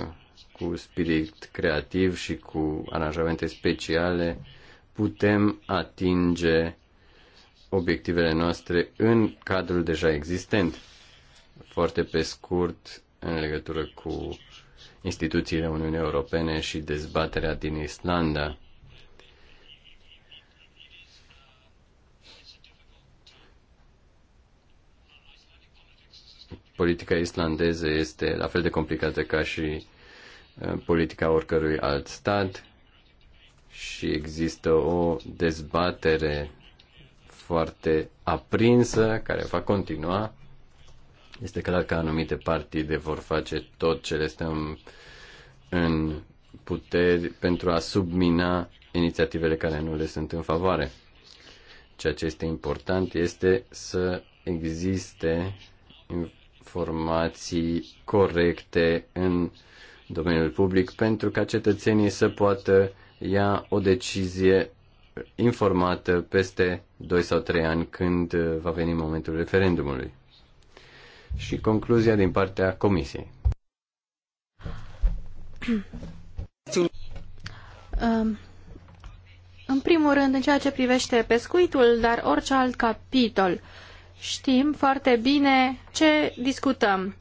cu spirit creativ și cu aranjamente speciale putem atinge obiectivele noastre în cadrul deja existent. Foarte pe scurt, în legătură cu instituțiile Uniunii Europene și dezbaterea din Islanda. Politica islandeză este la fel de complicată ca și uh, politica oricărui alt stat și există o dezbatere foarte aprinsă care va continua. Este clar că anumite partide vor face tot ce le stă în, în puteri pentru a submina inițiativele care nu le sunt în favoare. Ceea ce este important este să existe informații corecte în domeniul public pentru ca cetățenii să poată ia o decizie informată peste 2 sau 3 ani când uh, va veni momentul referendumului. Și concluzia din partea Comisiei. Um, în primul rând, în ceea ce privește pescuitul, dar orice alt capitol, știm foarte bine ce discutăm.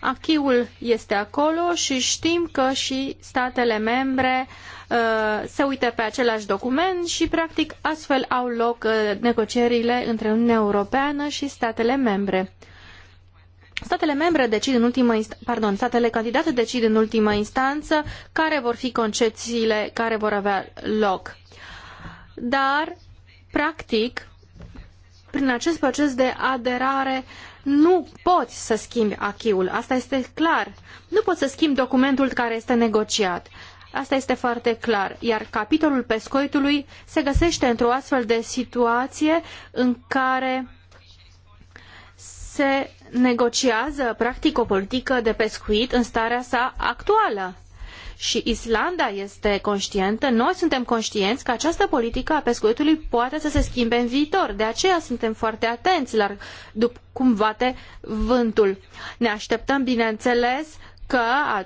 Achiul este acolo și știm că și statele membre uh, se uită pe același document și practic astfel au loc uh, negocierile între Uniunea Europeană și statele membre. Statele membre decid în ultima pardon, statele candidate decid în ultima instanță care vor fi concesiile care vor avea loc. Dar, practic, prin acest proces de aderare nu poți să schimbi achiul, asta este clar. Nu poți să schimbi documentul care este negociat. Asta este foarte clar. Iar capitolul pescoitului se găsește într-o astfel de situație în care se negociază practic o politică de pescuit în starea sa actuală și Islanda este conștientă, noi suntem conștienți că această politică a pescuitului poate să se schimbe în viitor. De aceea suntem foarte atenți la după cum bate vântul. Ne așteptăm, bineînțeles, că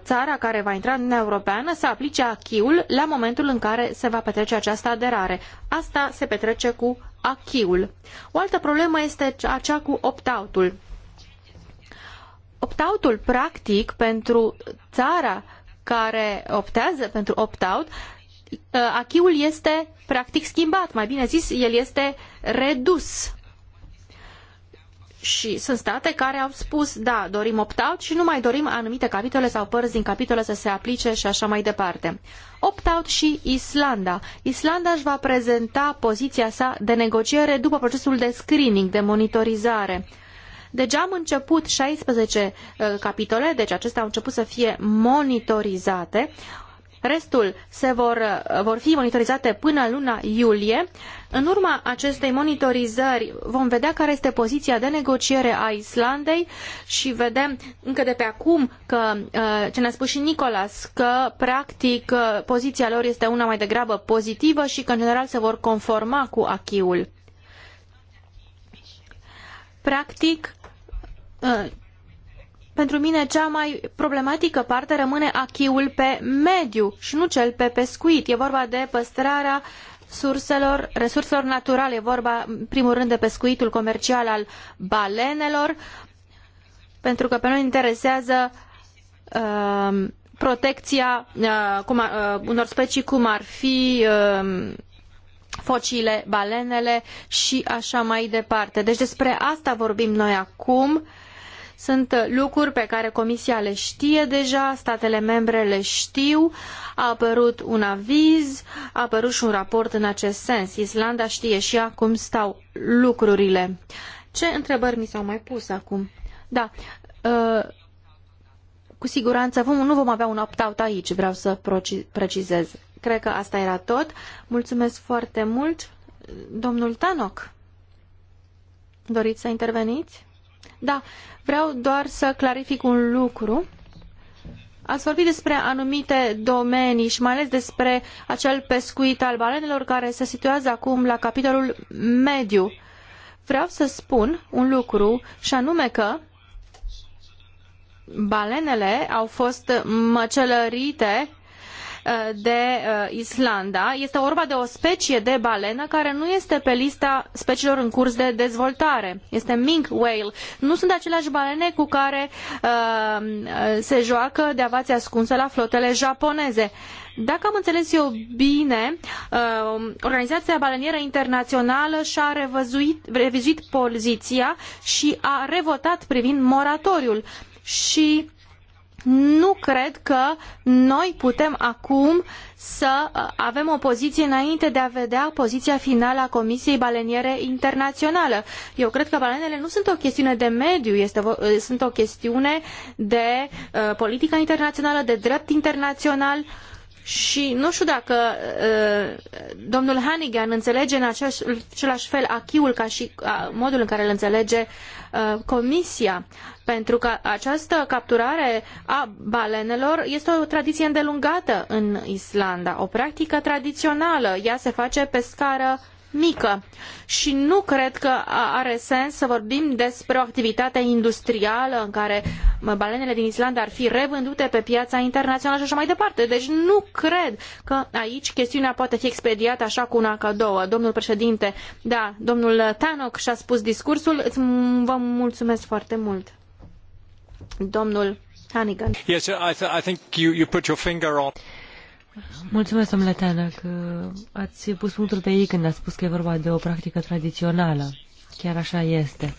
țara care va intra în Uniunea Europeană să aplice achiul la momentul în care se va petrece această aderare. Asta se petrece cu achiul. O altă problemă este acea cu opt-out-ul. Opt-out-ul, practic, pentru țara care optează pentru opt-out, uh, achiul este practic schimbat, mai bine zis, el este redus. Și sunt state care au spus, da, dorim opt-out și nu mai dorim anumite capitole sau părți din capitole să se aplice și așa mai departe. Opt-out și Islanda. Islanda își va prezenta poziția sa de negociere după procesul de screening, de monitorizare. Uh, Deja deci am început 16 uh, capitole, deci acestea au început să fie monitorizate. Restul se vor, uh, vor fi monitorizate până luna iulie. În urma acestei monitorizări vom vedea care este poziția de negociere a Islandei și vedem încă de pe acum că, uh, ce ne-a spus și Nicolas, că practic poziția lor este una mai degrabă pozitivă și că în general se vor conforma cu achiul. Practic, Uh, pentru mine cea mai problematică parte rămâne achiul pe mediu și nu cel pe pescuit. E vorba de păstrarea surselor, resurselor naturale. E vorba, în primul rând, de pescuitul comercial al balenelor, pentru că pe noi interesează uh, protecția uh, cum, uh, unor specii cum ar fi uh, focile, balenele și așa mai departe. Deci despre asta vorbim noi acum. Uh, sunt uh, lucruri pe care Comisia le știe deja, statele membre le știu, a apărut un aviz, a apărut și un raport în acest sens. Islanda știe și ea cum stau lucrurile. Ce întrebări mi s-au mai pus acum? Da, uh, cu siguranță vom, nu vom avea un opt-out aici, vreau să precizez. Cred că asta era tot. Mulțumesc foarte mult. Domnul Tanoc, doriți să interveniți? Da, vreau doar să clarific un lucru. Ați vorbit despre anumite domenii și mai ales despre acel pescuit al balenelor care se situează acum la capitolul mediu. Vreau să spun un lucru și anume că balenele au fost măcelărite Eh, de eh, Islanda. Este vorba de o specie de balenă care nu este pe lista speciilor în curs de dezvoltare. Este minke whale. Nu sunt aceleași balene cu care uh, se joacă de avați ascunsă la flotele japoneze. Dacă am înțeles eu bine, Organizația Balenieră Internațională și-a revizuit, revizuit poziția și a revotat privind moratoriul. Și nu cred că noi putem acum să uh, avem o poziție înainte de a vedea poziția finală a Comisiei Baleniere internaționale. Eu cred că balenele nu sunt o chestiune de mediu, este, uh, sunt o chestiune de uh, politică internațională, de drept internațional. Și nu știu dacă uh, domnul Hannigan înțelege în același, fel achiul ca și uh, modul în care îl înțelege uh, Comisia pentru că această capturare a balenelor este o tradiție îndelungată în Islanda, o practică tradițională. Ea se face pe scară mică și nu cred că are sens să vorbim despre o activitate industrială în care balenele din Islanda ar fi revândute pe piața internațională și așa mai departe. Deci nu cred că aici chestiunea poate fi expediată așa cu una ca două. Domnul președinte, da, domnul Tanok și-a spus discursul, îți vă mulțumesc foarte mult. Domnul Hannigan. Yes, I, think you, you put your finger on... Mulțumesc, domnule Teană, că ați pus punctul pe ei când ați spus că e vorba de o practică tradițională. Chiar așa este.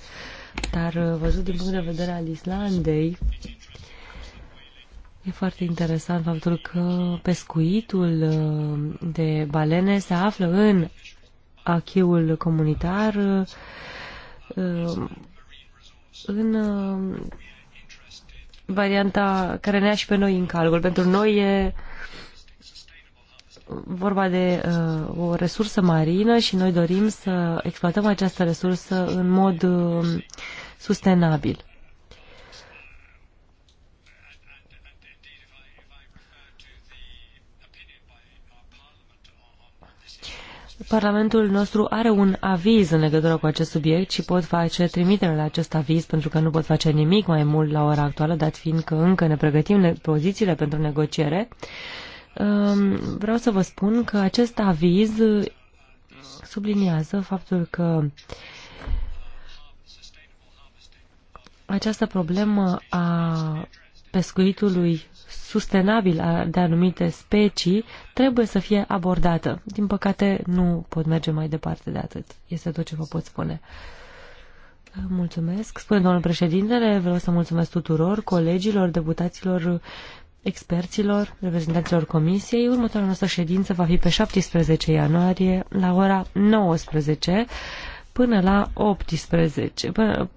Dar uh, văzut din punct de vedere al Islandei, e foarte interesant faptul că pescuitul uh, de balene se află în achiul comunitar uh, în varianta care ne ia și pe noi în calcul. Pentru noi e vorba de uh, o resursă marină și noi dorim să exploatăm această resursă în mod uh, sustenabil. Parlamentul nostru are un aviz în legătură cu acest subiect și pot face trimitere la acest aviz pentru că nu pot face nimic mai mult la ora actuală, dat fiind că încă ne pregătim pozițiile pentru negociere. Vreau să vă spun că acest aviz subliniază faptul că această problemă a pescuitului sustenabil de anumite specii trebuie să fie abordată. Din păcate, nu pot merge mai departe de atât. Este tot ce vă pot spune. Mulțumesc. Spune domnul președintele, vreau să mulțumesc tuturor, colegilor, deputaților, experților, reprezentanților comisiei. Următoarea noastră ședință va fi pe 17 ianuarie la ora 19 până la 18, până,